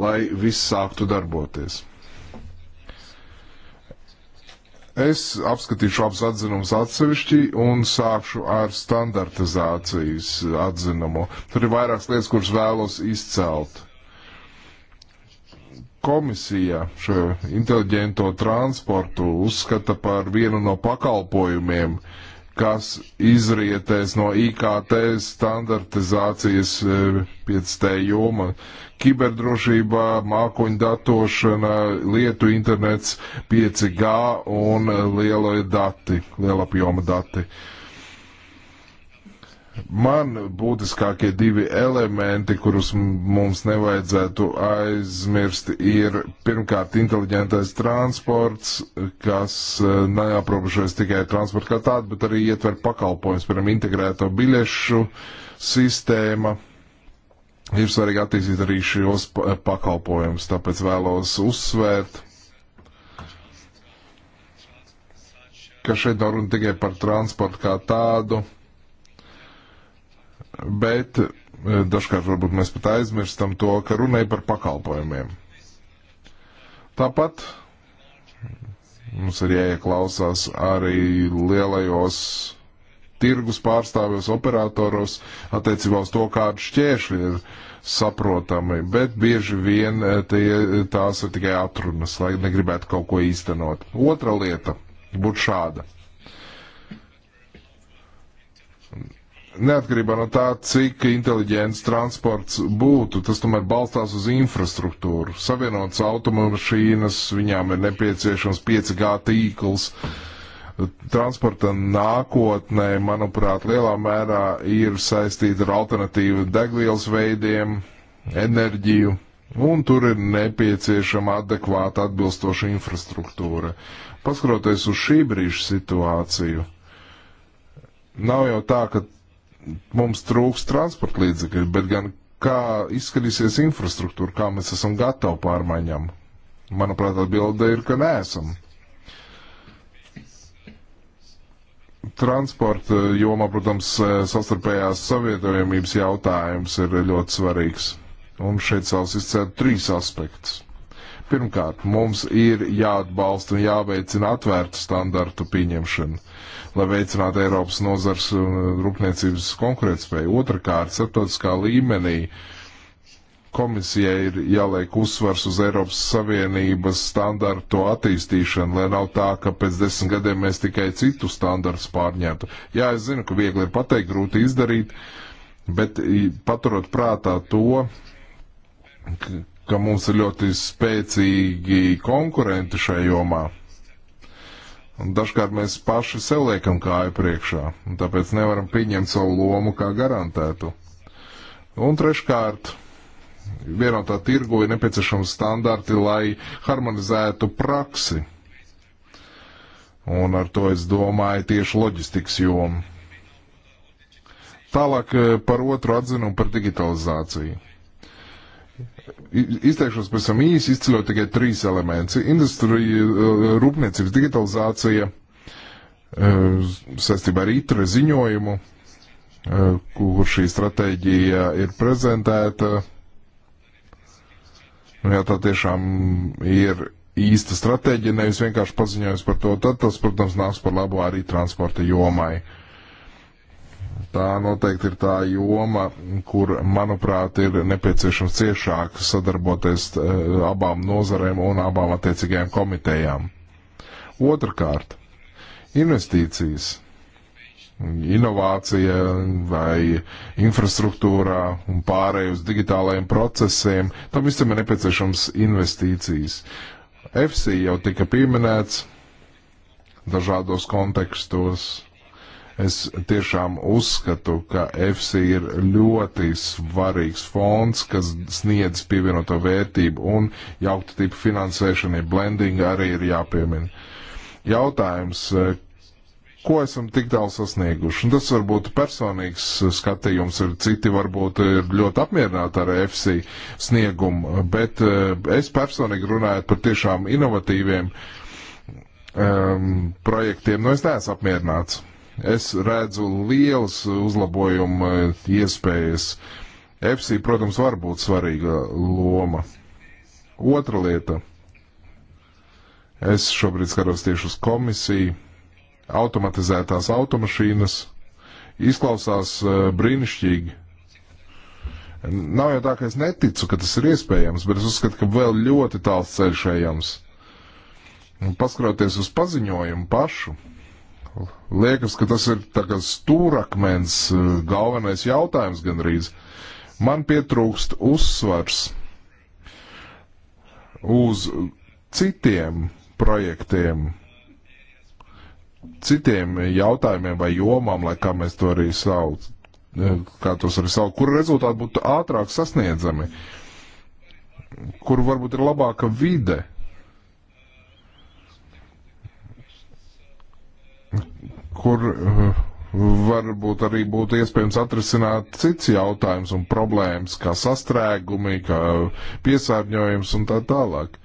lai viss sāktu darboties. Es apskatīšu abus atzinumus atsevišķi un sākšu ar standartizācijas atzinumu. Tur ir vairākas lietas, kuras vēlos izcelt. Komisija šo inteliģento transportu uzskata par vienu no pakalpojumiem, uh, kas izrietēs no IKT standartizācijas 5T e, joma. Kiberdrošībā, mākoņu datošana, lietu internets, 5G un liela dati, lielapjoma dati. Uh, man būtiskākie divi elementi, kurus mums nevajadzētu aizmirst, ir pirmkārt inteliģentais transports, kas e, neaprobežojas tikai transporta kā tādu, bet arī ietver pakalpojums, piemēram, integrēto biļešu sistēma. Ir svarīgi attīstīt arī šos pakalpojumus, tāpēc vēlos uzsvērt, ka šeit nav runa tikai par transportu kā tādu bet eh, dažkārt varbūt mēs pat aizmirstam to, ka runai par pakalpojumiem. Tāpat mums ir jāieklausās arī lielajos tirgus pārstāvjos, operatoros attiecībā uz to, kādi šķēršļi ir saprotami, bet bieži vien eh, tie, tās ir tikai atrunas, lai negribētu kaut ko īstenot. Otra lieta būtu šāda. Neatkarībā no tā, cik inteliģents transports būtu, tas tomēr balstās uz infrastruktūru. Savienotas automašīnas, viņām ir nepieciešams 5G tīkls. Transporta nākotnē, manuprāt, lielā mērā ir saistīta ar alternatīvu degvielas veidiem, enerģiju, un tur ir nepieciešama adekvāta atbilstoša infrastruktūra. Paskroties uz šī brīža situāciju, nav jau tā, ka mums trūks transporta līdzekļu, bet gan kā izskatīsies infrastruktūra, kā mēs esam gatavi pārmaiņām. Manuprāt, atbilde ir, ka neesam. Transporta jomā, protams, sastarpējās savietojamības jautājums ir ļoti svarīgs. Un šeit savs izcēla trīs aspektus. Pirmkārt, mums ir jāatbalsta un jāveicina atvērta standartu pieņemšana lai veicinātu Eiropas nozars un uh, rūpniecības konkurētspēju. Otrakārt, starptautiskā līmenī komisijai ir jāliek uzsvars uz Eiropas Savienības standartu attīstīšanu, lai nav tā, ka pēc desmit gadiem mēs tikai citu standartus pārņemtu. Jā, es zinu, ka viegli ir pateikt, grūti izdarīt, bet paturot prātā to, ka mums ir ļoti spēcīgi konkurenti šajā jomā Un dažkārt mēs paši sev liekam kāju priekšā, un tāpēc nevaram pieņemt savu lomu kā garantētu. Un treškārt, vienotā tirgu ir nepieciešami standarti, lai harmonizētu praksi. Un ar to es domāju tieši loģistikas jomu. Tālāk eh, par otru atzinumu par digitalizāciju. Izteikšos pēc tam īsi izceļot tikai trīs elements - industrija, eh, rūpniecības digitalizācija, eh, saistībā ar ITRE ziņojumu, eh, kur šī stratēģija ir prezentēta. Nu, jā, tā tiešām ir īsta stratēģija, nevis vienkārši paziņojums par to, tad tas, protams, nāks par labu arī transporta jomai. Uh, Tā noteikti ir tā joma, kur, manuprāt, ir nepieciešams ciešāk sadarboties eh, abām nozarēm un abām attiecīgajām komitejām. Otrakārt, investīcijas, inovācija vai infrastruktūrā un pārēj uz digitālajiem procesiem, tam visam ir nepieciešams investīcijas. FC jau tika pieminēts dažādos kontekstos Es tiešām uzskatu, ka EFSI ir ļoti svarīgs fonds, kas sniedz pievienoto vērtību un jauktu tipu finansēšanai. Blending arī ir jāpiemina. Jautājums, ko esam tik tālu sasnieguši? Un tas varbūt personīgs skatījums, ir citi varbūt ir ļoti apmierināti ar EFSI sniegumu, bet eh, es personīgi runāju par tiešām inovatīviem um, projektiem, nu es neesmu apmierināts es redzu lielas uzlabojuma iespējas. EFSI, protams, var būt svarīga loma. Otra lieta. Es šobrīd skatos tieši uz komisiju. Automatizētās automašīnas izklausās eh, brīnišķīgi. Nav jau tā, ka es neticu, ka tas ir iespējams, bet es uzskatu, ka vēl ļoti tāls ceļš ejams. Paskroties uz paziņojumu pašu, liekas, ka tas ir tā kā stūrakmens, eh, galvenais jautājums gandrīz. Man pietrūkst uzsvars uz citiem projektiem, citiem jautājumiem vai jomām, lai kā mēs to arī sauc, eh, kā tos arī sauc, kur rezultāti būtu ātrāk sasniedzami, kur varbūt ir labāka vide kur eh, varbūt arī būtu iespējams atrisināt cits jautājums un problēmas, kā sastrēgumi, kā piesārņojums un tā tālāk.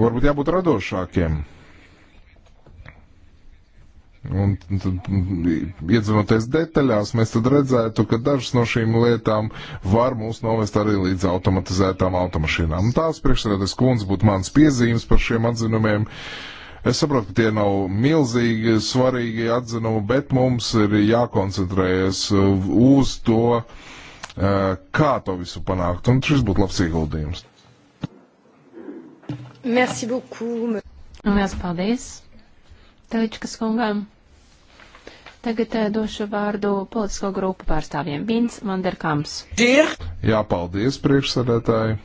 Varbūt jābūt radošākiem. Un tad, iedzinoties detaļās, mēs tad redzētu, ka dažas no šīm lietām var mūs novest arī līdz automatizētām automašīnām. Un tās priekšsēdētas kundze būtu mans piezīmes par šiem atzinumiem. Uh, Es saprotu, ka tie nav milzīgi svarīgi atzinumi, bet mums ir jākoncentrējas uz to, eh, kā to visu panākt. Un šis būtu labs ieguldījums. Merci beaucoup. Lielas paldies. Teličkas kungam. Tagad eh, došu vārdu politisko grupu pārstāvjiem. Vins Vanderkams. Jā, paldies priekšsēdētāji.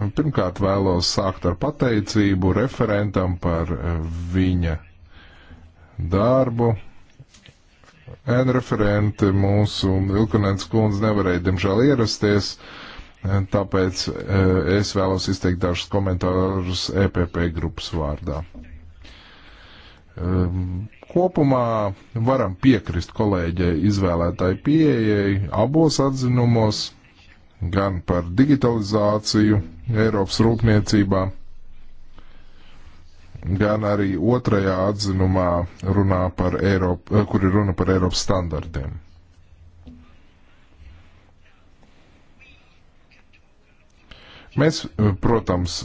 Pirmkārt vēlos sākt ar pateicību referentam par eh, viņa darbu. Ēna referente mūsu Vilkunēns kundze nevarēja, diemžēl, ierasties, eh, tāpēc eh, es vēlos izteikt dažus komentārus EPP grupas vārdā. Ehm, kopumā varam piekrist kolēģei izvēlētāji pieejai abos atzinumos gan par digitalizāciju Eiropas rūpniecībā, gan arī otrajā atzinumā, runā par Eiropu, eh, kur ir runa par Eiropas standartiem. Mēs, eh, protams,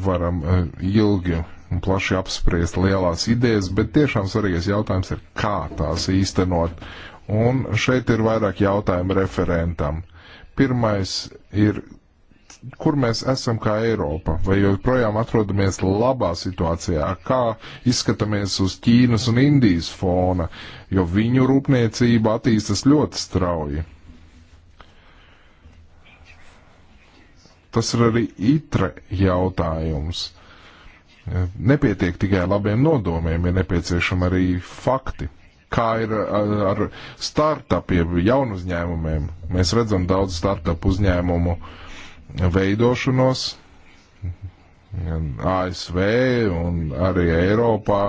varam eh, ilgi un plaši apspriest lielās idejas, bet tiešām svarīgais jautājums ir, kā tās īstenot. Un šeit ir vairāk jautājumu referentam. Pirmais ir, kur mēs esam kā Eiropa, vai joprojām atrodamies labā situācijā, kā izskatamies uz Ķīnas un Indijas fona, jo viņu rūpniecība attīstas ļoti strauji. Tas ir arī itre jautājums. Nepietiek tikai labiem nodomiem, ir nepieciešami arī fakti kā ir ar startupiem, jaunu uzņēmumiem. Mēs redzam daudz startup uzņēmumu veidošanos ASV un arī Eiropā.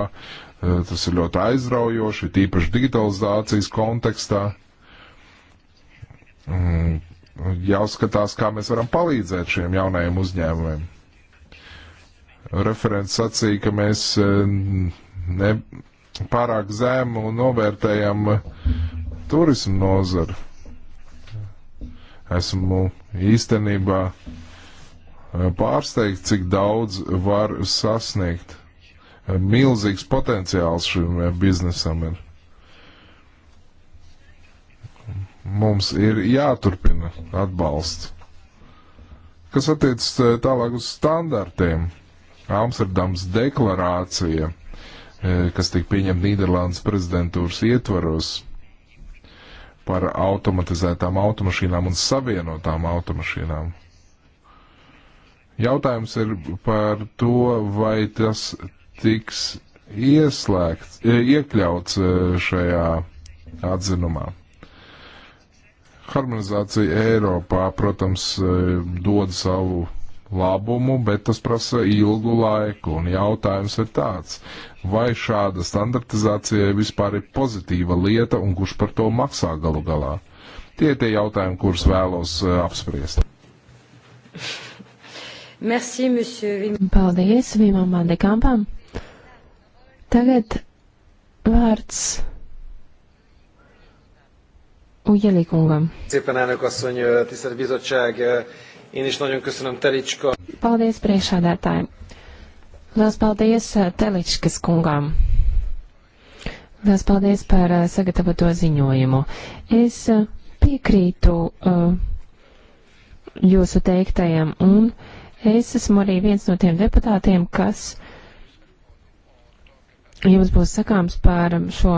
Tas ir ļoti aizraujoši, tīpaši digitalizācijas kontekstā. Mm, jāskatās, kā mēs varam palīdzēt šiem jaunajiem uzņēmumiem. Referents sacīja, ka mēs eh, ne, pārāk zemu novērtējam eh, turismu nozaru. Esmu īstenībā eh, pārsteigts, cik daudz var sasniegt. Eh, milzīgs potenciāls šim biznesam ir. Mums ir jāturpina atbalsts. Kas attiecas tālāk uz standartiem? Amsterdams deklarācija Eh, kas tika pieņemta Nīderlandes prezidentūras ietvaros par automatizētām automašīnām un savienotām automašīnām. Jautājums ir par to, vai tas tiks ieslēgts, eh, iekļauts eh, šajā atzinumā. Harmonizācija Eiropā, protams, dod savu labumu, bet tas prasa ilgu laiku. Un jautājums ir tāds, vai šāda standartizācija vispār ir pozitīva lieta un kurš par to maksā galu galā? Tie ir tie jautājumi, kurus vēlos uh, apspriest. Merci, monsieur. Paldies, Vimam Vandekampam. Tagad vārds Ujelikungam. Szépen elnök asszony, tisztelt bizottság, Én is nagyon köszönöm Telicska. Paldies priekšādātājiem. Lielas paldies eh, Teličkas kungām. Lielas paldies par eh, sagatavoto ziņojumu. Es eh, piekrītu uh, jūsu teiktajam un es esmu arī viens no tiem deputātiem, kas jums būs sakāms par šo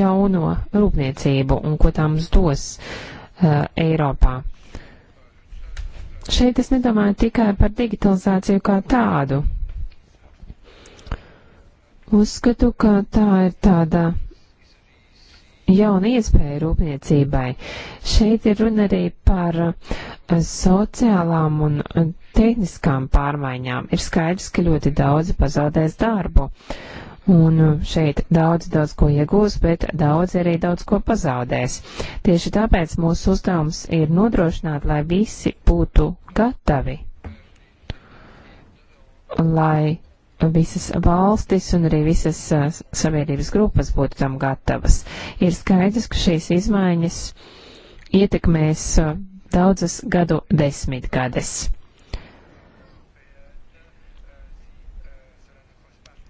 jauno rūpniecību un ko tā mums dos uh, Eiropā. Šeit es nedomāju tikai par digitalizāciju kā tādu. Uzskatu, ka tā ir tāda jauna iespēja rūpniecībai. Šeit ir runa arī par eh, sociālām un eh, tehniskām pārmaiņām. Ir skaidrs, ka ļoti daudzi pazaudēs darbu. Uh, un uh, šeit daudz, daudz ko iegūs, bet daudz arī daudz ko pazaudēs. Tieši tāpēc mūsu uzdevums ir nodrošināt, lai visi būtu gatavi, lai visas valstis un arī visas uh, sabiedrības grupas būtu tam gatavas. Ir skaidrs, ka šīs izmaiņas ietekmēs uh, daudzas gadu desmitgades.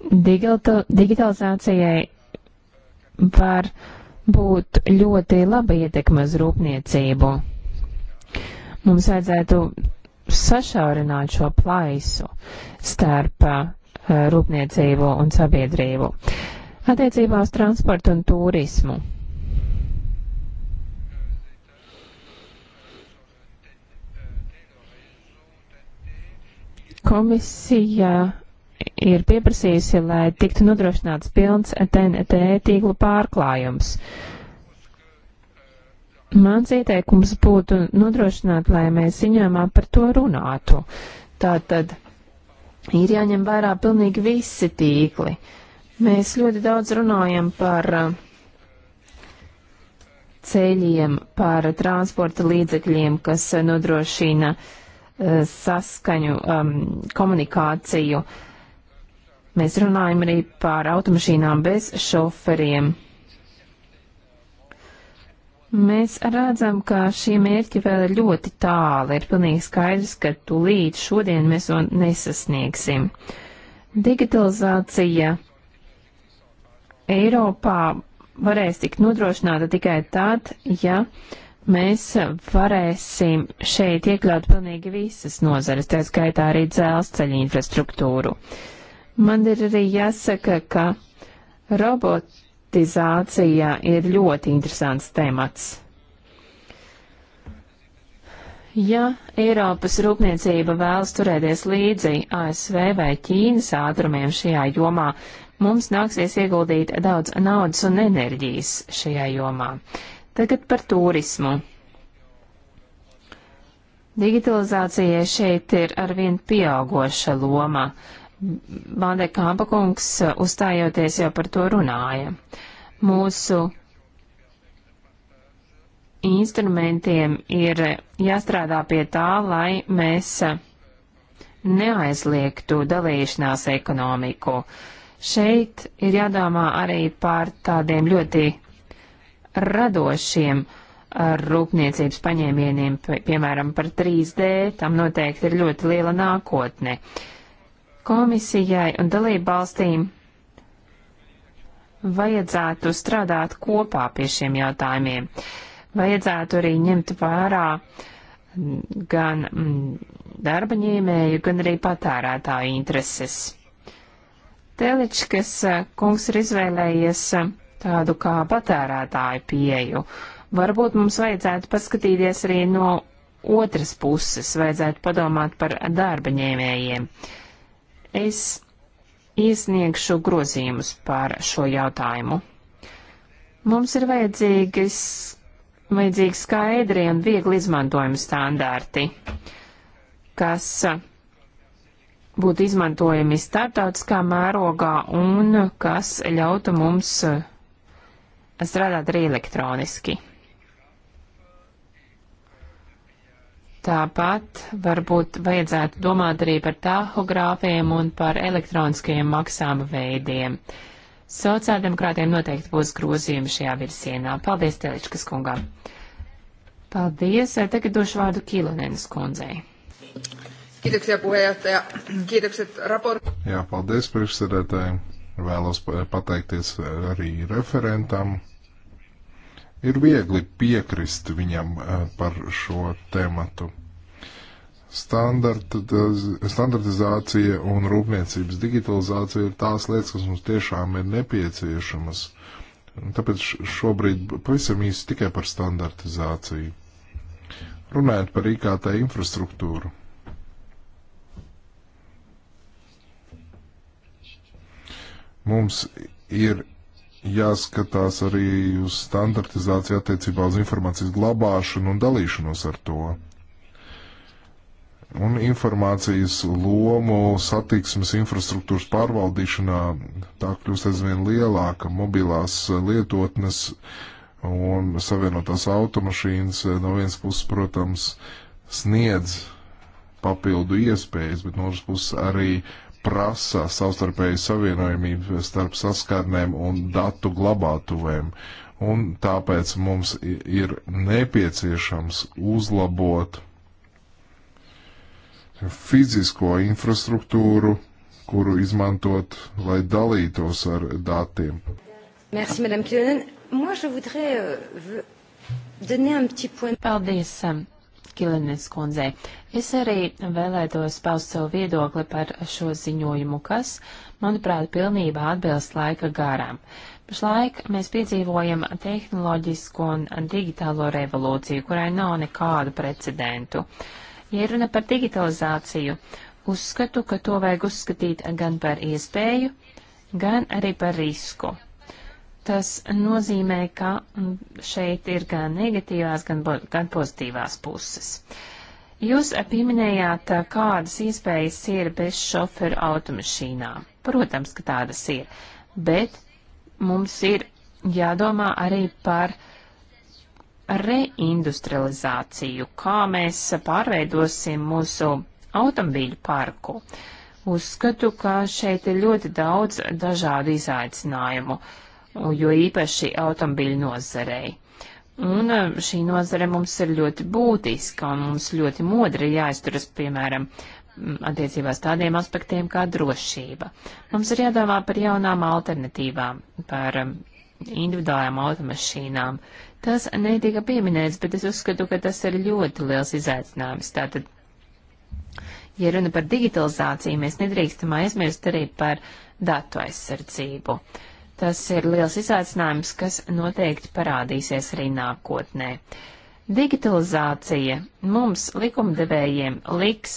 digitalizācijai var būt ļoti laba ietekme uz rūpniecību. Mums vajadzētu sašaurināt šo plaisu starp eh, rūpniecību un sabiedrību. Attiecībā uz transportu un turismu. Komisija ir pieprasījusi, lai tiktu nodrošināts pilns TNT tīklu pārklājums. Mans ieteikums būtu nodrošināt, lai mēs ziņojumā par to runātu. Tātad ir jāņem vērā pilnīgi visi tīkli. Mēs ļoti daudz runājam par uh, ceļiem, par transporta līdzekļiem, kas uh, nodrošina uh, saskaņu, um, komunikāciju. Uh, Mēs runājam arī par automašīnām bez šoferiem. Mēs redzam, ka šie mērķi vēl ir ļoti tāli. Ir pilnīgi skaidrs, ka tūlīt šodien mēs to nesasniegsim. Digitalizācija Eiropā varēs tikt nodrošināta tikai tad, ja mēs varēsim šeit iekļaut pilnīgi visas nozares, tā skaitā arī dzelzceļa infrastruktūru. Uh, Man ir arī jāsaka, ka robotizācija ir ļoti interesants temats. Ja Eiropas rūpniecība vēlas turēties līdzi ASV vai Ķīnas ātrumiem šajā jomā, mums nāksies ieguldīt daudz naudas un enerģijas šajā jomā. Tagad par turismu. Digitalizācijai šeit ir arvien pieaugoša loma. Uh, Vande Kāmpa kungs uzstājoties jau par to runāja. Mūsu instrumentiem ir jāstrādā pie tā, lai mēs neaizliegtu dalīšanās ekonomiku. Šeit ir jādomā arī par tādiem ļoti radošiem rūpniecības paņēmieniem, piemēram, par 3D, tam noteikti ir ļoti liela nākotne. Uh, Komisijai un dalību valstīm vajadzētu strādāt kopā pie šiem jautājumiem. Vajadzētu arī ņemt vērā gan mm, darba ņēmēju, gan arī patērētāju intereses. Teličkas eh, kungs ir izvēlējies eh, tādu kā patērētāju pieju. Varbūt mums vajadzētu paskatīties arī no otras puses, vajadzētu padomāt par darba ņēmējiem. Uh, Es iesniegšu grozījumus par šo jautājumu. Mums ir vajadzīgas, vajadzīgi skaidri un viegli izmantojami standārti, kas būtu izmantojami starptautiskā mērogā un kas ļautu mums strādāt arī elektroniski. Tāpat varbūt vajadzētu domāt arī par tahogrāfiem un par elektroniskajiem maksāma veidiem. Sociāldemokrātiem noteikti būs grozījumi šajā virsienā. Paldies, Teličkas kungam! Paldies! Tagad došu vārdu Kilonenes kundzei. Kiitoksia puheenjohtaja. Kiitokset raport. Jā, paldies priekšsēdētājiem. Vēlos pateikties arī referentam ir viegli piekrist viņam eh, par šo tematu. Standartizācija un rūpniecības digitalizācija ir tās lietas, kas mums tiešām ir nepieciešamas. Tāpēc šobrīd pavisam īsi tikai par standartizāciju. Runājot par IKT infrastruktūru. Mums ir jāskatās arī uz standartizāciju attiecībā uz informācijas glabāšanu un dalīšanos ar to. Un informācijas lomu satiksmes infrastruktūras pārvaldīšanā tā kļūst aizvien lielāka. Mobilās lietotnes un savienotās automašīnas eh, no vienas puses, protams, sniedz papildu iespējas, bet no otras puses arī prasa savstarpēju savienojumību starp saskarnēm un datu glabātuvēm. Un tāpēc mums ir nepieciešams uzlabot fizisko infrastruktūru, kuru izmantot, lai dalītos ar datiem. Merci, Madame Kilonen. Moi, je voudrais euh, donner un petit point. Paldies. Kilines kundzei. Es arī vēlētos paust savu viedokli par šo ziņojumu, kas, manuprāt, pilnībā atbilst laika garām. Pašlaik mēs piedzīvojam tehnoloģisko un digitālo revolūciju, kurai nav nekādu precedentu. Ja runa par digitalizāciju, uzskatu, ka to vajag uzskatīt gan par iespēju, gan arī par risku. Tas nozīmē, ka šeit ir gan negatīvās, gan, gan pozitīvās puses. Jūs pieminējāt, kādas iespējas ir bez šoferu automašīnā. Protams, ka tādas ir, bet mums ir jādomā arī par reindustrializāciju, kā mēs pārveidosim mūsu automobīļu parku. Uzskatu, ka šeit ir ļoti daudz dažādu izaicinājumu. Uh, jo īpaši automobiļu nozarei. Un e, šī nozare mums ir ļoti būtiska un mums ļoti modri jāizturas, piemēram, attiecībās tādiem aspektiem kā drošība. Mums ir jādomā par jaunām alternatīvām, par individuālām automašīnām. Tas netika pieminēts, bet es uzskatu, ka tas ir ļoti liels izaicinājums. Tātad, ja runa par digitalizāciju, mēs nedrīkstam aizmirst arī par datu aizsardzību. Uh, Tas ir liels izaicinājums, kas noteikti parādīsies arī nākotnē. Digitalizācija mums likumdevējiem liks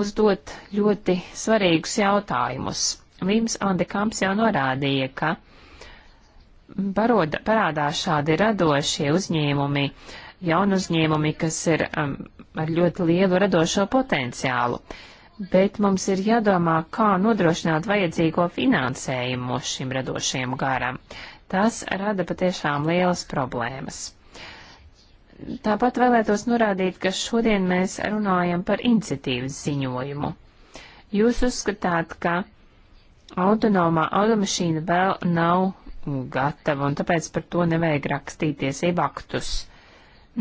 uzdot ļoti svarīgus jautājumus. Vims Andekams jau norādīja, ka baroda, parādās šādi radošie uzņēmumi, jaunu uzņēmumi, kas ir um, ar ļoti lielu radošo potenciālu. Uh, bet mums ir jādomā, kā nodrošināt vajadzīgo finansējumu šim radošajam garam. Tas rada patiešām lielas problēmas. Tāpat vēlētos norādīt, ka šodien mēs runājam par iniciatīvas ziņojumu. Jūs uzskatāt, ka autonomā automašīna vēl nav gatava, un tāpēc par to nevajag rakstīt tiesību aktus.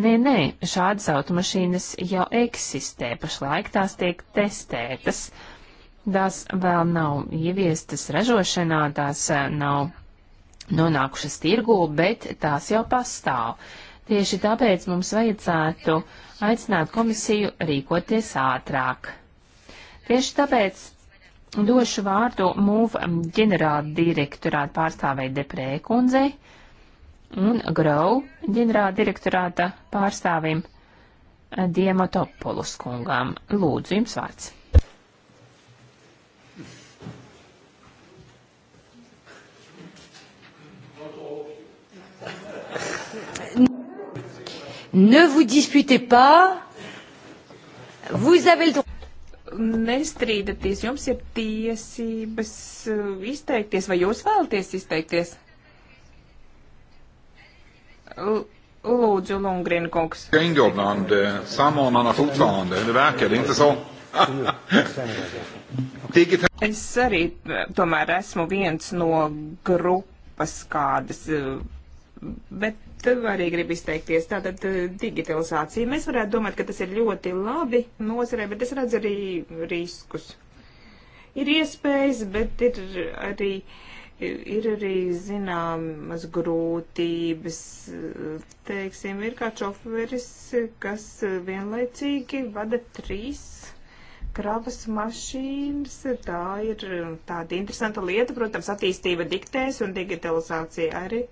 Nē, nē, šādas automašīnas jau eksistē, pašlaik tās tiek testētas. Tās vēl nav ieviestas ražošanā, tās e, nav nonākušas tirgū, bet tās jau pastāv. Tieši tāpēc mums vajadzētu aicināt komisiju rīkoties ātrāk. Tieši tāpēc došu vārdu MUV ģenerāla direktorāta pārstāvei Deprē kundzei un Grau ģenerāla direktorāta pārstāvim Diematopolus kungām. Lūdzu, jums vārds. Ne vous disputez pas. Vous avez le droit. Nestrīdaties, jums ir tiesības uh, izteikties, vai jūs vēlaties izteikties? Lūdzu, Lundgren kungs. England, samordnarna fortfarande, det verkar det inte så. es arī tomēr esmu viens no grupas kādas, bet arī gribu izteikties. Tātad digitalizācija, mēs varētu domāt, ka tas ir ļoti labi nozarē, bet es redzu arī riskus. Ir iespējas, bet ir arī. Uh, ir arī zināmas grūtības. Teiksim, ir kā šoferis, kas vienlaicīgi vada trīs kravas mašīnas. Tā ir tāda interesanta lieta, protams, attīstība diktēs un digitalizācija arī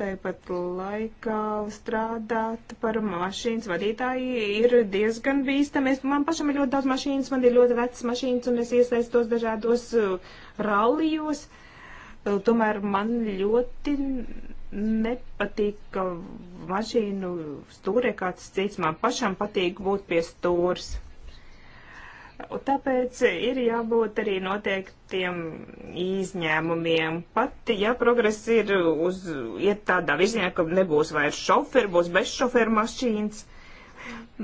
tāpat laikā strādāt par mašīnas vadītāju ir diezgan bīstami. Man pašam ir ļoti daudz mašīnas, man ir ļoti vecas mašīnas, un es iesaistos dažādos uh, rallijos. Uh, tomēr man ļoti nepatīk, ka mašīnu stūrē kāds cits. Man pašam patīk būt pie stūres. Un tāpēc ir jābūt arī noteiktiem izņēmumiem. Pat, ja progress ir uz, iet tādā virzienā, ka nebūs vairs šoferi, būs bez šoferu mašīnas,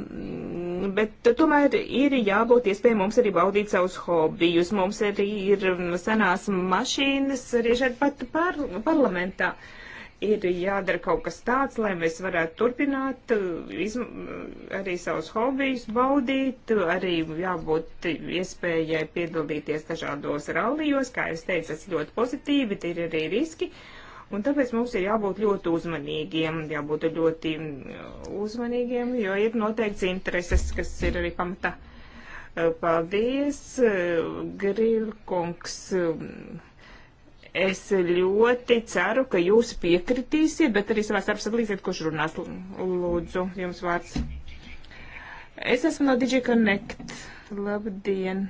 mm, bet tomēr ir jābūt iespēja mums arī baudīt savus hobijus. Mums arī ir senās mašīnas arī šeit pat par, parlamentā. Uh, ir jādara kaut kas tāds, lai mēs varētu turpināt eh, eh, arī savus hobijus baudīt, arī jābūt iespējai piedalīties dažādos rallijos, kā es teicu, tas ļoti pozitīvi, ir arī riski. Un tāpēc mums ir jābūt ļoti uzmanīgiem, jābūt ļoti eh, uzmanīgiem, jo ir noteikts intereses, kas ir arī pamatā. Paldies, Grilkungs. kungs Es ļoti ceru, ka jūs piekritīsiet, bet arī savā starpā sadalīsiet, kurš runās. Lūdzu, jums vārds. Es esmu no DJ Connect. Labdien!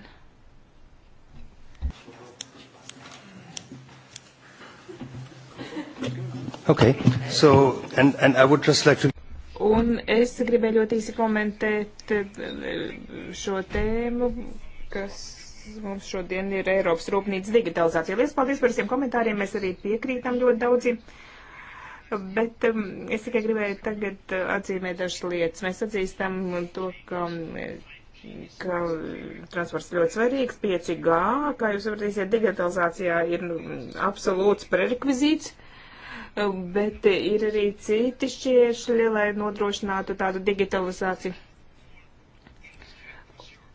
Okay. So, and, and I would just like to... Un es gribēju ļoti īsi komentēt eh, šo tēmu, kas mums šodien ir Eiropas rūpnīcas digitalizācija. Liels paldies par visiem komentāriem, mēs arī piekrītam ļoti daudziem. Bet um, es tikai gribēju tagad uh, atzīmēt dažas lietas. Mēs atzīstam to, ka um, ka transports ļoti svarīgs, 5G, kā jūs sapratīsiet, digitalizācijā ir nu, absolūts prerekvizīts, uh, bet ir arī citi šķiešļi, lai nodrošinātu tādu digitalizāciju.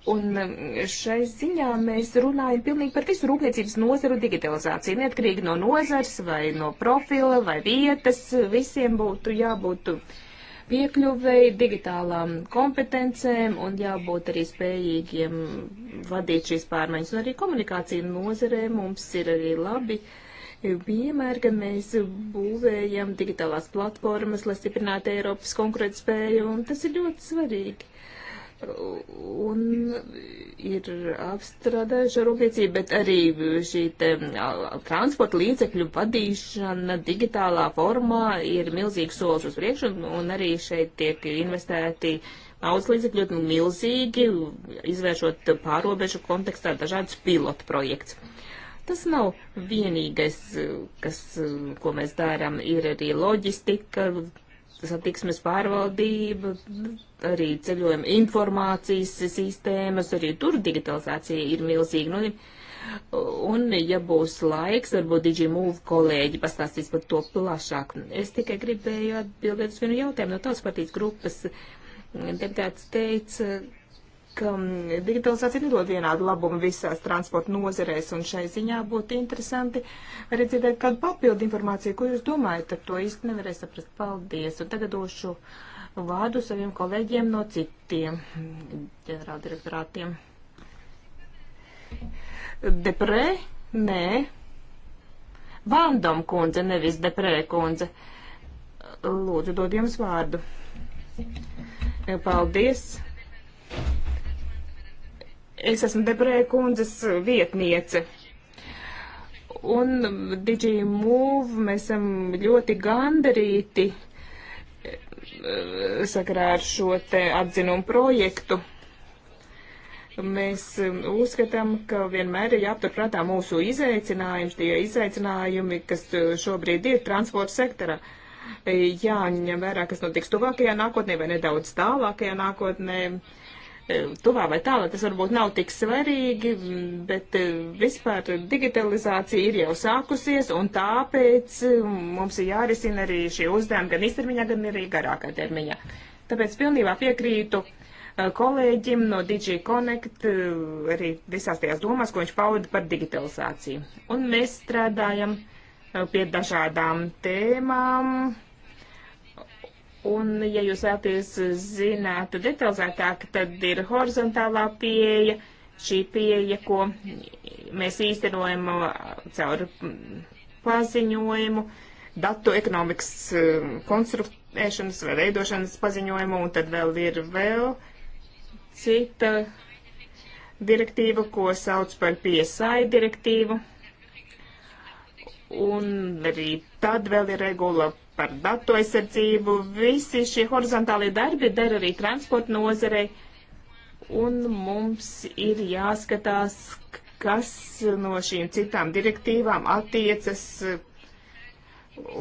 Un e, šai ziņā mēs runājam pilnīgi par visu rūpniecības nozaru digitalizāciju. Neatkarīgi no nozars vai no profila vai vietas, visiem būtu jābūt piekļuvei digitālām kompetencēm un jābūt arī spējīgiem vadīt šīs pārmaiņas. Un arī komunikācija nozarē mums ir arī labi piemēri, kad mēs būvējam digitālās platformas, lai stiprinātu Eiropas konkurētspēju, un tas ir ļoti svarīgi un ir apstrādājuši rūpniecību, bet arī šī te transporta līdzekļu vadīšana digitālā formā ir milzīgs solis uz priekšu, un, un arī šeit tiek investēti daudz līdzekļu nu, milzīgi, izvēršot pārobežu kontekstā dažādus pilotu projektus tas nav vienīgais, kas, ko mēs darām, ir arī loģistika, satiksmes pārvaldība, arī ceļojuma informācijas sistēmas, arī tur digitalizācija ir milzīga. Nu, un, ja būs laiks, varbūt DigiMove kolēģi pastāstīs par to plašāk. Es tikai gribēju atbildēt uz vienu jautājumu no tās partijas grupas. Deputāts teica, ka mm, digitalizācija nedod vienādu labumu visās transporta nozerēs, un šai ziņā būtu interesanti arī dzirdēt kādu papildu informāciju, ko jūs domājat, ar to īsti nevarēs saprast. Paldies, un tagad došu uh, vārdu saviem kolēģiem no citiem ģenerāldirektorātiem. Deprē? Nē. Vandam kundze, nevis Deprē kundze. Lūdzu, dod jums vārdu. Paldies. Es esmu Deprē kundzes vietniece un DigiMove mēs esam ļoti gandarīti Eh, sakarā ar šo te atzinumu projektu. Mēs eh, uzskatām, ka vienmēr ir jāpaturprātā mūsu izaicinājums, tie izaicinājumi, kas eh, šobrīd ir transporta sektorā. Jāņem vērā, kas notiks tuvākajā nākotnē vai nedaudz tālākajā nākotnē. Uh, tuvā vai tālāk tas varbūt nav tik svarīgi, bet eh, vispār digitalizācija ir jau sākusies, un tāpēc mm, mums ir jārisina arī šie uzdevumi gan īstermiņā, gan arī garākā termiņā. Tāpēc pilnībā piekrītu eh, kolēģim no DG Connect eh, arī visās tajās domās, ko viņš pauda par digitalizāciju. Un mēs strādājam pie dažādām tēmām Un, ja jūs vēlaties zināt detalizētāk, tad ir horizontālā pieeja, šī pieeja, ko mēs īstenojam uh, caur mm, paziņojumu, datu ekonomikas uh, konstruēšanas vai veidošanas paziņojumu, un tad vēl ir vēl cita direktīva, ko sauc par PSI direktīvu. Un arī tad vēl ir regula par datu aizsardzību. Visi šie horizontālie darbi der arī transporta nozarei. Un mums ir jāskatās, kas no šīm citām direktīvām attiecas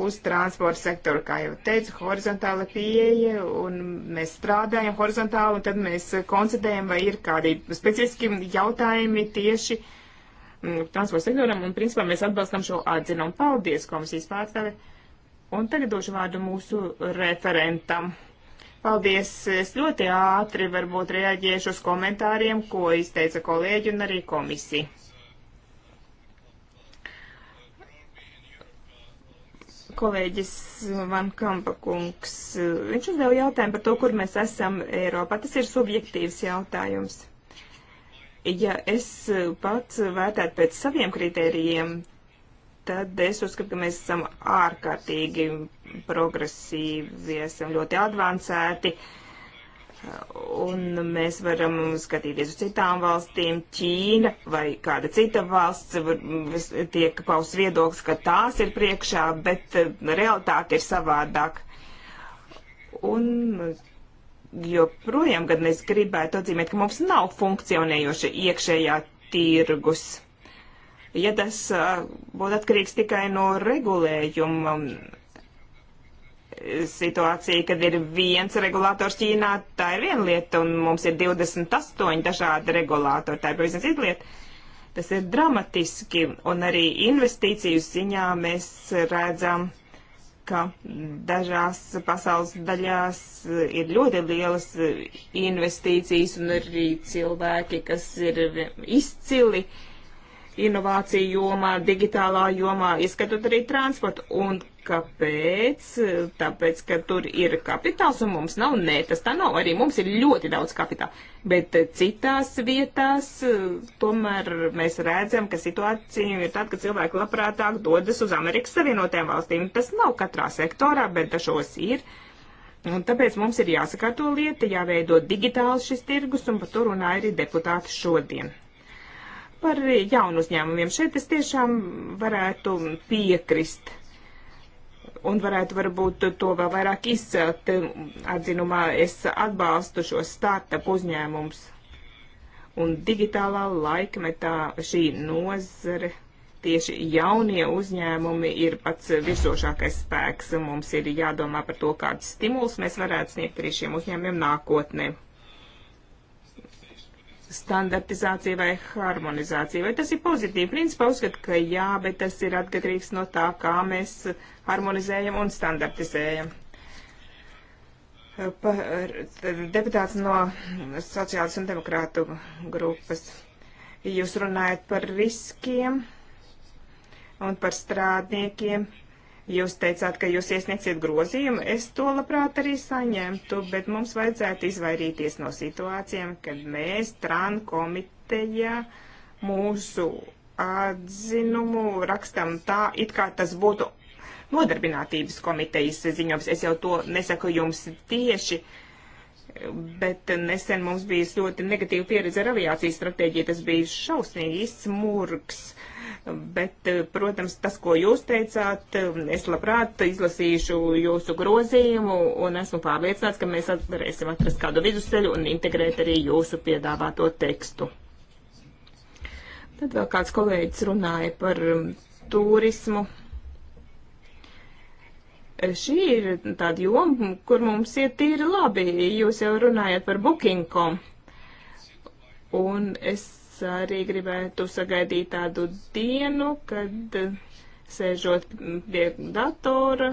uz transporta sektoru, kā jau teicu, horizontāla pieeja, un mēs strādājam horizontāli, un tad mēs koncentrējam, vai ir kādi specifiski jautājumi tieši mm, transporta sektoram, un principā mēs atbalstam šo atzinumu. Paldies, komisijas pārstāve! Un tagad došu vārdu mūsu referentam. Paldies! Es ļoti ātri varbūt reaģēšu uz komentāriem, ko izteica kolēģi un arī komisija. Kolēģis Van Kampakungs, viņš uzdeva jautājumu par to, kur mēs esam Eiropā. Tas ir subjektīvs jautājums. Ja es pats vērtētu pēc saviem kritērijiem, tad es uzskatu, ka mēs esam ārkārtīgi progresīvi, esam ļoti advancēti. Un mēs varam skatīties uz citām valstīm. Ķīna vai kāda cita valsts tiek paus viedoklis, ka tās ir priekšā, bet eh, realitāte ir savādāk. Un joprojām, kad mēs gribētu atzīmēt, ka mums nav funkcionējoša iekšējā tirgus ja tas būtu atkarīgs tikai no regulējuma situācija, kad ir viens regulators Ķīnā, tā ir viena lieta, un mums ir 28 dažādi regulātori, tā ir pavisam cita lieta. Tas ir dramatiski, un arī investīciju ziņā mēs redzam, ka dažās pasaules daļās ir ļoti lielas investīcijas, un arī cilvēki, kas ir izcili. Uh, inovāciju jomā, digitālā jomā, izskatot arī transportu. Un kāpēc? Tāpēc, ka tur ir kapitāls un mums nav. Nē, tas tā nav. Arī mums ir ļoti daudz kapitāla. Bet citās vietās tomēr mēs redzam, ka situācija ir tāda, ka cilvēki labprātāk dodas uz Amerikas Savienotajām valstīm. Tas nav katrā sektorā, bet dažos ir. Un tāpēc mums ir jāsakārto lieta, jāveido digitāls šis tirgus, un par to runāja arī deputāti šodien. Par jaunu uzņēmumiem šeit es tiešām varētu piekrist un varētu varbūt to vēl vairāk izcelt. Atzinumā es atbalstu šos startup uzņēmumus. Un digitālā laikmetā šī nozare, tieši jaunie uzņēmumi ir pats virsošākais spēks. Mums ir jādomā par to, kādas stimulus mēs varētu sniegt arī šiem uzņēmumiem nākotnē standartizācija vai harmonizācija. Vai tas ir pozitīvi? Principā uzskatu, ka jā, bet tas ir atkarīgs no tā, kā mēs harmonizējam un standartizējam. Par, deputāts no sociālas un demokrātu grupas. Jūs runājat par riskiem un par strādniekiem. Jūs teicāt, ka jūs iesniegsiet grozījumu. Es to labprāt arī saņemtu, bet mums vajadzētu izvairīties no situācijām, kad mēs tran komiteja mūsu atzinumu rakstam tā, it kā tas būtu nodarbinātības komitejas ziņojums. Es jau to nesaku jums tieši bet nesen mums bija ļoti negatīva pieredze ar aviācijas stratēģiju. Tas bija šausmīgi izsmurgs bet, eh, protams, tas, ko jūs teicāt, eh, es labprāt izlasīšu jūsu grozījumu un esmu pārliecināts, ka mēs varēsim atrast kādu vidusceļu un integrēt arī jūsu piedāvāto tekstu. Tad vēl kāds kolēģis runāja par mm, turismu. Šī ir tāda joma, kur mums iet tīri labi. Jūs jau runājat par booking.com. Un es arī gribētu sagaidīt tādu dienu, kad sēžot pie datora,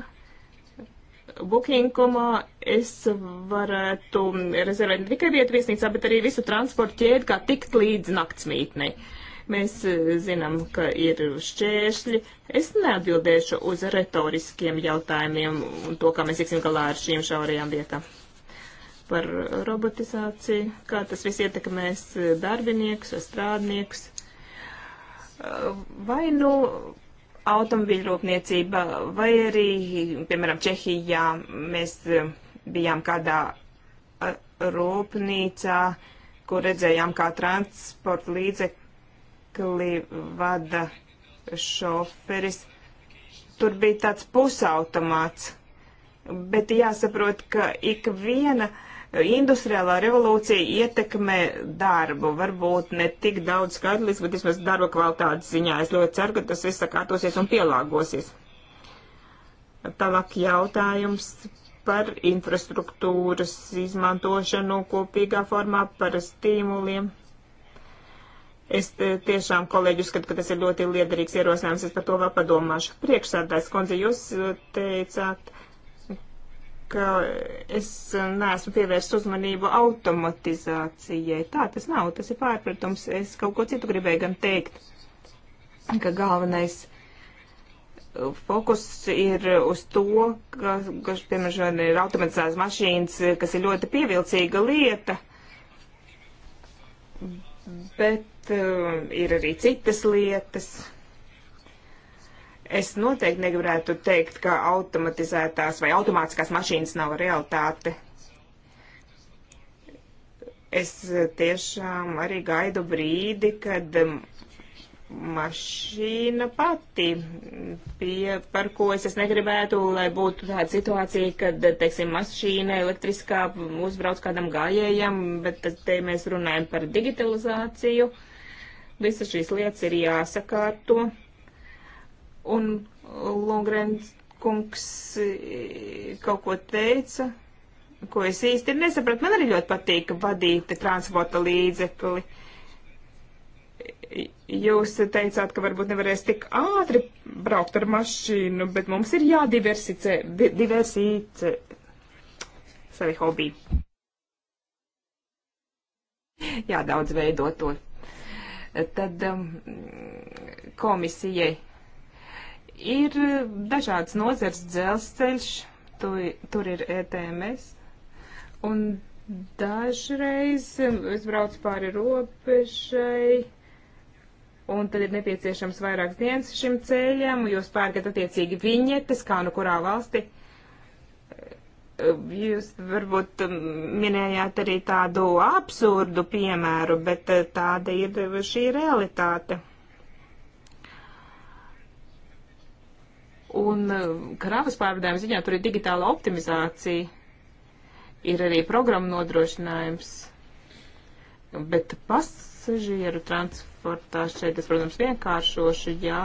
booking.comā es varētu rezervēt ne tikai vietu viesnīcā, bet arī visu transportu ķēdi, kā tikt līdz naktsmītnei. Mēs e, zinām, ka ir šķēršļi. Es neatbildēšu uz retoriskiem jautājumiem un to, kā mēs tiksim galā ar šīm šaurajām vietām par robotizāciju, kā tas viss ietekmēs darbiniekus vai strādniekus. Vai nu automobīļrūpniecība, vai arī, piemēram, Čehijā mēs bijām kādā rūpnīcā, kur redzējām, kā transporta līdzekli vada šoferis. Tur bija tāds pusautomāts, bet jāsaprot, ka ik viena uh, industriālā revolūcija ietekmē darbu. Varbūt ne tik daudz skaidrs, bet vismaz darba kvalitātes ziņā. Es ļoti ceru, ka tas viss sakārtosies un pielāgosies. Tālāk jautājums par infrastruktūras izmantošanu kopīgā formā, par stīmuliem. Es tiešām kolēģi uzskatu, ka tas ir ļoti liederīgs ierosinājums, es par to vēl padomāšu. Priekšsādājs, kundze, jūs eh, teicāt, uh, ka es eh, neesmu pievērst uzmanību automatizācijai. Tā tas nav, tas ir pārpratums. Es kaut ko citu gribēju gan teikt, ka galvenais eh, fokus ir uz to, ka, ka piemēram, ir automatizētas mašīnas, kas ir ļoti pievilcīga lieta, bet uh, ir arī citas lietas Es noteikti negribētu teikt, ka automatizētās vai automātiskās mašīnas nav realitāte. Es tiešām arī gaidu brīdi, kad mašīna pati, pie, par ko es, es negribētu, lai būtu tāda situācija, kad, teiksim, mašīna elektriskā uzbrauc kādam gājējam, bet te mēs runājam par digitalizāciju. Visas šīs lietas ir jāsakārto. To Un Lungrens kungs eh, kaut ko teica, ko es īsti nesapratu. Man arī ļoti patīk vadīt transporta līdzekli. Jūs teicāt, ka varbūt nevarēs tik ātri braukt ar mašīnu, bet mums ir jādiversificē, diversificē savi hobiju. Jā, daudz veidot to. Tad um, komisijai Ir dažādas nozars dzelzceļš, tur, tur ir ETMS, un dažreiz es braucu pāri robežai, un tad ir nepieciešams vairākas dienas šim ceļam, jūs pārgat attiecīgi viņetes, kā nu kurā valsti. Jūs varbūt um, minējāt arī tādu absurdu piemēru, bet uh, tāda ir šī realitāte. Un e, kravas pārvadājuma ziņā tur ir digitāla optimizācija, ir arī programma nodrošinājums, bet pasažieru transportā šeit es, protams, vienkāršošu, jā,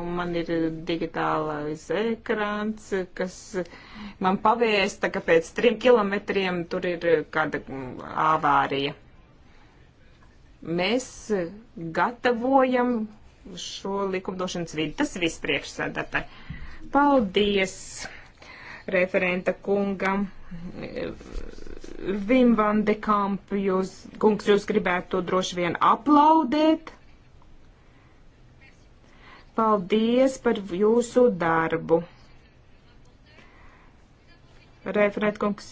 un man ir digitālais ekrāns, kas man pavēsta, ka pēc trim kilometriem tur ir kāda mm, avārija. Mēs gatavojam šo likumdošanas vidi. Tas viss priekšsēdētāji. Paldies referenta kungam. Vim van de Kamp, jūs, kungs, jūs gribētu droši vien aplaudēt. Paldies par jūsu darbu. Referēt kungs,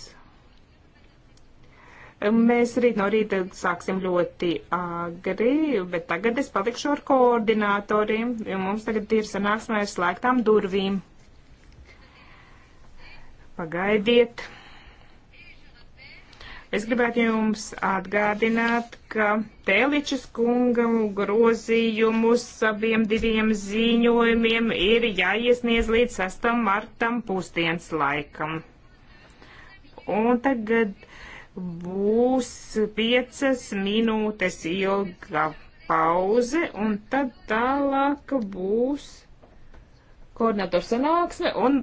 Mēs rīt no rīta sāksim ļoti agri, bet tagad es palikšu ar koordinatoriem, jo mums tagad ir sanāksmē ar slēgtām durvīm. Pagaidiet. Es gribētu jums atgādināt, ka Tēličas kungam grozījumus abiem diviem ziņojumiem ir jāiesniedz līdz 6. martam pusdienas laikam. Un tagad būs piecas minūtes ilga pauze, un tad tālāk būs koordinators sanāksme un